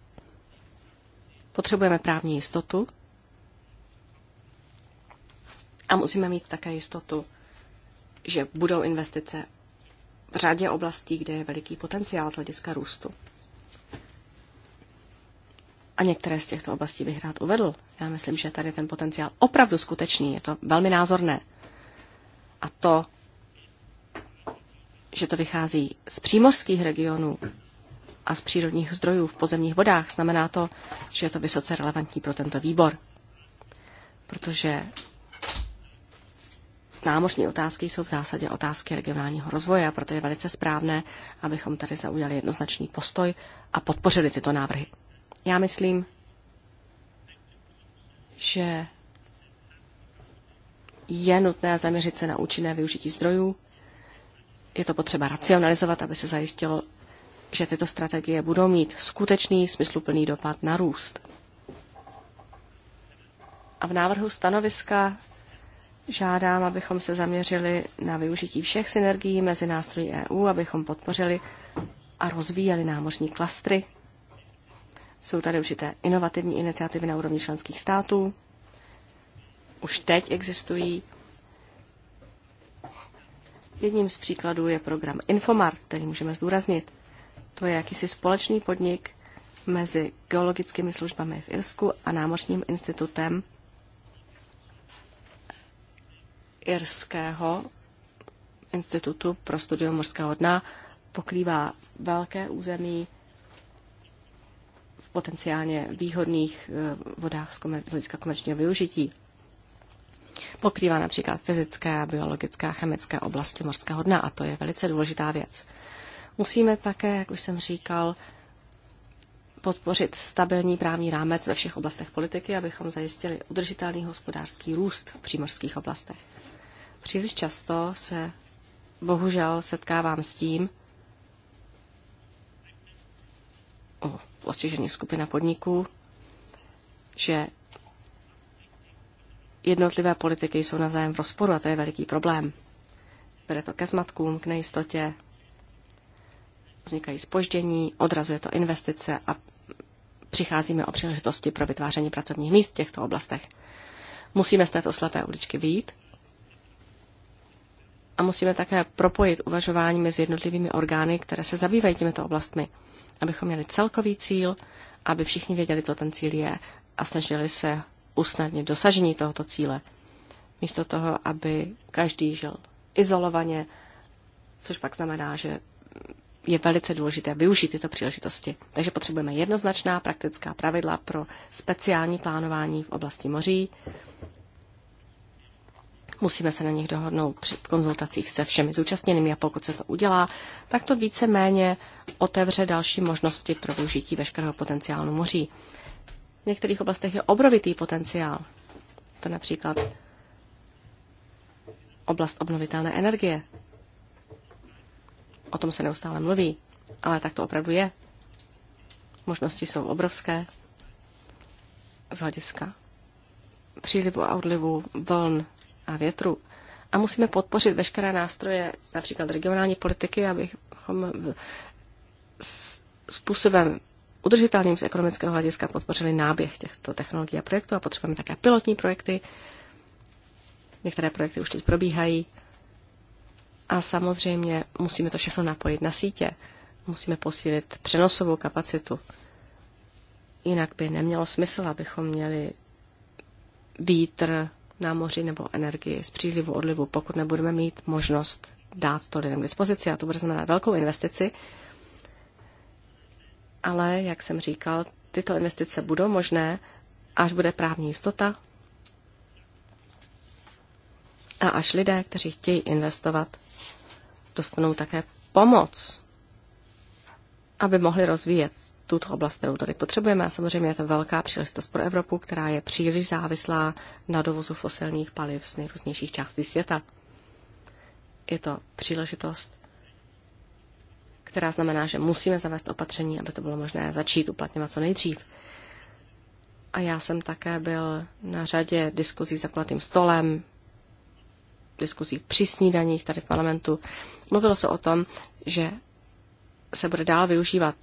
Potřebujeme právní jistotu a musíme mít také jistotu, že budou investice v řadě oblastí, kde je veliký potenciál z hlediska růstu. A některé z těchto oblastí bych rád uvedl. Já myslím, že tady ten potenciál opravdu skutečný, je to velmi názorné. A to, že to vychází z přímořských regionů, a z přírodních zdrojů v pozemních vodách, znamená to, že je to vysoce relevantní pro tento výbor. Protože námořní otázky jsou v zásadě otázky regionálního rozvoje a proto je velice správné, abychom tady zaujali jednoznačný postoj a podpořili tyto návrhy. Já myslím, že je nutné zaměřit se na účinné využití zdrojů. Je to potřeba racionalizovat, aby se zajistilo, že tyto strategie budou mít skutečný smysluplný dopad na růst. A v návrhu stanoviska žádám, abychom se zaměřili na využití všech synergií mezi nástroji EU, abychom podpořili a rozvíjeli námořní klastry. Jsou tady určité inovativní iniciativy na úrovni členských států. Už teď existují. Jedním z příkladů je program Infomar, který můžeme zdůraznit. To je jakýsi společný podnik mezi geologickými službami v Irsku a Námořním institutem Irského institutu pro studium mořského dna. Pokrývá velké území v potenciálně výhodných eh, vodách z, hlediska komerčního využití. Pokrývá například fyzické, biologické a chemické oblasti mořského dna a to je velice důležitá věc. Musíme také, jak už jsem říkal, podpořit stabilní právní rámec ve všech oblastech politiky, abychom zajistili udržitelný hospodářský růst v přímořských oblastech. Příliš často se bohužel setkávám s tím, o postižených skupina podniků, že jednotlivé politiky jsou navzájem v rozporu a to je veliký problém. Vede to ke zmatkům, k nejistotě, vznikají spoždění, odrazuje to investice a přicházíme o příležitosti pro vytváření pracovních míst v těchto oblastech. Musíme z této slepé uličky výjít a musíme také propojit uvažování mezi jednotlivými orgány, které se zabývají těmito oblastmi, abychom měli celkový cíl, aby všichni věděli, co ten cíl je a snažili se usnadnit dosažení tohoto cíle. Místo toho, aby každý žil izolovaně, což pak znamená, že je velice důležité využít tyto příležitosti. Takže potřebujeme jednoznačná praktická pravidla pro speciální plánování v oblasti moří. Musíme se na nich dohodnout při konzultacích se všemi zúčastněnými a pokud se to udělá, tak to více-méně otevře další možnosti pro využití veškerého potenciálu moří. V některých oblastech je obrovitý potenciál. To například oblast obnovitelné energie. O tom se neustále mluví, ale tak to opravdu je. Možnosti jsou obrovské z hlediska přílivu a odlivu vln a větru. A musíme podpořit veškeré nástroje, například regionální politiky, abychom způsobem udržitelným z ekonomického hlediska podpořili náběh těchto technologií a projektů a potřebujeme také pilotní projekty. Některé projekty už teď probíhají a samozřejmě musíme to všechno napojit na sítě. Musíme posílit přenosovou kapacitu. Jinak by nemělo smysl, abychom měli vítr na moři nebo energii z přílivu odlivu, pokud nebudeme mít možnost dát to lidem k dispozici. A to bude znamenat velkou investici. Ale, jak jsem říkal, tyto investice budou možné, až bude právní jistota a až lidé, kteří chtějí investovat, dostanou také pomoc, aby mohli rozvíjet tuto oblast, kterou tady potřebujeme. A samozřejmě je to velká příležitost pro Evropu, která je příliš závislá na dovozu fosilních paliv z nejrůznějších částí světa. Je to příležitost, která znamená, že musíme zavést opatření, aby to bylo možné začít uplatňovat co nejdřív. A já jsem také byl na řadě diskuzí za kulatým stolem, diskuzí při snídaních tady v parlamentu Mluvilo se o tom, že se bude dál využívat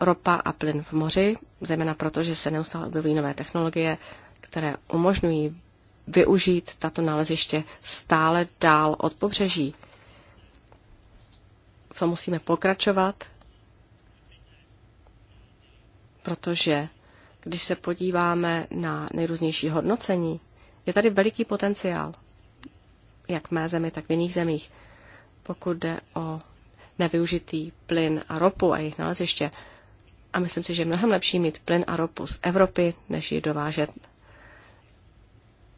ropa a plyn v moři, zejména proto, že se neustále objevují nové technologie, které umožňují využít tato naleziště stále dál od pobřeží. Co musíme pokračovat, protože když se podíváme na nejrůznější hodnocení, je tady veliký potenciál, jak v mé zemi, tak v jiných zemích pokud jde o nevyužitý plyn a ropu a jejich naleziště. A myslím si, že je mnohem lepší mít plyn a ropu z Evropy, než ji dovážet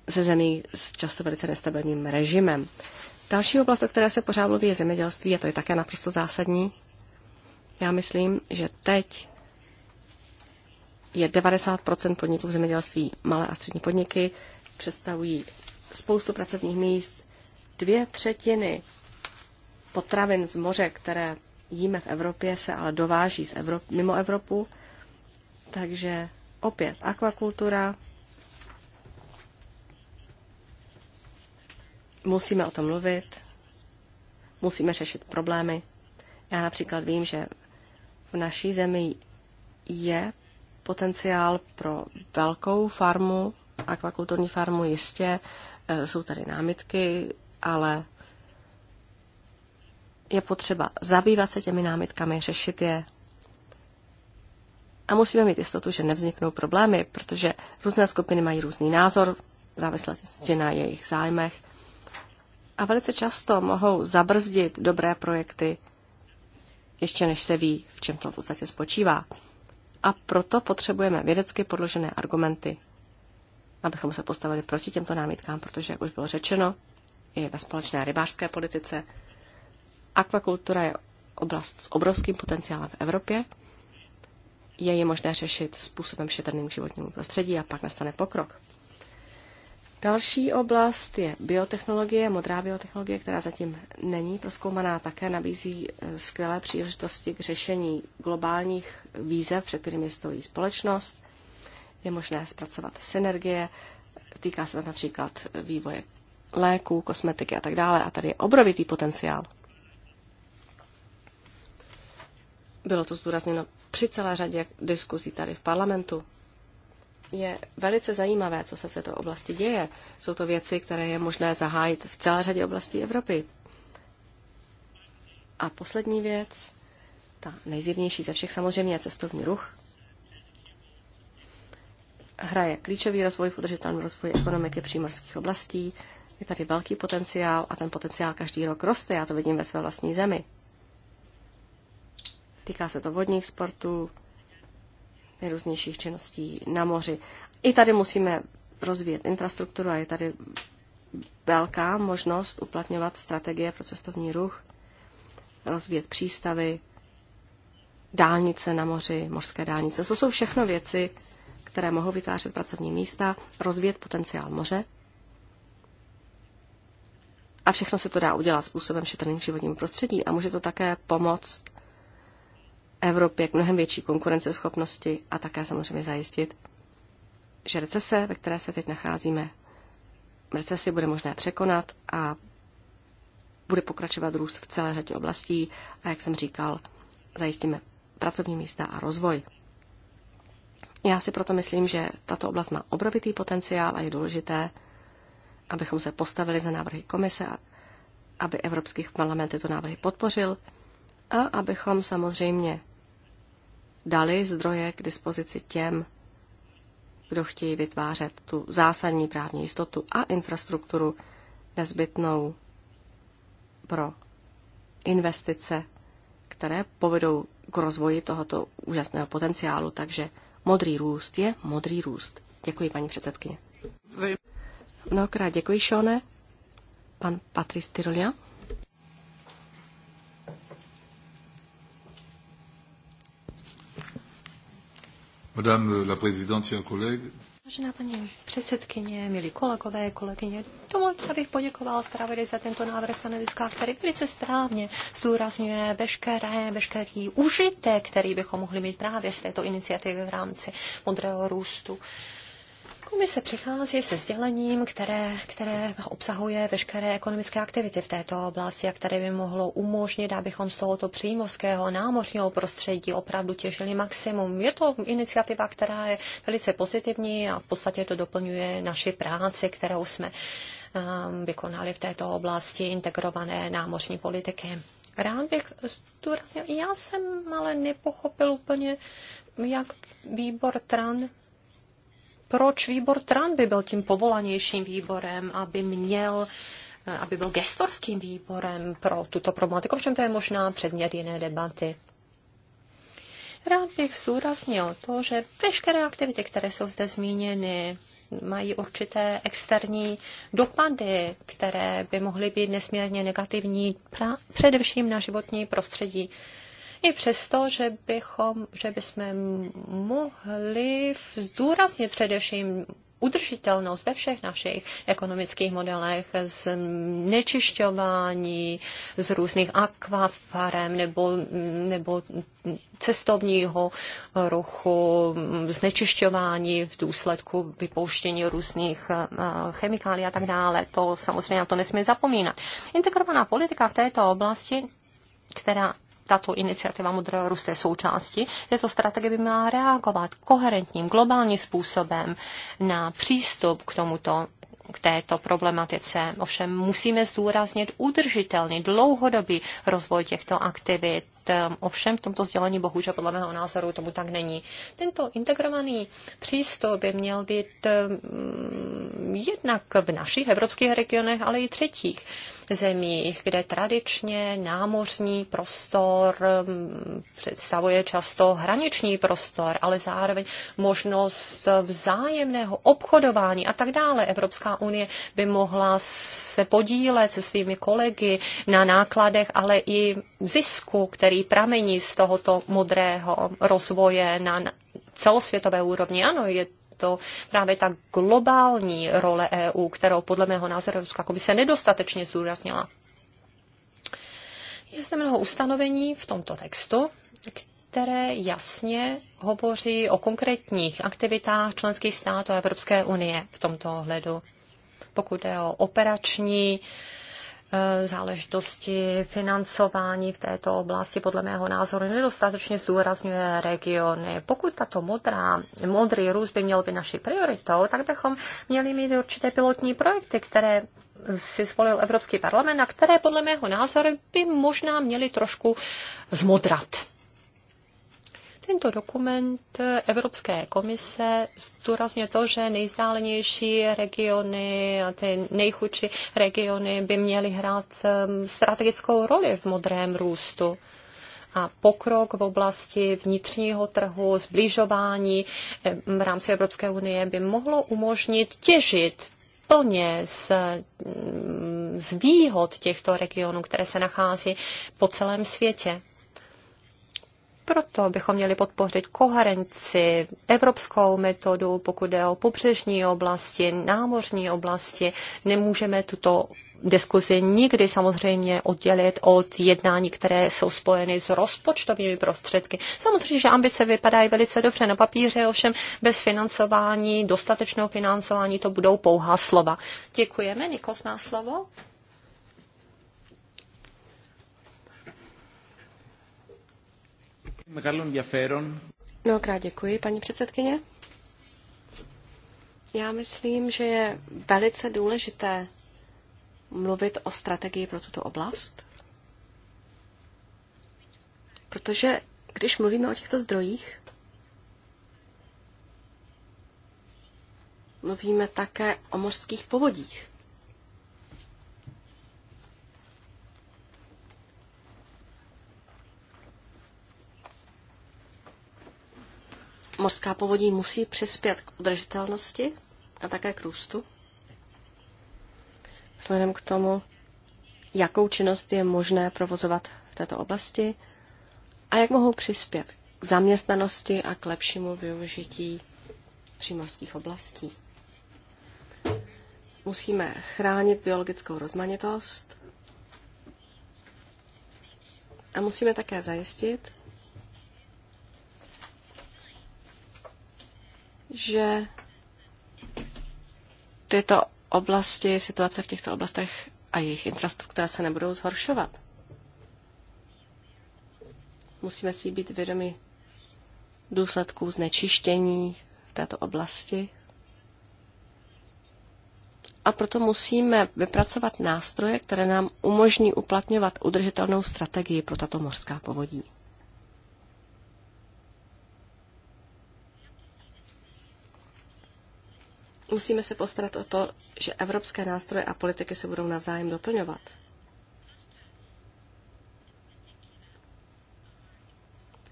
ze zemí s často velice nestabilním režimem. Další oblast, o které se pořád mluví, je zemědělství a to je také naprosto zásadní. Já myslím, že teď je 90% podniků v zemědělství malé a střední podniky, představují spoustu pracovních míst, dvě třetiny potravin z moře, které jíme v Evropě, se ale dováží z Evrop- mimo Evropu. Takže opět akvakultura. Musíme o tom mluvit, musíme řešit problémy. Já například vím, že v naší zemi je potenciál pro velkou farmu, akvakulturní farmu jistě, e, jsou tady námitky, ale je potřeba zabývat se těmi námitkami, řešit je. A musíme mít jistotu, že nevzniknou problémy, protože různé skupiny mají různý názor, závislosti na jejich zájmech. A velice často mohou zabrzdit dobré projekty, ještě než se ví, v čem to v podstatě spočívá. A proto potřebujeme vědecky podložené argumenty, abychom se postavili proti těmto námitkám, protože, jak už bylo řečeno, i ve společné rybářské politice Akvakultura je oblast s obrovským potenciálem v Evropě. Je ji možné řešit způsobem šetrným k životnímu prostředí a pak nastane pokrok. Další oblast je biotechnologie, modrá biotechnologie, která zatím není proskoumaná, také nabízí eh, skvělé příležitosti k řešení globálních výzev, před kterými stojí společnost. Je možné zpracovat synergie, týká se to například vývoje léků, kosmetiky a tak dále. A tady je obrovitý potenciál. bylo to zdůrazněno při celé řadě diskuzí tady v parlamentu, je velice zajímavé, co se v této oblasti děje. Jsou to věci, které je možné zahájit v celé řadě oblastí Evropy. A poslední věc, ta nejzjevnější ze všech samozřejmě je cestovní ruch. Hraje klíčový rozvoj v udržitelném rozvoji ekonomiky přímorských oblastí. Je tady velký potenciál a ten potenciál každý rok roste, já to vidím ve své vlastní zemi. Týká se to vodních sportů, nejrůznějších činností na moři. I tady musíme rozvíjet infrastrukturu a je tady velká možnost uplatňovat strategie pro cestovní ruch, rozvíjet přístavy, dálnice na moři, mořské dálnice. To jsou všechno věci, které mohou vytvářet pracovní místa, rozvíjet potenciál moře. A všechno se to dá udělat způsobem šetrným životním prostředí a může to také pomoct Evropě k mnohem větší konkurenceschopnosti a také samozřejmě zajistit, že recese, ve které se teď nacházíme, recesi bude možné překonat a bude pokračovat růst v celé řadě oblastí a, jak jsem říkal, zajistíme pracovní místa a rozvoj. Já si proto myslím, že tato oblast má obrovitý potenciál a je důležité, abychom se postavili za návrhy komise, aby evropských parlament tyto návrhy podpořil a abychom samozřejmě dali zdroje k dispozici těm, kdo chtějí vytvářet tu zásadní právní jistotu a infrastrukturu nezbytnou pro investice, které povedou k rozvoji tohoto úžasného potenciálu. Takže modrý růst je modrý růst. Děkuji, paní předsedkyně. Mnohokrát děkuji, Šone. Pan Patrice Tyrolia. Madame la présidente, chers collègues. Vážená paní předsedkyně, milí kolegové, kolegyně, dovolte, abych poděkoval zpravodaj za tento návrh stanoviska, který velice správně zdůrazňuje veškeré, veškerý užitek, který bychom mohli mít právě z této iniciativy v rámci modrého růstu. Uh, Komise přichází se sdělením, které, které obsahuje veškeré ekonomické aktivity v této oblasti a které by mohlo umožnit, abychom z tohoto přímovského námořního prostředí opravdu těžili maximum. Je to iniciativa, která je velice pozitivní a v podstatě to doplňuje naši práci, kterou jsme um, vykonali v této oblasti integrované námořní politiky. Rád bych zdůraznil, já jsem ale nepochopil úplně, jak výbor TRAN proč výbor TRAN by byl tím povolanějším výborem, aby měl eh, aby byl gestorským výborem pro tuto problematiku, všem to je možná předmět jiné debaty. Rád bych zdůraznil to, že veškeré aktivity, které jsou zde zmíněny, mají určité externí dopady, které by mohly být nesmírně negativní především na životní prostředí i přesto, že, bychom, že bychom mohli zdůraznit především udržitelnost ve všech našich ekonomických modelech z nečišťování, z různých akvafarem nebo, nebo cestovního ruchu, znečišťování v důsledku vypouštění různých chemikálií a tak dále. To samozřejmě na to nesmí zapomínat. Integrovaná politika v této oblasti která tato iniciativa Modrého růstu je součástí této strategie, by měla reagovat koherentním, globálním způsobem na přístup k tomuto k této problematice. Ovšem musíme zdůraznit udržitelný dlouhodobý rozvoj těchto aktivit Ovšem v tomto sdělení bohužel podle mého názoru tomu tak není. Tento integrovaný přístup by měl být mm, jednak v našich evropských regionech, ale i třetích zemích, kde tradičně námořní prostor mm, představuje často hraniční prostor, ale zároveň možnost vzájemného obchodování a tak dále. Evropská unie by mohla se podílet se svými kolegy na nákladech, ale i zisku, který který pramení z tohoto modrého rozvoje na celosvětové úrovni. Ano, je to právě ta globální role EU, kterou podle mého názoru Evropská komise nedostatečně zdůraznila. Je zde mnoho ustanovení v tomto textu, které jasně hovoří o konkrétních aktivitách členských států Evropské unie v tomto ohledu. Pokud je o operační uh, Eh, záležitosti financování v této oblasti podle mého názoru nedostatečně zdůrazňuje regiony. Pokud tato modrá, modrý růst by měl být naší prioritou, tak bychom měli mít určité pilotní projekty, které si zvolil Evropský parlament a které podle mého názoru by možná měly trošku zmodrat tento dokument Evropské komise zdůrazně to, že nejzdálenější regiony a ty nejchudší regiony by měly hrát um, strategickou roli v modrém růstu a pokrok v oblasti vnitřního trhu, zbližování um, v rámci Evropské unie by mohlo umožnit těžit plně z, um, z výhod těchto regionů, které se nachází po celém světě. Proto bychom měli podpořit koherenci, evropskou metodu, pokud jde o pobřežní oblasti, námořní oblasti. Nemůžeme tuto diskuzi nikdy samozřejmě oddělit od jednání, které jsou spojeny s rozpočtovými prostředky. Samozřejmě, že ambice vypadají velice dobře na papíře, ovšem bez financování, dostatečného financování to budou pouhá slova. Děkujeme. Nikos má slovo. Mnohokrát děkuji, paní předsedkyně. Já myslím, že je velice důležité mluvit o strategii pro tuto oblast, protože když mluvíme o těchto zdrojích, mluvíme také o mořských povodích. mořská povodí musí přispět k udržitelnosti a také k růstu. Vzhledem k tomu, jakou činnost je možné provozovat v této oblasti a jak mohou přispět k zaměstnanosti a k lepšímu využití přímorských oblastí. Musíme chránit biologickou rozmanitost a musíme také zajistit, že tyto oblasti, situace v těchto oblastech a jejich infrastruktura se nebudou zhoršovat. Musíme si být vědomi důsledků znečištění v této oblasti. A proto musíme vypracovat nástroje, které nám umožní uplatňovat udržitelnou strategii pro tato mořská povodí. Musíme se postarat o to, že evropské nástroje a politiky se budou navzájem doplňovat.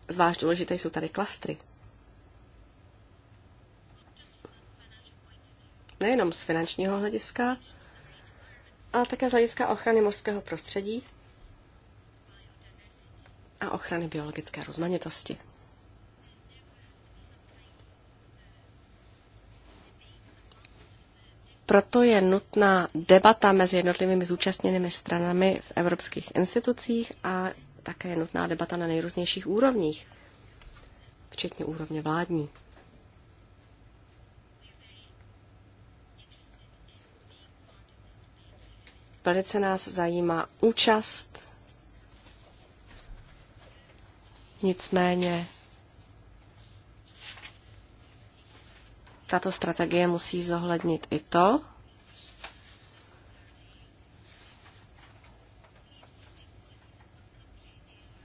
Zvlášť důležité jsou tady klastry. Nejenom z finančního hlediska, ale také z hlediska ochrany mořského prostředí a ochrany biologické rozmanitosti. proto je nutná debata mezi jednotlivými zúčastněnými stranami v evropských institucích a také je nutná debata na nejrůznějších úrovních, včetně úrovně vládní. Velice nás zajímá účast, nicméně Tato strategie musí zohlednit i to,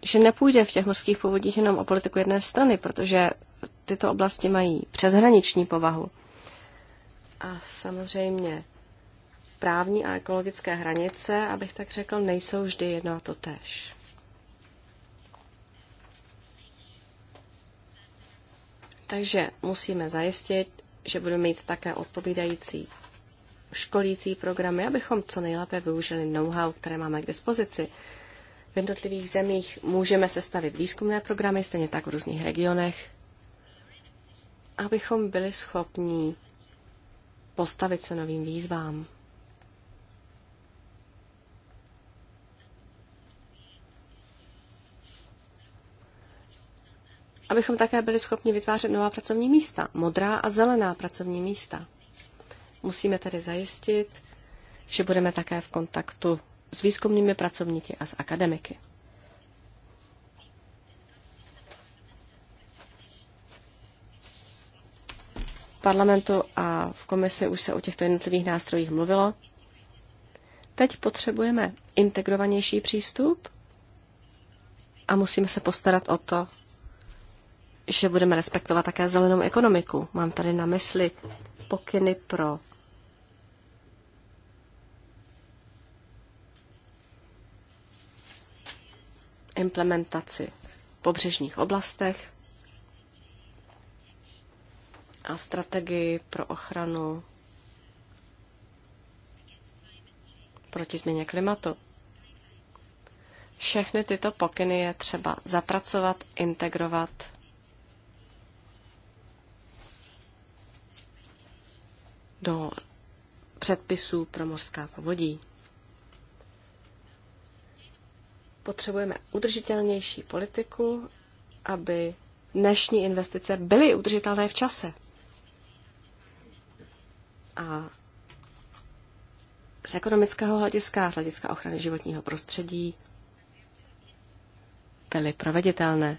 že nepůjde v těch mořských povodích jenom o politiku jedné strany, protože tyto oblasti mají přeshraniční povahu. A samozřejmě právní a ekologické hranice, abych tak řekl, nejsou vždy jedno a to tež. Takže musíme zajistit, že budeme mít také odpovídající školící programy, abychom co nejlépe využili know-how, které máme k dispozici. V jednotlivých zemích můžeme sestavit výzkumné programy, stejně tak v různých regionech, abychom byli schopní postavit se novým výzvám. abychom také byli schopni vytvářet nová pracovní místa, modrá a zelená pracovní místa. Musíme tedy zajistit, že budeme také v kontaktu s výzkumnými pracovníky a s akademiky. V parlamentu a v komisi už se o těchto jednotlivých nástrojích mluvilo. Teď potřebujeme integrovanější přístup a musíme se postarat o to, že budeme respektovat také zelenou ekonomiku. Mám tady na mysli pokyny pro implementaci v pobřežních oblastech a strategii pro ochranu proti změně klimatu. Všechny tyto pokyny je třeba zapracovat, integrovat do předpisů pro mořská povodí. Potřebujeme udržitelnější politiku, aby dnešní investice byly udržitelné v čase. A z ekonomického hlediska, z hlediska ochrany životního prostředí byly proveditelné.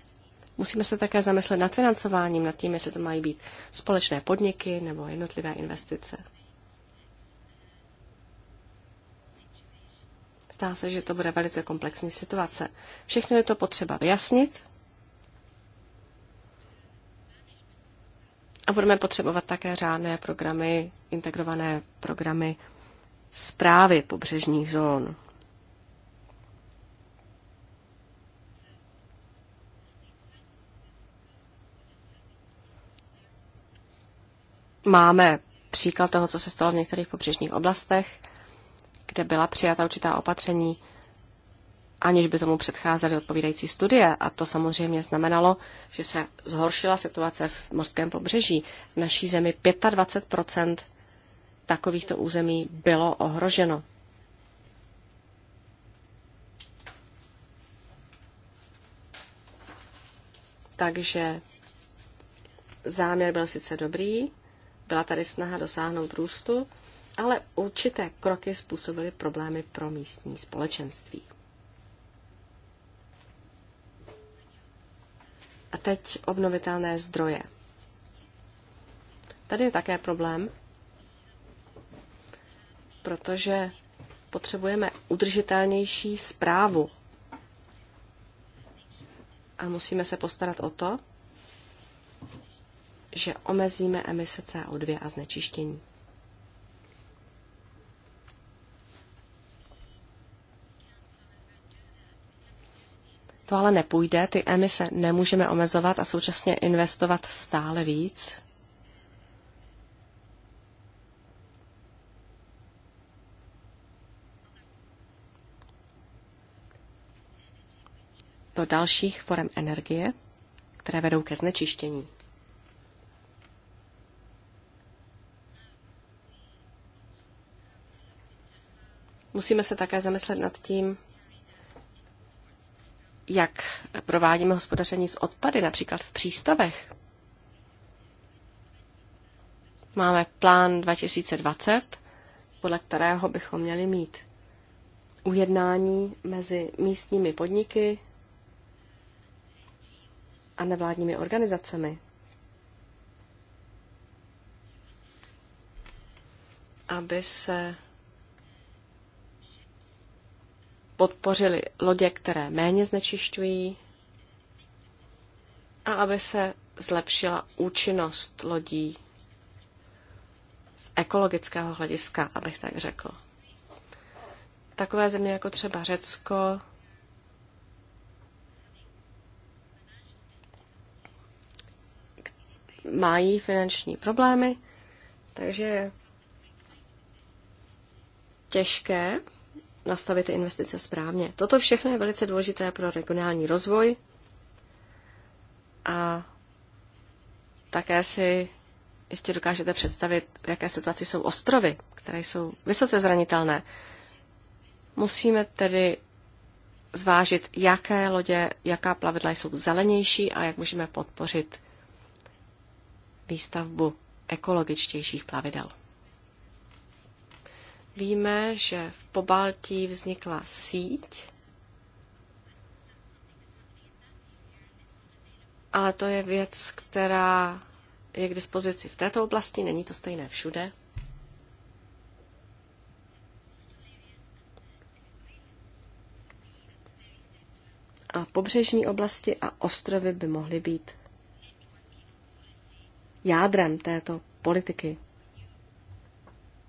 Musíme se také zamyslet nad financováním, nad tím, jestli to mají být společné podniky nebo jednotlivé investice. Zdá se, že to bude velice komplexní situace. Všechno je to potřeba vyjasnit a budeme potřebovat také řádné programy, integrované programy zprávy pobřežních zón. Máme příklad toho, co se stalo v některých pobřežních oblastech, kde byla přijata určitá opatření, aniž by tomu předcházely odpovídající studie. A to samozřejmě znamenalo, že se zhoršila situace v mořském pobřeží. V naší zemi 25 takovýchto území bylo ohroženo. Takže záměr byl sice dobrý, byla tady snaha dosáhnout růstu, ale určité kroky způsobily problémy pro místní společenství. A teď obnovitelné zdroje. Tady je také problém, protože potřebujeme udržitelnější zprávu. A musíme se postarat o to, že omezíme emise CO2 a znečištění. To ale nepůjde, ty emise nemůžeme omezovat a současně investovat stále víc. do dalších forem energie, které vedou ke znečištění. Musíme se také zamyslet nad tím, jak provádíme hospodaření s odpady, například v přístavech. Máme plán 2020, podle kterého bychom měli mít ujednání mezi místními podniky a nevládními organizacemi. Aby se podpořili lodě, které méně znečišťují a aby se zlepšila účinnost lodí z ekologického hlediska, abych tak řekl. Takové země jako třeba Řecko mají finanční problémy, takže těžké nastavit ty investice správně. Toto všechno je velice důležité pro regionální rozvoj a také si jistě dokážete představit, v jaké situaci jsou ostrovy, které jsou vysoce zranitelné. Musíme tedy zvážit, jaké lodě, jaká plavidla jsou zelenější a jak můžeme podpořit výstavbu ekologičtějších plavidel. Víme, že v Pobaltí vznikla síť, ale to je věc, která je k dispozici v této oblasti, není to stejné všude. A pobřežní oblasti a ostrovy by mohly být jádrem této politiky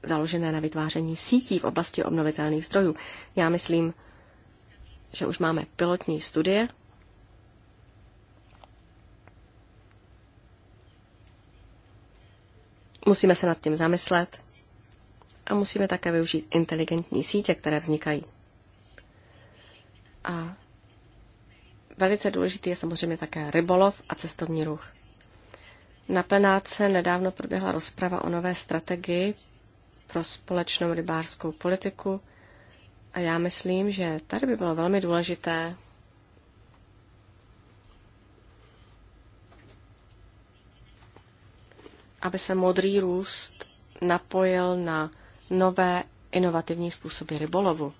založené na vytváření sítí v oblasti obnovitelných zdrojů. Já myslím, že už máme pilotní studie. Musíme se nad tím zamyslet a musíme také využít inteligentní sítě, které vznikají. A velice důležitý je samozřejmě také rybolov a cestovní ruch. Na plenáce nedávno proběhla rozprava o nové strategii pro společnou rybářskou politiku. A já myslím, že tady by bylo velmi důležité aby se modrý růst napojil na nové inovativní způsoby rybolovu.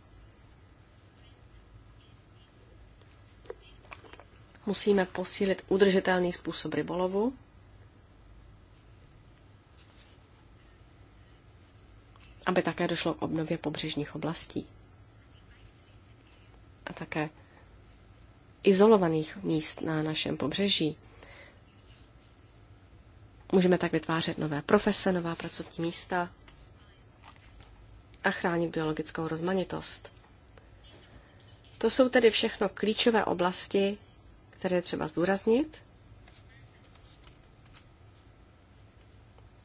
Musíme posílit udržitelný způsob rybolovu, aby také došlo k obnově pobřežních oblastí a také izolovaných míst na našem pobřeží. Můžeme tak vytvářet nové profese, nová pracovní místa a chránit biologickou rozmanitost. To jsou tedy všechno klíčové oblasti, které je třeba zdůraznit.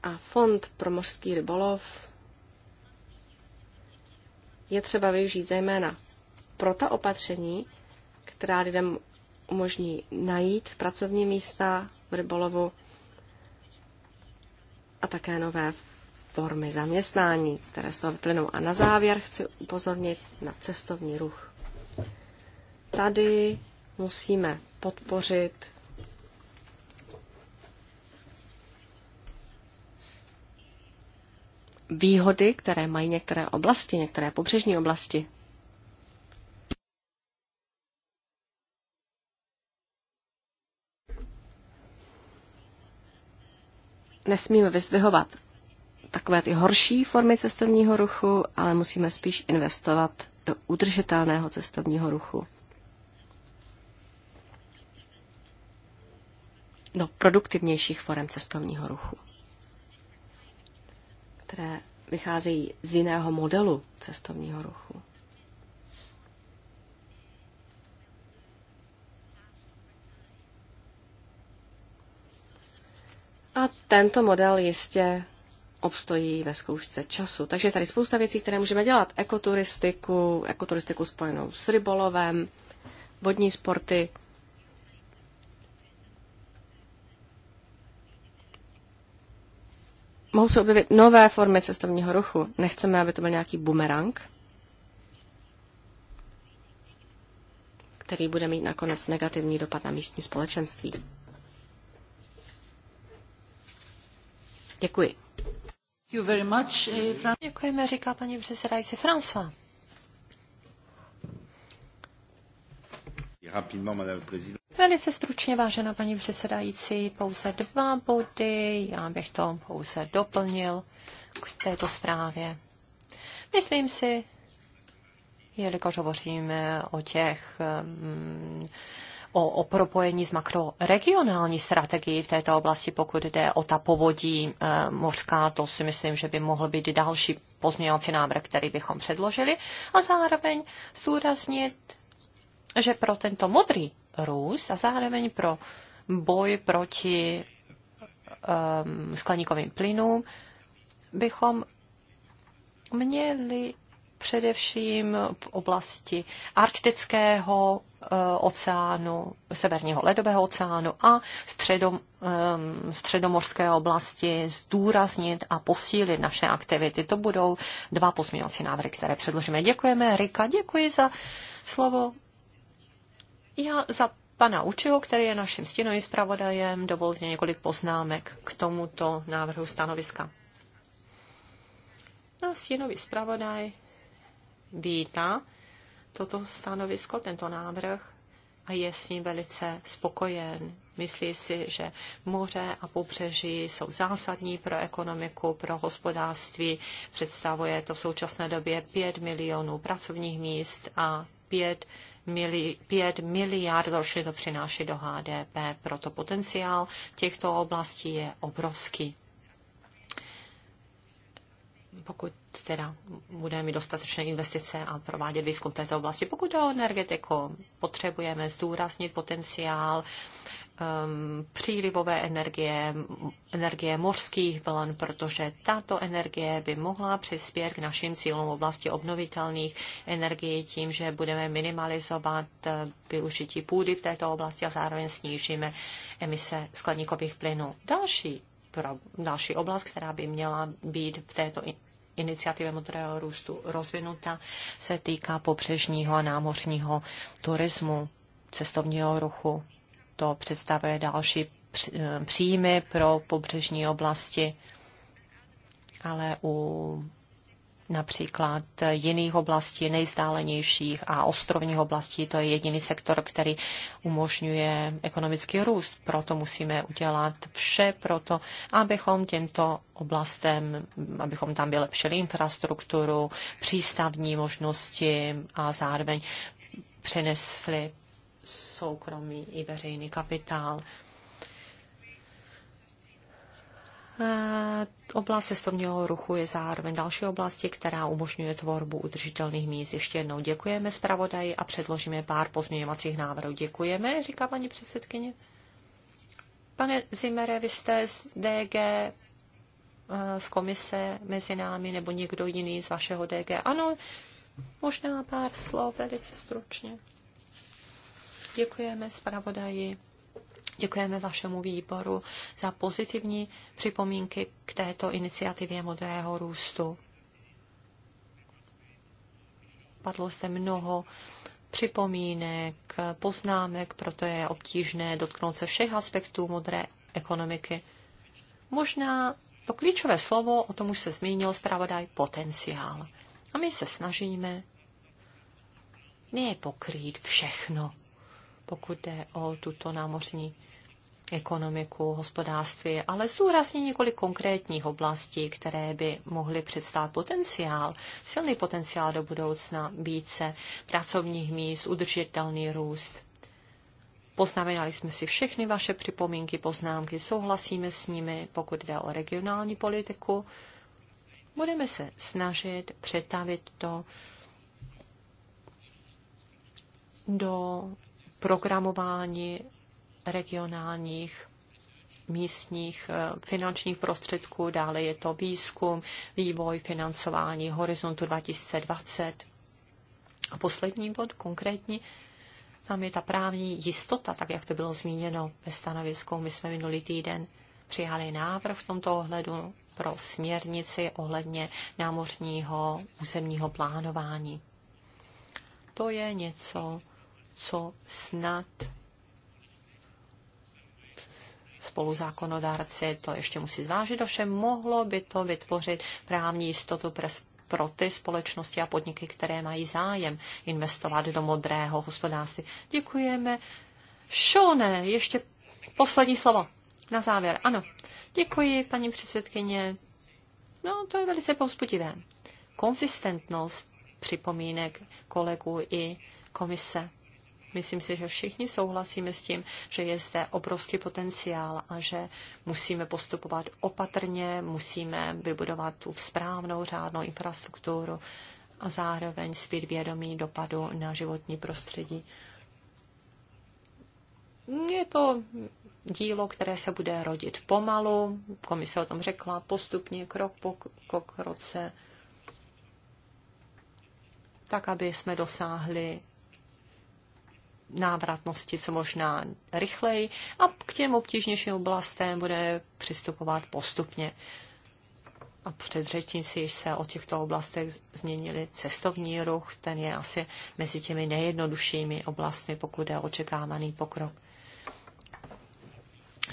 A Fond pro mořský rybolov je třeba využít zejména pro ta opatření, která lidem umožní najít pracovní místa v rybolovu a také nové formy zaměstnání, které z toho vyplynou. A na závěr chci upozornit na cestovní ruch. Tady musíme podpořit výhody, které mají některé oblasti, některé pobřežní oblasti. Nesmíme vyzdvihovat takové ty horší formy cestovního ruchu, ale musíme spíš investovat do udržitelného cestovního ruchu. Do produktivnějších forem cestovního ruchu které vycházejí z jiného modelu cestovního ruchu. A tento model jistě obstojí ve zkoušce času. Takže je tady spousta věcí, které můžeme dělat. Ekoturistiku, ekoturistiku spojenou s rybolovem, vodní sporty, mohou se objevit nové formy cestovního ruchu. Nechceme, aby to byl nějaký bumerang, který bude mít nakonec negativní dopad na místní společenství. Děkuji. Eh, Děkujeme, říká paní předsedající François. Velice stručně, vážená paní předsedající, pouze dva body, já bych to pouze doplnil k této zprávě. Myslím si, jelikož hovoříme o těch um, o, o propojení s makroregionální strategií v této oblasti, pokud jde o ta povodí e, mořská, to si myslím, že by mohl být další pozměňovací návrh, který bychom předložili. A zároveň zúraznit, že pro tento modrý růst a zároveň pro boj proti um, skleníkovým plynům bychom měli především v oblasti arktického e, oceánu, severního ledového oceánu a středom, ehm, středomorské oblasti zdůraznit a posílit naše aktivity. To budou dva pozměňovací návrhy, které předložíme. Děkujeme, Rika, děkuji za slovo. Já za pana Učeho, který je naším stínovým zpravodajem, dovolte několik poznámek k tomuto návrhu stanoviska. Náš stínový zpravodaj vítá toto stanovisko, tento návrh a je s ním velice spokojen. Myslí si, že moře a pobřeží jsou zásadní pro ekonomiku, pro hospodářství. Představuje to v současné době 5 milionů pracovních míst a 5 5 miliard ročně to přináší do HDP, proto potenciál těchto oblastí je obrovský. Pokud teda budeme mít dostatečné investice a provádět výzkum této oblasti. Pokud o energetiku, potřebujeme zdůraznit potenciál um, přílivové energie, energie mořských vln, protože tato energie by mohla přispět k našim cílům v oblasti obnovitelných energií tím, že budeme minimalizovat uh, využití půdy v této oblasti a zároveň snížíme emise skladníkových plynů. Další, pro, další oblast, která by měla být v této iniciativy modrého růstu rozvinuta, se týká pobřežního a námořního turismu, cestovního ruchu to představuje další eh, příjmy pro pobřežní oblasti, ale u například jiných oblastí, nejzdálenějších a ostrovních oblastí. To je jediný sektor, který umožňuje ekonomický růst. Proto musíme udělat vše proto, abychom těmto oblastem, abychom tam vylepšili infrastrukturu, přístavní možnosti a zároveň přenesli soukromý i veřejný kapitál. Oblast cestovního ruchu je zároveň další oblasti, která umožňuje tvorbu udržitelných míst. Ještě jednou děkujeme zpravodaji a předložíme pár pozměňovacích návrhů. Děkujeme, říká paní předsedkyně. Pane Zimere, vy jste z DG eh, z komise mezi námi nebo někdo jiný z vašeho DG. Ano, možná pár slov, velice stručně. Děkujeme zpravodaji. Děkujeme vašemu výboru za pozitivní připomínky k této iniciativě modrého růstu. Padlo zde mnoho připomínek, poznámek, proto je obtížné dotknout se všech aspektů modré ekonomiky. Možná to klíčové slovo, o tom už se zmínil zpravodaj, potenciál. A my se snažíme ne pokrýt všechno, pokud jde o tuto námořní ekonomiku, hospodářství, ale zúrazně několik konkrétních oblastí, které by mohly představit potenciál, silný potenciál do budoucna, více pracovních míst, udržitelný růst. Poznamenali jsme si všechny vaše připomínky, poznámky, souhlasíme s nimi, pokud jde o regionální politiku. Budeme se snažit přetavit to do programování regionálních místních eh, finančních prostředků, dále je to výzkum, vývoj, financování Horizontu 2020. A poslední bod, konkrétní, tam je ta právní jistota, tak jak to bylo zmíněno ve stanovisku. My jsme minulý týden přijali návrh v tomto ohledu pro směrnici ohledně námořního územního plánování. To je něco, co snad spoluzákonodárci to ještě musí zvážit, ovšem mohlo by to vytvořit právní jistotu pro ty společnosti a podniky, které mají zájem investovat do modrého hospodářství. Děkujeme. Šone, ještě poslední slovo. Na závěr, ano. Děkuji, paní předsedkyně. No, to je velice povzbudivé. Konzistentnost připomínek kolegů i komise. Myslím si, že všichni souhlasíme s tím, že je zde obrovský potenciál a že musíme postupovat opatrně, musíme vybudovat tu správnou řádnou infrastrukturu a zároveň svět vědomí dopadu na životní prostředí. Je to dílo, které se bude rodit pomalu, komise o tom řekla, postupně, krok po krok roce, tak, aby jsme dosáhli návratnosti co možná rychleji a k těm obtížnějším oblastem bude přistupovat postupně. A předřečníci již se o těchto oblastech změnili cestovní ruch, ten je asi mezi těmi nejjednoduššími oblastmi, pokud je očekávaný pokrok.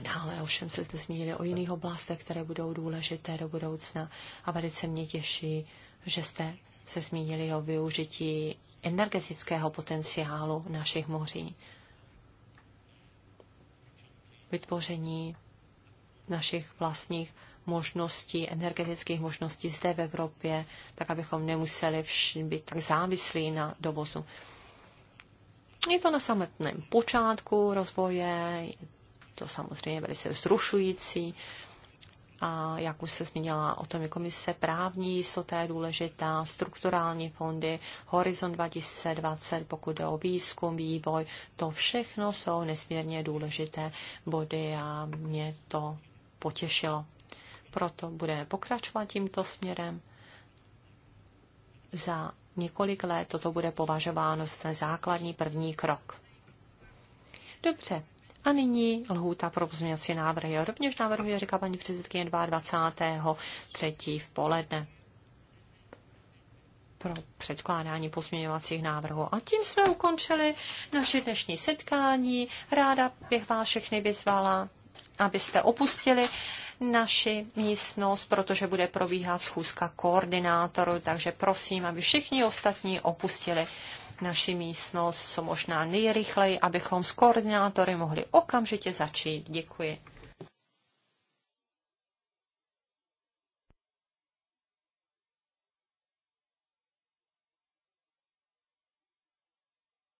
Dále ovšem se zde zmínili o jiných oblastech, které budou důležité do budoucna a velice mě těší, že jste se zmínili o využití energetického potenciálu našich moří, vytvoření našich vlastních možností, energetických možností zde v Evropě, tak abychom nemuseli být tak závislí na dovozu. Je to na samotném počátku rozvoje, je to samozřejmě velice vzrušující, a jak už se zmínila o tom je se právní jistota je důležitá, strukturální fondy, Horizon 2020, pokud jde o výzkum, vývoj, to všechno jsou nesmírně důležité body a mě to potěšilo. Proto budeme pokračovat tímto směrem. Za několik let toto bude považováno za ten základní první krok. Dobře, a nyní lhůta pro pozměňovací návrhy. Rovněž návrhuje, říká paní předsedkyně 22. 3. v poledne pro předkládání pozměňovacích návrhů. A tím jsme ukončili naše dnešní setkání. Ráda bych vás všechny vyzvala, abyste opustili naši místnost, protože bude probíhat schůzka koordinátorů, takže prosím, aby všichni ostatní opustili naši místnost co možná nejrychleji, abychom s koordinátory mohli okamžitě začít. Děkuji.